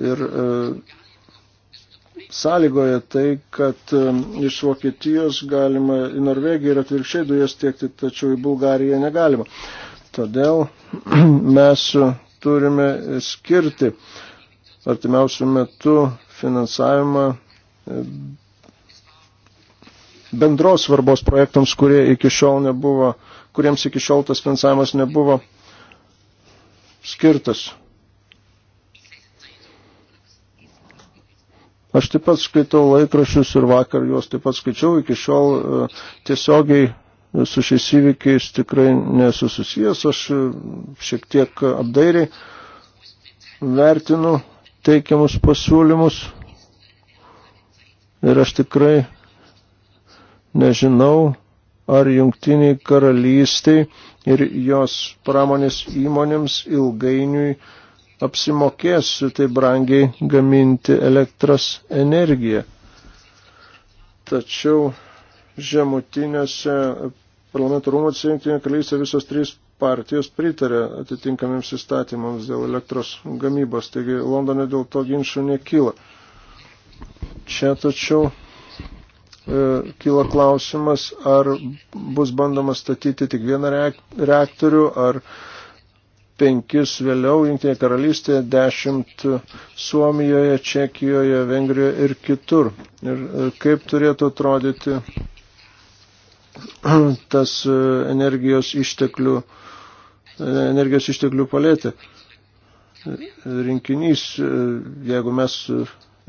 ir sąlygoja tai, kad iš Vokietijos galima į Norvegiją ir atvirkščiai dujas tiekti, tačiau į Bulgariją negalima. Todėl mes turime skirti artimiausių metų finansavimą e, bendros svarbos projektams, kurie iki šiol nebuvo, kuriems iki šiol tas finansavimas nebuvo skirtas. Aš taip pat skaitau laikrašius ir vakar juos taip pat skaičiau, iki šiol e, tiesiogiai su šiais įvykiais tikrai nesu susijęs, aš e, šiek tiek apdairiai vertinu teikiamus pasiūlymus ir aš tikrai nežinau, ar jungtiniai karalystiai ir jos pramonės įmonėms ilgainiui uh, apsimokės tai brangiai gaminti elektros energiją. Tačiau žemutinėse parlamento rūmose jungtinė karalystė visos trys partijos pritarė atitinkamiems įstatymams dėl elektros gamybos, taigi Londone dėl to ginčių nekyla. Čia tačiau e, kyla klausimas, ar bus bandoma statyti tik vieną reaktorių, ar penkis vėliau Junktinė karalystė, dešimt Suomijoje, Čekijoje, Vengrijoje ir kitur. Ir e, kaip turėtų atrodyti tas e, energijos išteklių, e, energijos išteklių palėtė rinkinys, jeigu mes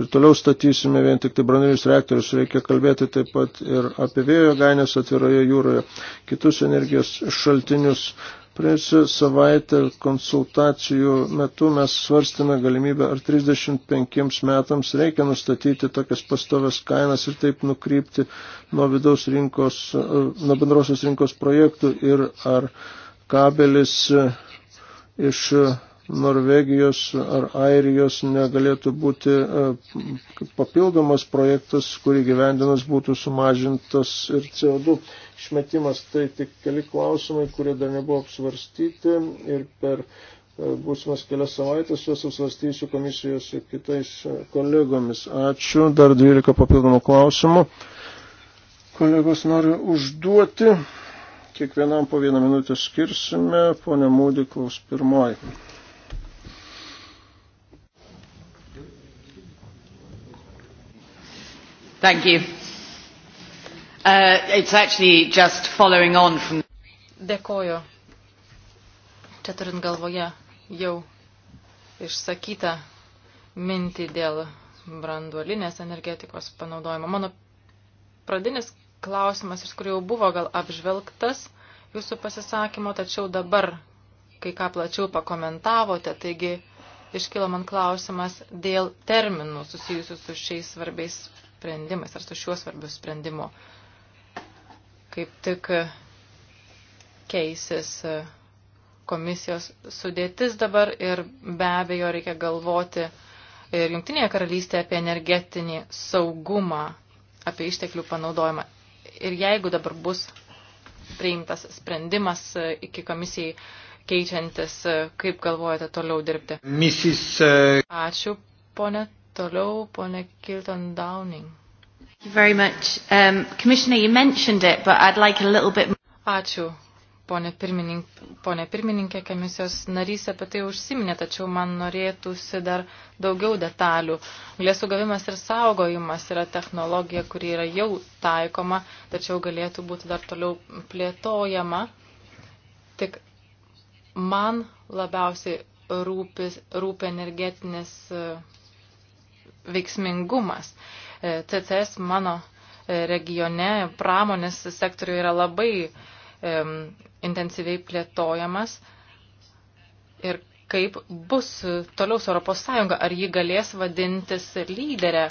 ir toliau statysime vien tik tai branduolinius reaktorius, reikia kalbėti taip pat ir apie vėjo gainės atviroje jūroje, kitus energijos šaltinius Prieš savaitę konsultacijų metu mes svarstėme galimybę, ar 35 metams reikia nustatyti tokias pastovės kainas ir taip nukrypti nuo vidaus rinkos, nuo bendrosios rinkos projektų ir ar kabelis iš Norvegijos ar Airijos negalėtų būti e, papildomas projektas, kurį gyvendinas būtų sumažintas ir CO2 išmetimas. Tai tik keli klausimai, kurie dar nebuvo apsvarstyti ir per e, būsimas kelias savaitės juos apsvarstysiu komisijos su kitais e, kolegomis. Ačiū. Dar 12 papildomų klausimų. Kolegos noriu užduoti. Kiekvienam po vieną minutę skirsime. Pone Mūdį klaus pirmoji. Thank you. Uh, from... Dėkoju. Čia turint galvoje jau išsakytą mintį dėl branduolinės energetikos panaudojimo. Mano pradinis klausimas, iš kur jau buvo gal apžvelgtas jūsų pasisakymo, tačiau dabar kai ką plačiau pakomentavote, taigi iškilo man klausimas dėl terminų susijusių su šiais svarbiais sprendimais ar su šiuo svarbiu sprendimu kaip tik e, keisis e, komisijos sudėtis dabar ir be abejo reikia galvoti ir Junktinėje karalystėje apie energetinį saugumą, apie išteklių panaudojimą. Ir jeigu dabar bus priimtas sprendimas e, iki komisijai keičiantis, kaip galvojate toliau dirbti? Mrs. Ačiū, ponė. Toliau, ponė Kilton Downing. Um, Ačiū, ponė pirmininkė, ponė pirmininkė, komisijos narys apie tai užsiminė, tačiau man norėtųsi dar daugiau detalių. Anglės sugavimas ir saugojimas yra technologija, kuri yra jau taikoma, tačiau galėtų būti dar toliau plėtojama. Tik man labiausiai rūpi, rūpi energetinės e, veiksmingumas. Uh, CCS mano e, regione pramonės sektoriuje yra labai intensyviai plėtojamas ir kaip bus toliau su Europos Sąjunga, ar ji galės vadintis lyderę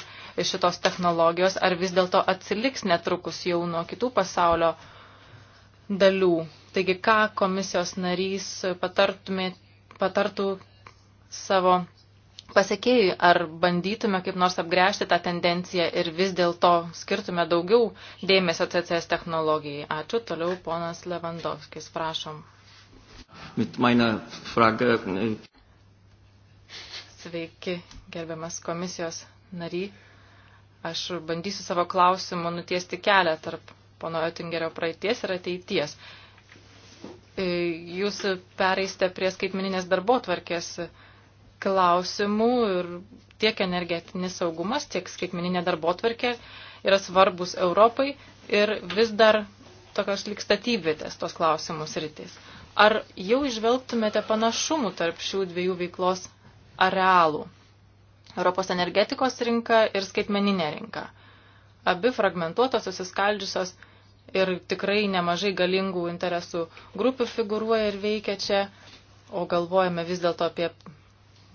šitos technologijos, ar vis dėlto atsiliks netrukus jau nuo kitų pasaulio dalių. Taigi, ką komisijos narys patartumė, patartų savo pasakėjai, ar bandytume kaip nors apgręžti tą tendenciją ir vis dėlto skirtume daugiau dėmesio CCS technologijai. Ačiū. Toliau ponas Levandovskis, prašom. Frage... Äh, Sveiki, gerbiamas komisijos nary. Aš bandysiu savo klausimu nutiesti kelią tarp pono Oettingerio praeities ir ateities. Jūs pereiste prie skaitmeninės darbo tvarkės klausimų ir tiek energetinis saugumas, tiek skaitmeninė darbotvarkė yra svarbus Europai ir vis dar tokios lik statybvietės tos klausimus rytis. Ar jau išvelgtumėte panašumų tarp šių dviejų veiklos arealų? Europos energetikos rinka ir skaitmeninė rinka. Abi fragmentuotos, susiskaldžiusios ir tikrai nemažai galingų interesų grupių figuruoja ir veikia čia, o galvojame vis dėlto apie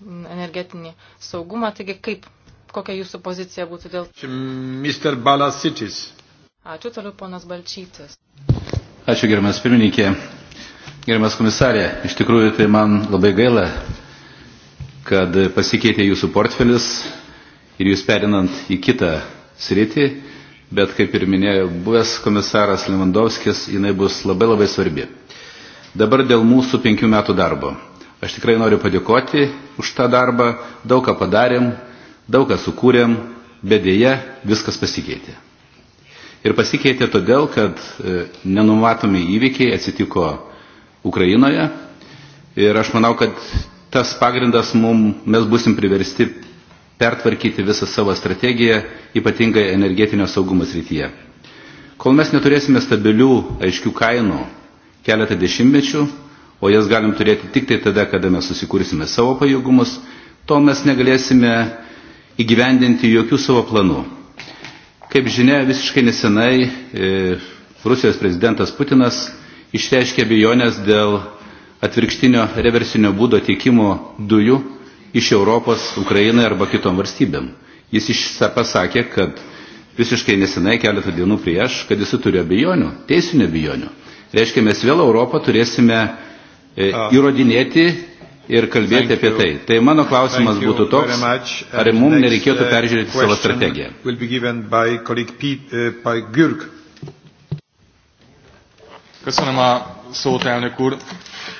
energetinį saugumą. Taigi, kaip, kokia jūsų pozicija būtų dėl... Mr. Balasitis. Ačiū toliau, ponas Balčytis. Ačiū, gerbiamas pirmininkė. Gerbiamas komisarė, iš tikrųjų tai man labai gaila, kad pasikeitė jūsų portfelis ir jūs perinant į kitą sritį, bet kaip ir minėjo buvęs komisaras Limandovskis, jinai bus labai labai svarbi. Dabar dėl mūsų penkių metų darbo. Aš tikrai noriu padėkoti už tą darbą, daug ką padarėm, daug ką sukūrėm, bet dėja viskas pasikeitė. Ir pasikeitė todėl, kad e, nenumatomi įvykiai atsitiko Ukrainoje ir aš manau, kad tas pagrindas mum, mes busim priversti pertvarkyti visą savo strategiją, ypatingai energetinio saugumo srityje. Kol mes neturėsime stabilių, aiškių kainų keletą dešimtmečių, o jas galim turėti tik tai tada, kada mes susikursime savo pajėgumus, to mes negalėsime įgyvendinti jokių savo planų. Kaip žinia, visiškai nesenai e, Rusijos prezidentas Putinas išreiškė abejonės dėl atvirkštinio reversinio būdo tiekimo dujų iš Europos Ukrainai arba kitom valstybėm. Jis pasakė, kad visiškai nesenai keletą dienų prieš, kad jis turi abejonių, teisinių abejonių. Reiškia, mes vėl Europą turėsime E, įrodinėti ir kalbėti apie tai. Tai mano klausimas būtų toks, ar mums nereikėtų uh, peržiūrėti savo strategiją. Uh, Köszönöm a szót, elnök úr.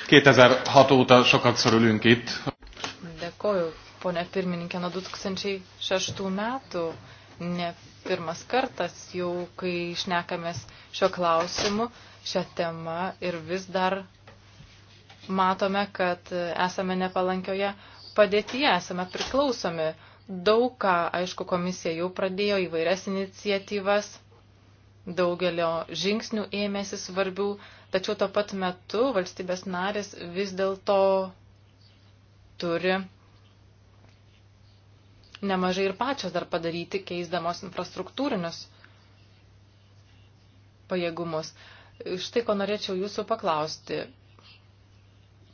2006 óta sokat szorulunk itt. Dėkoju, ponia pirmininkė, nuo 2006 metų ne pirmas kartas jau, kai išnekamės šio klausimu, šią temą ir vis dar matome, kad esame nepalankioje padėtyje, esame priklausomi. Daug ką, aišku, komisija jau pradėjo įvairias iniciatyvas, daugelio žingsnių ėmėsi svarbių, tačiau tuo pat metu valstybės narės vis dėlto turi nemažai ir pačios dar padaryti, keisdamos infrastruktūrinius pajėgumus. Štai ko norėčiau jūsų paklausti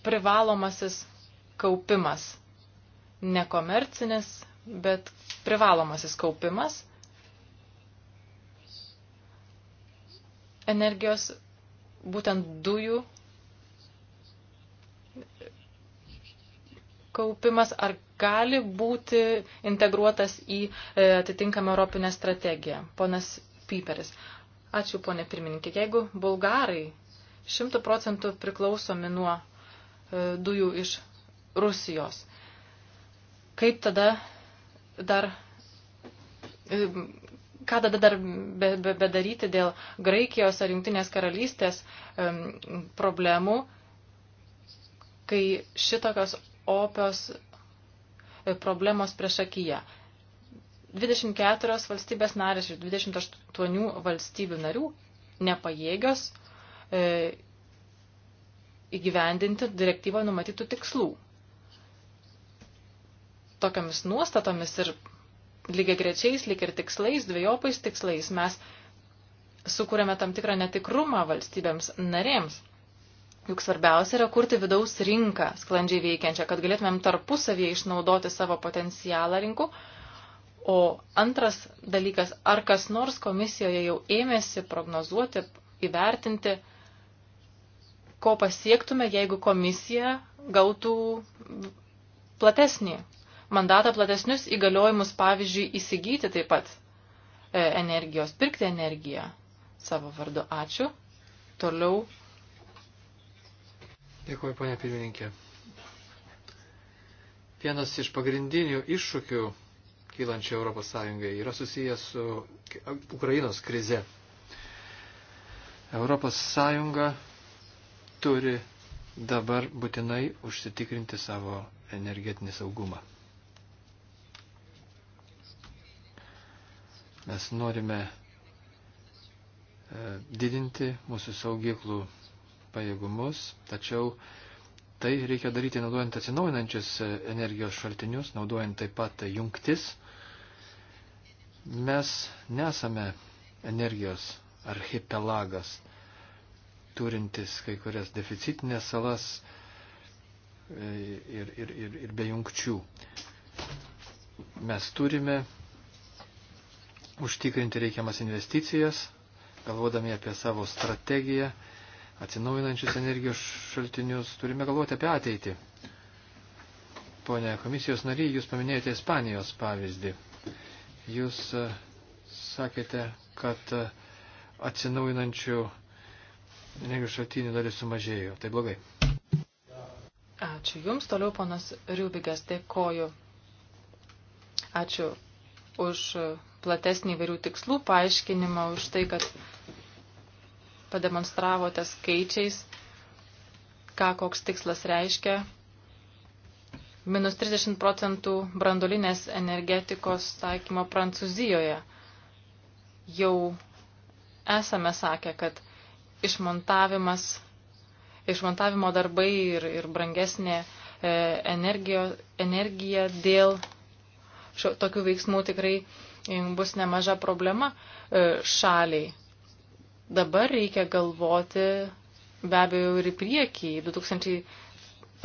privalomasis kaupimas. Nekomercinis, bet privalomasis kaupimas. Energijos būtent dujų kaupimas, ar gali būti integruotas į e, atitinkamą Europinę strategiją. Ponas Piperis. Ačiū, ponė pirmininkė. Jeigu bulgarai šimtų procentų priklausomi nuo E, dujų iš Rusijos. Kaip tada dar, e, ką tada dar bedaryti be, be dėl Graikijos ar Jungtinės karalystės e, problemų, kai šitokios opios problemos prieš akiją. 24 valstybės narės ir 28 valstybių narių nepajėgios e, įgyvendinti direktyvoje numatytų tikslų. Tokiamis nuostatomis ir lygiai grečiais, lyg ir tikslais, dviejopais tikslais mes sukūrėme tam tikrą netikrumą valstybėms narėms. Juk svarbiausia yra kurti vidaus rinką, sklandžiai veikiančią, kad galėtumėm tarpusavėje išnaudoti savo potencialą rinkų. O antras dalykas, ar kas nors komisijoje jau ėmėsi prognozuoti, įvertinti, ko pasiektume, jeigu komisija gautų platesnį mandatą, platesnius įgaliojimus, pavyzdžiui, įsigyti taip pat e, energijos, pirkti energiją savo vardu. Ačiū. Toliau. Dėkuoju, ponia pirmininkė. Vienas iš pagrindinių iššūkių kylančia Europos Sąjungai yra susijęs su Ukrainos krize. Europos Sąjunga turi dabar būtinai užsitikrinti savo energetinį saugumą. Mes norime e, didinti mūsų saugyklų pajėgumus, tačiau tai reikia daryti naudojant atsinaujinančius e, energijos šaltinius, naudojant taip pat jungtis. Mes nesame energijos archipelagas turintis kai kurias deficitinės salas e, ir, ir, ir, ir be jungčių. Mes turime užtikrinti reikiamas investicijas, galvodami apie savo strategiją, atsinaujinančius energijos šaltinius, turime galvoti apie ateitį. Pone komisijos nariai, jūs paminėjote Ispanijos pavyzdį. Jūs e, sakėte, kad e, atsinaujinančių energijos šaltinių dalis sumažėjo. Tai blogai. Ačiū Jums. Toliau ponas Riubigas, dėkoju. Ačiū už platesnį įvairių tikslų paaiškinimą, už tai, kad pademonstravote skaičiais, ką koks tikslas reiškia. Minus 30 procentų brandolinės energetikos taikymo Prancūzijoje. Jau esame sakę, kad išmontavimas, išmontavimo darbai ir, ir brangesnė e, energijo, energija dėl šio, tokių veiksmų tikrai e, bus nemaža problema e, šaliai. Dabar reikia galvoti be abejo ir į priekį, 2000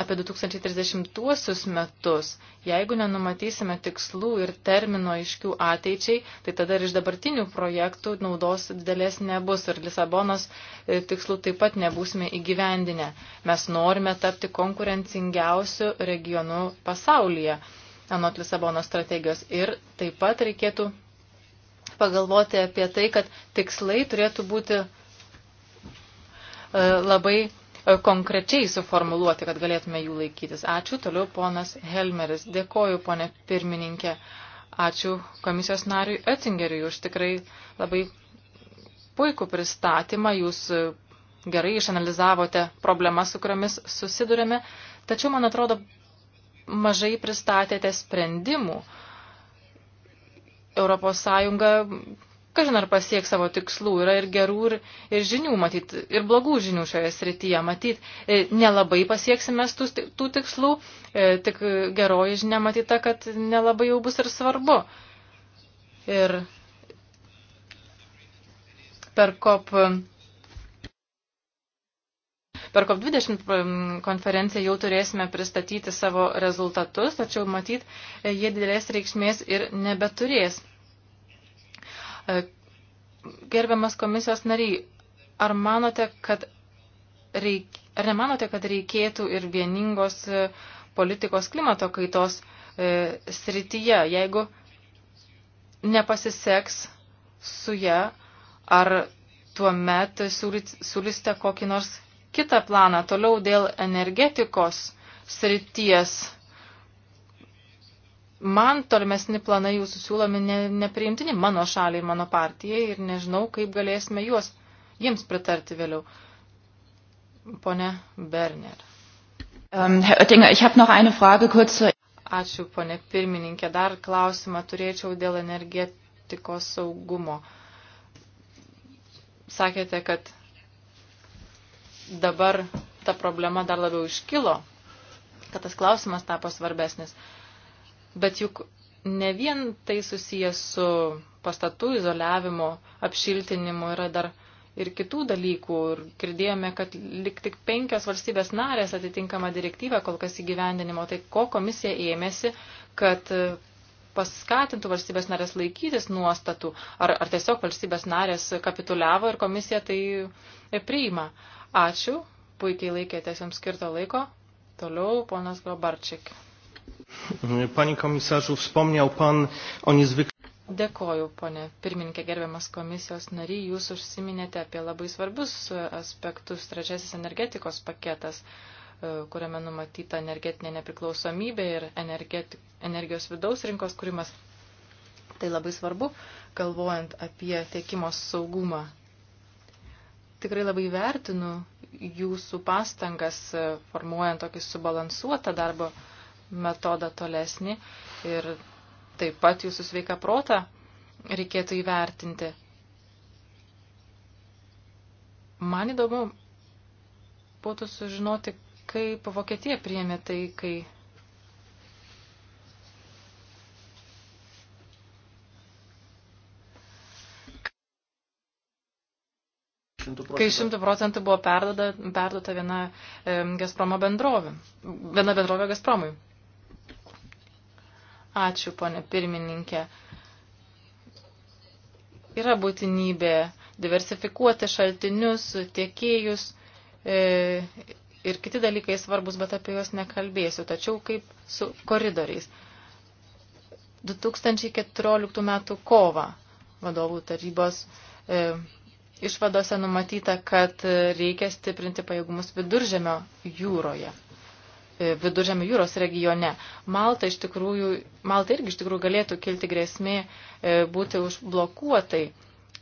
apie 2030 metus, jeigu nenumatysime tikslų ir termino aiškių ateičiai, tai tada ir iš dabartinių projektų naudos didelės nebus ir Lisabonos e, tikslų taip pat nebūsime įgyvendinę. Mes norime tapti konkurencingiausių regionų pasaulyje, anot Lisabonos strategijos. Ir taip pat reikėtų pagalvoti apie tai, kad tikslai turėtų būti e, labai E, konkrečiai suformuluoti, kad galėtume jų laikytis. Ačiū. Toliau ponas Helmeris. Dėkoju, ponė pirmininkė. Ačiū komisijos nariui Oettingeriui už tikrai labai puikų pristatymą. Jūs e, gerai išanalizavote problemas, su kuriomis susidurėme, tačiau, man atrodo, mažai pristatėte sprendimų. Europos Sąjunga kažin ar pasieks savo tikslų. Yra ir gerų, ir, ir žinių, matyt, ir blogų žinių šioje srityje. Matyt, e, nelabai pasieksime tų, tų tikslų, e, tik geroji žinia matyta, kad nelabai jau bus ir svarbu. Ir per COP. Per COP20 konferenciją jau turėsime pristatyti savo rezultatus, tačiau matyt, e, jie didelės reikšmės ir nebeturės. E, gerbiamas komisijos nariai, ar manote, kad reik, ar nemanote, kad reikėtų ir vieningos e, politikos klimato kaitos e, srityje, jeigu nepasiseks su ją, ar tuo met siūlysite kokį nors kitą planą toliau dėl energetikos srities man tolimesni planai jūsų siūlomi ne, nepriimtini mano šaliai, mano partijai ir nežinau, kaip galėsime juos, jiems pritarti vėliau. Pone Berner. Um, Herr Oettinger, ich habe noch eine Frage kurz zur... Ačiū, ponė pirmininkė. Dar klausimą turėčiau dėl energetikos saugumo. Sakėte, kad dabar ta problema dar labiau iškilo, kad tas klausimas tapo svarbesnis. Uh, Bet juk ne vien tai susijęs su pastatų izoliavimo, apšiltinimu yra dar ir kitų dalykų. Ir girdėjome, kad lik tik penkios valstybės narės atitinkama direktyva kol kas įgyvendinimo. Tai ko komisija ėmėsi, kad e, paskatintų valstybės narės laikytis nuostatų, ar, ar tiesiog valstybės narės kapituliavo ir komisija tai e, priima. Ačiū, puikiai laikėtės jums skirto laiko. Toliau ponas Grobarčik. Pani komisarzu, wspomniał pan o niezwykle. Dėkoju, ponė pirmininkė, gerbiamas komisijos nariai, jūs užsiminėte apie labai svarbius aspektus, trečiasis energetikos paketas, e, kuriame numatyta energetinė nepriklausomybė ir energijos vidaus rinkos kūrimas. Tai labai svarbu, galvojant apie tiekimo saugumą. Tikrai labai vertinu jūsų pastangas e, formuojant tokį subalansuotą darbo metodą tolesnį ir taip pat jūsų sveiką protą reikėtų įvertinti. Man įdomu būtų sužinoti, kaip Vokietija priėmė tai, kai Kai šimtų procentų buvo perduota, perduota viena e, Gazpromo bendrovė, viena bendrovė Gazpromui. Ačiū, ponė pirmininkė. Yra būtinybė diversifikuoti šaltinius, tiekėjus e, ir kiti dalykai svarbus, bet apie juos nekalbėsiu. Tačiau kaip su koridoriais. 2014 m. kovą vadovų tarybos e, išvadose numatyta, kad reikia stiprinti pajėgumus viduržemio jūroje. E, viduržėmio jūros regione. Malta, iš tikrųjų, Malta irgi iš tikrųjų galėtų kilti grėsmė e, būti užblokuotai.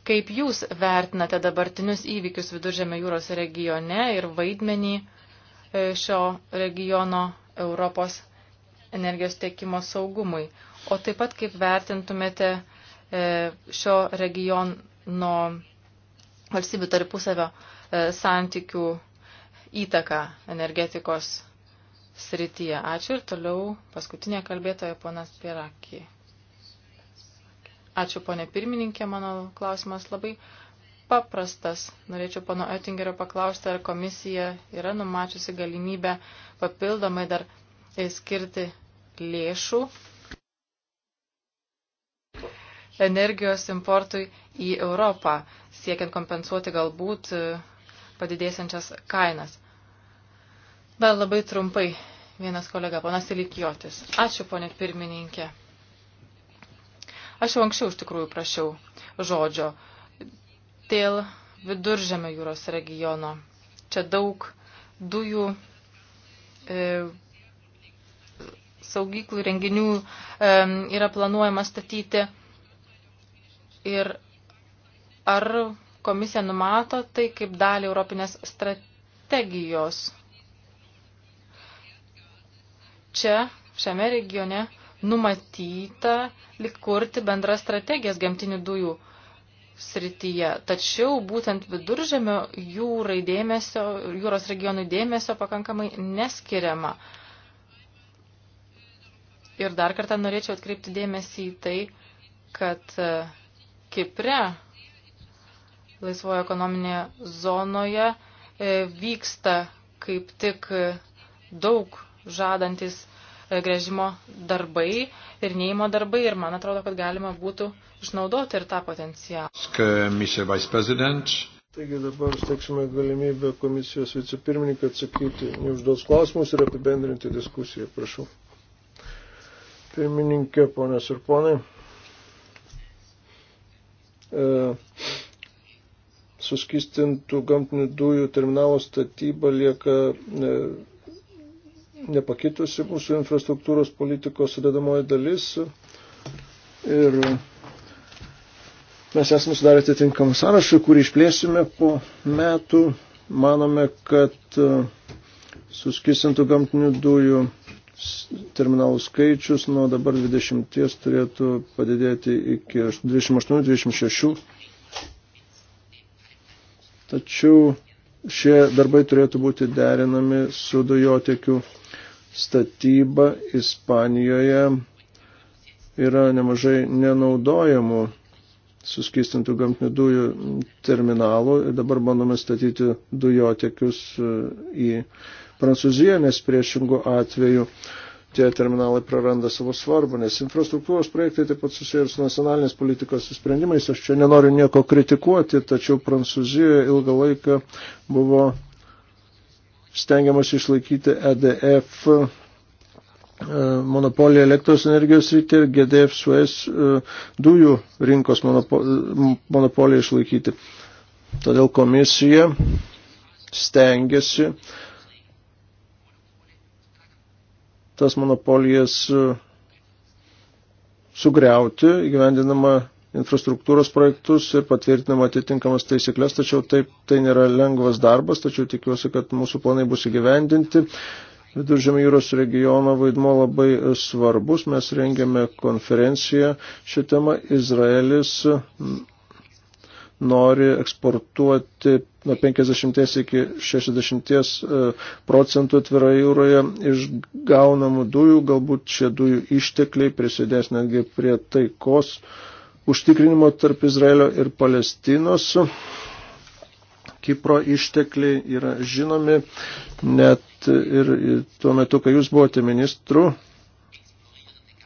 Kaip jūs vertinate dabartinius įvykius viduržėmio jūros regione ir vaidmenį e, šio regiono Europos energijos tiekimo saugumui? O taip pat kaip vertintumėte šio regiono valstybių tarpusavio santykių įtaką energetikos srityje. Ačiū ir toliau paskutinė kalbėtoja ponas Pirakį. Ačiū ponė pirmininkė, mano klausimas labai paprastas. Norėčiau pono Oettingerio paklausti, ar komisija yra numačiusi galimybę papildomai dar skirti lėšų energijos importui į Europą, siekiant kompensuoti galbūt padidėsiančias kainas. Bet labai trumpai vienas kolega, ponas Ilikijotis. Ačiū, ponė pirmininkė. Aš jau anksčiau iš tikrųjų prašiau žodžio dėl viduržėmio jūros regiono. Čia daug dujų e, saugyklų renginių e, yra planuojama statyti. Ir ar komisija numato tai kaip dalį Europinės strategijos? čia, šiame regione, numatyta likurti bendras strategijas gamtinių dujų srityje. Tačiau būtent viduržemio jūrai dėmesio, jūros regionų dėmesio pakankamai neskiriama. Ir dar kartą norėčiau atkreipti dėmesį į tai, kad e, Kipre laisvojo ekonominėje zonoje e, vyksta kaip tik e, daug žadantis e, grėžimo darbai ir neįmo darbai ir man atrodo, kad galima būtų išnaudoti ir tą potencialą. E, Taigi dabar steiksime galimybę komisijos vicepirmininką atsakyti į užduos klausimus ir apibendrinti diskusiją. Prašau. Pirmininkė, ponios ir ponai. E, suskistintų gamtinių dujų terminalo statyba lieka e, nepakitusi mūsų infrastruktūros politikos sudedamoji dalis. Ir mes esame sudarę atitinkamą sąrašą, kurį išplėsime po metų. Manome, kad e, suskisintų gamtinių dujų terminalų skaičius nuo dabar 20 turėtų padidėti iki 28-26. Tačiau šie darbai turėtų būti derinami su dujotiekių statyba Ispanijoje yra nemažai nenaudojamų suskistintų gamtinių dujų terminalų ir dabar bandome statyti dujotekius e, į Prancūziją, nes priešingų atveju tie terminalai praranda savo svarbą, nes infrastruktūros projektai taip pat susiję ir su nacionalinės politikos sprendimais. Aš čia nenoriu nieko kritikuoti, tačiau Prancūzijoje ilgą laiką buvo stengiamas išlaikyti EDF e, monopoliją elektros energijos rytį ir GDF Suez e, dujų rinkos monopoliją išlaikyti. Todėl komisija stengiasi tas monopolijas e, sugriauti, įgyvendinama infrastruktūros projektus ir patvirtinam atitinkamas taisyklės, tačiau taip tai nėra lengvas darbas, tačiau tikiuosi, kad mūsų planai bus įgyvendinti. Viduržėmio jūros regiono vaidmo labai e, svarbus. Mes rengėme konferenciją šią temą. Izraelis nori eksportuoti nuo 50 iki 60 e, procentų atvirai jūroje išgaunamų dujų. Galbūt šie dujų ištekliai prisidės netgi prie taikos. Uh, užtikrinimo tarp Izraelio ir Palestinos. Kipro ištekliai yra žinomi net ir tuo metu, kai jūs buvote ministru,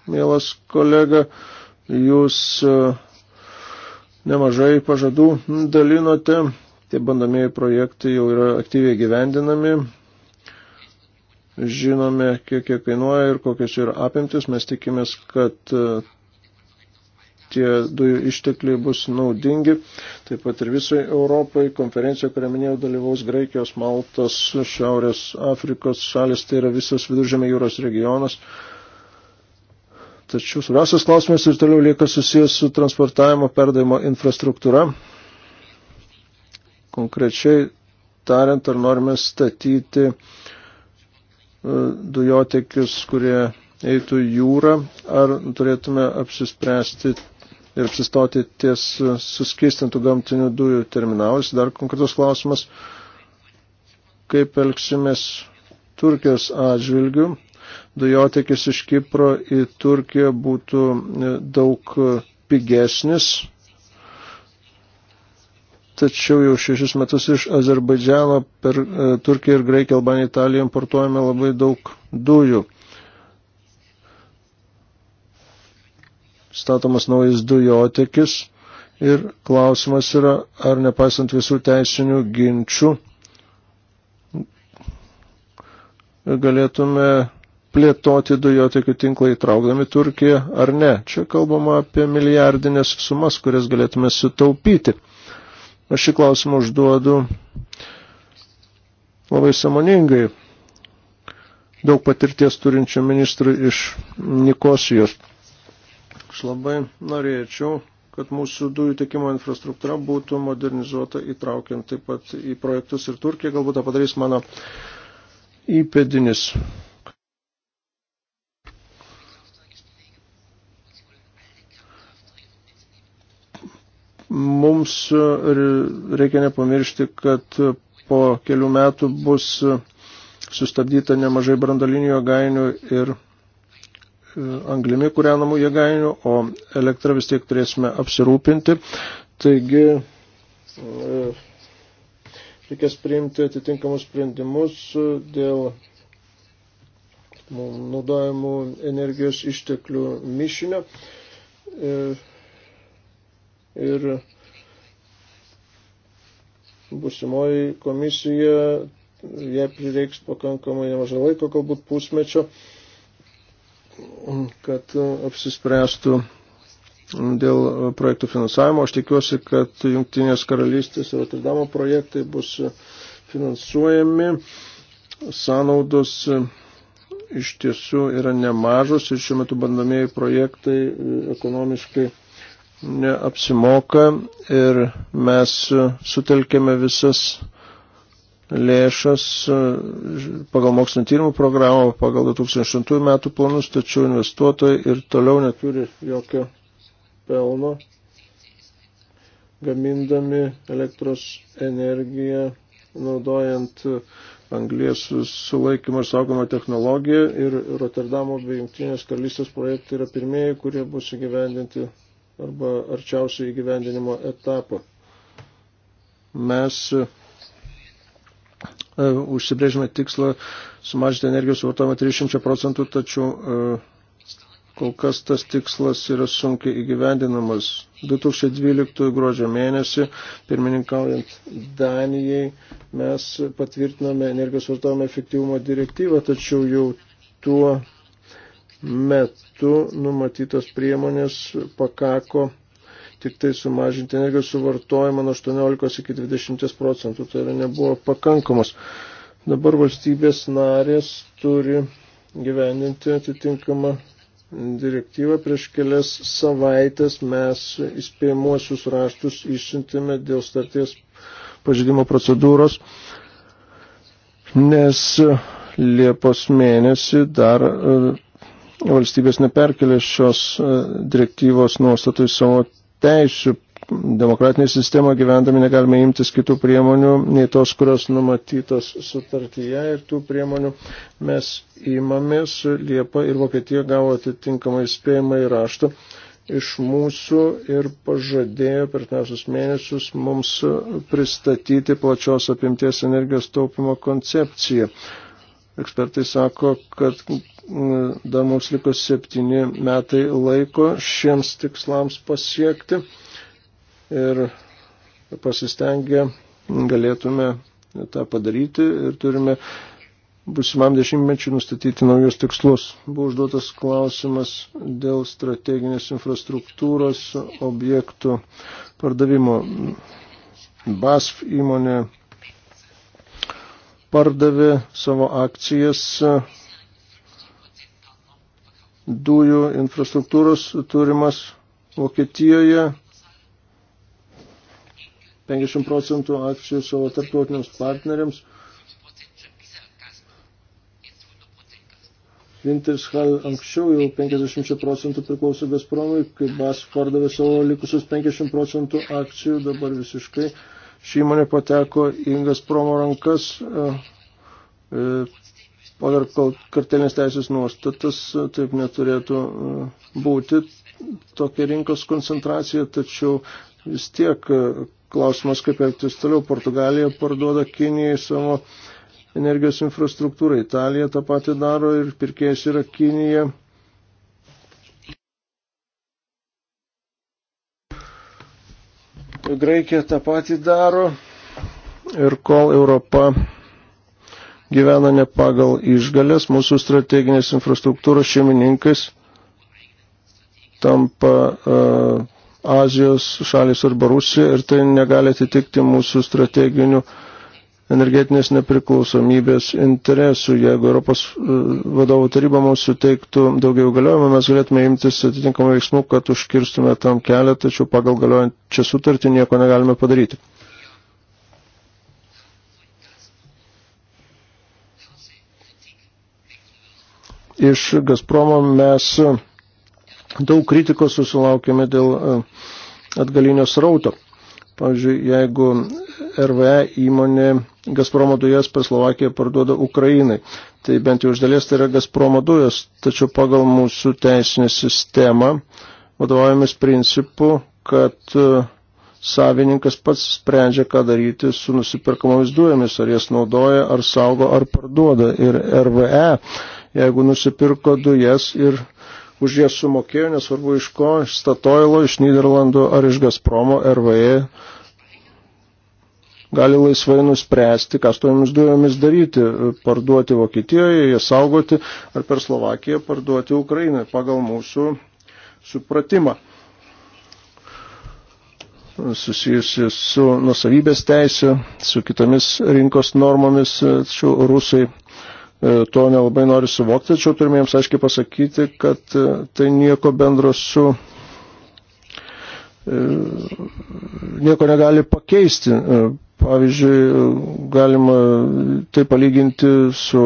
mielas kolega, jūs e, nemažai pažadų dalinote, tie bandomieji projektai jau yra aktyviai gyvendinami, žinome, kiek jie kainuoja ir kokios yra apimtis, mes tikimės, kad e, tie dujų ištekliai bus naudingi, taip pat ir visai Europai. Konferencija, kurią minėjau, dalyvaus Graikijos, Maltos, Šiaurės Afrikos šalis, tai yra visas viduržėmė jūros regionas. Tačiau svarbiausias klausimas ir toliau lieka susijęs su transportavimo perdavimo infrastruktūra. Konkrečiai tariant, ar norime statyti e, dujotekius, kurie eitų jūrą, ar turėtume apsispręsti ir apsistoti ties suskistintų gamtinių dujų terminalais. Dar konkretus klausimas, kaip elgsimės Turkijos atžvilgių. Dujotekis iš Kipro į Turkiją būtų daug pigesnis, tačiau jau šešis metus iš Azerbaidžiano per e, Turkiją ir Graikiją, Albaniją, Italiją importuojame labai daug dujų. statomas naujas dujotekis ir klausimas yra, ar nepaisant visų teisinių ginčių galėtume plėtoti dujotekių tinklą įtraukdami Turkiją ar ne. Čia kalbama apie milijardinės sumas, kurias galėtume sutaupyti. Aš šį klausimą užduodu labai samoningai daug patirties turinčio ministrų iš Nikosijos. Aš labai norėčiau, kad mūsų dujų tiekimo infrastruktūra būtų modernizuota, įtraukiant taip pat į projektus ir Turkiją. Galbūt tą padarys mano įpėdinis. Mums reikia nepamiršti, kad po kelių metų bus sustabdyta nemažai brandalinių jogainių ir anglimi kūrenamų jėgainių, o elektrą vis tiek turėsime apsirūpinti. Taigi e, reikės priimti atitinkamus sprendimus dėl naudojimų energijos išteklių mišinio. E, ir busimoji komisija, jie prireiks pakankamai nemažai laiko, galbūt pusmečio, kad apsispręstų dėl projektų finansavimo. Aš tikiuosi, kad Junktinės karalystės ir Rotterdamo projektai bus finansuojami. Sąnaudos iš tiesų yra nemažos ir šiuo metu bandomieji projektai ekonomiškai neapsimoka ir mes sutelkėme visas lėšas e, pagal mokslinio tyrimų programą, pagal 2008 metų planus, tačiau investuotojai ir toliau neturi jokio pelno, gamindami elektros energiją, naudojant anglės sulaikymo ir saugomą technologiją ir Rotterdamo bei Jungtinės karalystės projektai yra pirmieji, kurie bus įgyvendinti arba arčiausiai įgyvendinimo etapo. Mes E, užsibrėžime tikslą sumažinti energijos suvartojimą 300 procentų, tačiau e, kol kas tas tikslas yra sunkiai įgyvendinamas. 2012 gruodžio mėnesį, pirmininkaujant Danijai, mes patvirtiname energijos vartojimo efektyvumo direktyvą, tačiau jau tuo metu numatytos priemonės pakako tik tai sumažinti energijos suvartojimą nuo 18 iki 20 procentų. Tai yra nebuvo pakankamos. Dabar valstybės narės turi gyveninti atitinkamą direktyvą. Prieš kelias savaitės mes įspėjimuosius raštus išsintėme dėl starties pažydimo procedūros, nes Liepos mėnesį dar e, valstybės neperkelė šios e, direktyvos nuostatų į savo teisių demokratinė sistema gyvendami negalime imtis kitų priemonių, nei tos, kurios numatytos sutartyje ir tų priemonių mes įmamės. Liepa ir Vokietija gavo atitinkamą įspėjimą į raštą iš mūsų ir pažadėjo per tęsius mėnesius mums pristatyti plačios apimties energijos taupimo koncepciją. Ekspertai sako, kad mm, dar mums liko septyni metai laiko šiems tikslams pasiekti ir pasistengę galėtume tą padaryti ir turime busimam dešimtmečiu nustatyti naujus tikslus. Buvo užduotas klausimas dėl strateginės infrastruktūros objektų pardavimo. BASF įmonė pardavė savo akcijas e, dujų infrastruktūros turimas Vokietijoje 50 procentų akcijų savo tarptautiniams partneriams. Wintershall anksčiau jau 50 procentų priklausė Gazpromui, kai BAS pardavė savo likusius 50 procentų akcijų, dabar visiškai Ši įmonė pateko į Gazpromo rankas e, e, pagal kartelinės teisės nuostatas, e, taip neturėtų būti tokia rinkos koncentracija, tačiau vis tiek klausimas, kaip elgtis toliau. Portugalija parduoda Kinijai savo energijos infrastruktūrą, Italija tą patį daro ir pirkėjas yra Kinija. Graikija tą patį daro ir kol Europa gyvena ne pagal išgalės, mūsų strateginės infrastruktūros šeimininkais tampa uh, Azijos šalis arba Rusija ir tai negali atitikti mūsų strateginių uh, energetinės nepriklausomybės interesų. Jeigu Europos e, vadovų taryba mums suteiktų daugiau galiojimų, mes galėtume imtis atitinkamų veiksmų, kad užkirstume tam kelią, tačiau pagal galiojančią sutartį nieko negalime padaryti. Iš Gazpromo mes daug kritikos susilaukėme dėl e, atgalinio srauto. Pavyzdžiui, jeigu RVE įmonė Gazpromo dujas per Slovakiją parduoda Ukrainai. Tai bent jau iš dalies tai yra Gazpromo dujos, tačiau pagal mūsų teisinę sistemą vadovaujamės principu, kad e, savininkas pats sprendžia, ką daryti su nusipirkamomis dujomis, ar jas naudoja, ar saugo, ar parduoda. Ir RVE, jeigu nusipirko dujas ir už jas sumokėjo, nesvarbu iš ko, iš Statoilo, iš Niderlandų ar iš Gazpromo, RVE gali laisvai nuspręsti, ką su tomis dujomis daryti, parduoti Vokietijoje, jas saugoti ar per Slovakiją parduoti Ukrainai pagal mūsų supratimą susijusi su nusavybės teisė, su kitomis rinkos normomis, tačiau rusai e, to nelabai nori suvokti, tačiau turime jiems aiškiai pasakyti, kad e, tai nieko bendro su e, nieko negali pakeisti Pavyzdžiui, galima tai palyginti su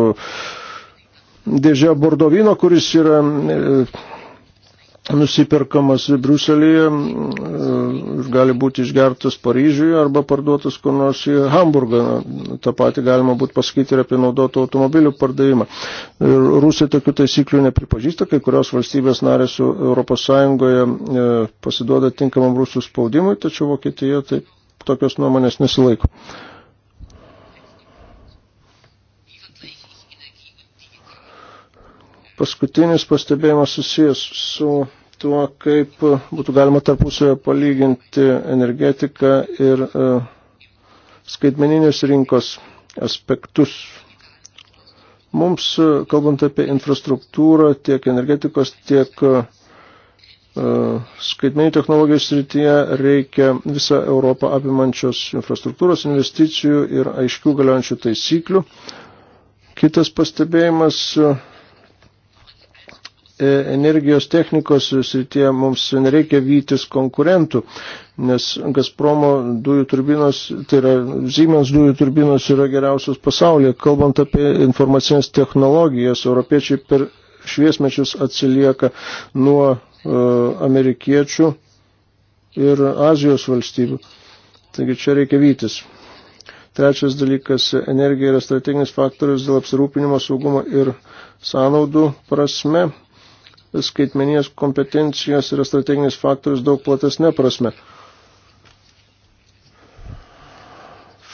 dėžė Bordovino, kuris yra e, nusiperkamas Bruselėje e, ir gali būti išgertas Paryžiuje arba parduotas kur nors į Hamburgą. Ta pati galima būtų pasakyti ir apie naudotų automobilių pardavimą. Ir Rusija tokių taisyklių nepripažįsta, kai kurios valstybės narės su ES e, pasiduoda tinkamam rusų spaudimui, tačiau Vokietija taip tokios nuomonės nesilaiko. Paskutinis pastebėjimas susijęs su tuo, kaip būtų galima tarpusavę palyginti energetiką ir uh, skaitmeninės rinkos aspektus. Mums, kalbant apie infrastruktūrą, tiek energetikos, tiek uh, E, skaitmeninių technologijų srityje reikia visą Europą apimančios infrastruktūros investicijų ir aiškių galiojančių taisyklių. Kitas pastebėjimas e, energijos technikos srityje mums nereikia vytis konkurentų, nes Gazpromo dujų turbinos, tai yra Siemens dujų turbinos yra geriausios pasaulyje. Kalbant apie informacinės technologijas, europiečiai per šviesmečius atsilieka nuo E, amerikiečių ir Azijos valstybių. Taigi čia reikia vytis. Trečias dalykas - energija yra strateginis faktorius dėl apsirūpinimo saugumo ir sąnaudų prasme. Skaitmeninės kompetencijos yra strateginis faktorius daug platesnė prasme.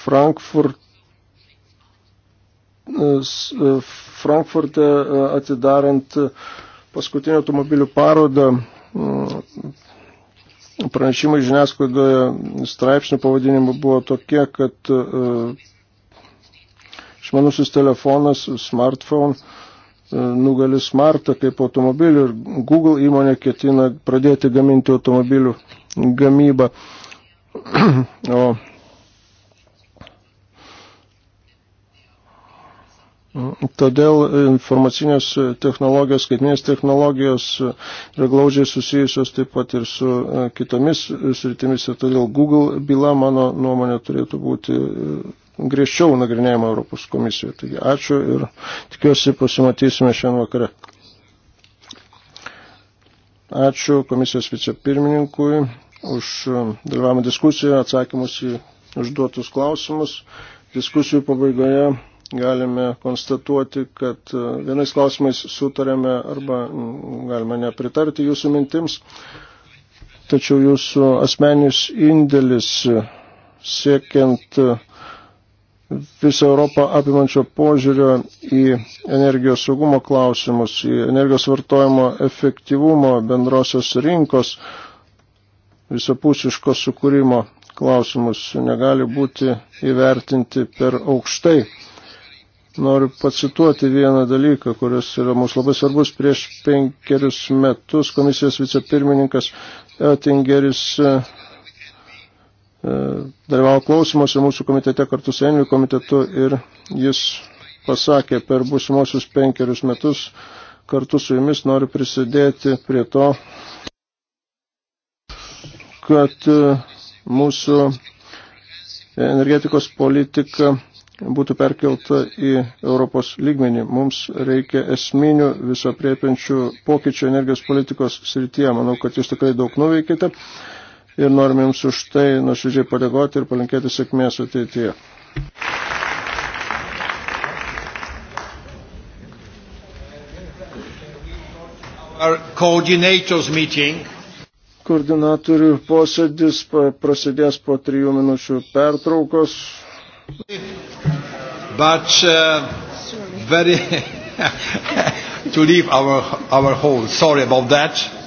Frankfurt e, Frankfurte e, atidarant paskutinę automobilių parodą mm, pranešimai žiniasklaidoje straipsnių pavadinimų buvo tokie, kad e, išmanusis telefonas, smartphone, e, nugali smartą kaip automobilių ir Google įmonė ketina pradėti gaminti automobilių gamybą. O Todėl informacinės technologijos, skaitinės technologijos yra glaudžiai susijusios taip pat ir su e, kitomis sritimis ir todėl Google byla, mano nuomonė, turėtų būti e, griežčiau nagrinėjama Europos komisijoje. Taigi ačiū ir tikiuosi pasimatysime šiandien vakare. Ačiū komisijos vicepirmininkui už e, dalyvavimą diskusiją, atsakymus į užduotus klausimus. Diskusijų pabaigoje galime konstatuoti, kad e, vienais klausimais sutarėme arba galime nepritarti jūsų mintims, tačiau jūsų asmeninis indėlis e, siekiant e, visą Europą apimančio požiūrio į energijos saugumo klausimus, į energijos vartojimo efektyvumo bendrosios rinkos visapusiško sukūrimo klausimus negali būti įvertinti per aukštai. Noriu pacituoti vieną dalyką, kuris yra mums labai svarbus. Prieš penkerius metus komisijos vicepirmininkas Tingeris e, e, dalyvavo klausimuose mūsų komitete kartu su Envi komitetu ir jis pasakė per būsimosius penkerius metus kartu su jumis noriu prisidėti prie to, kad e, mūsų energetikos politika būtų perkelta į Europos lygmenį. Mums reikia esminių visopriepiančių pokyčių energijos politikos srityje. Manau, kad jūs tikrai daug nuveikite ir norime jums už tai nuoširdžiai padėkoti ir palinkėti sėkmės ateityje. Koordinatorių posėdis prasidės po trijų minučių pertraukos but uh, very to leave our, our hall. Sorry about that.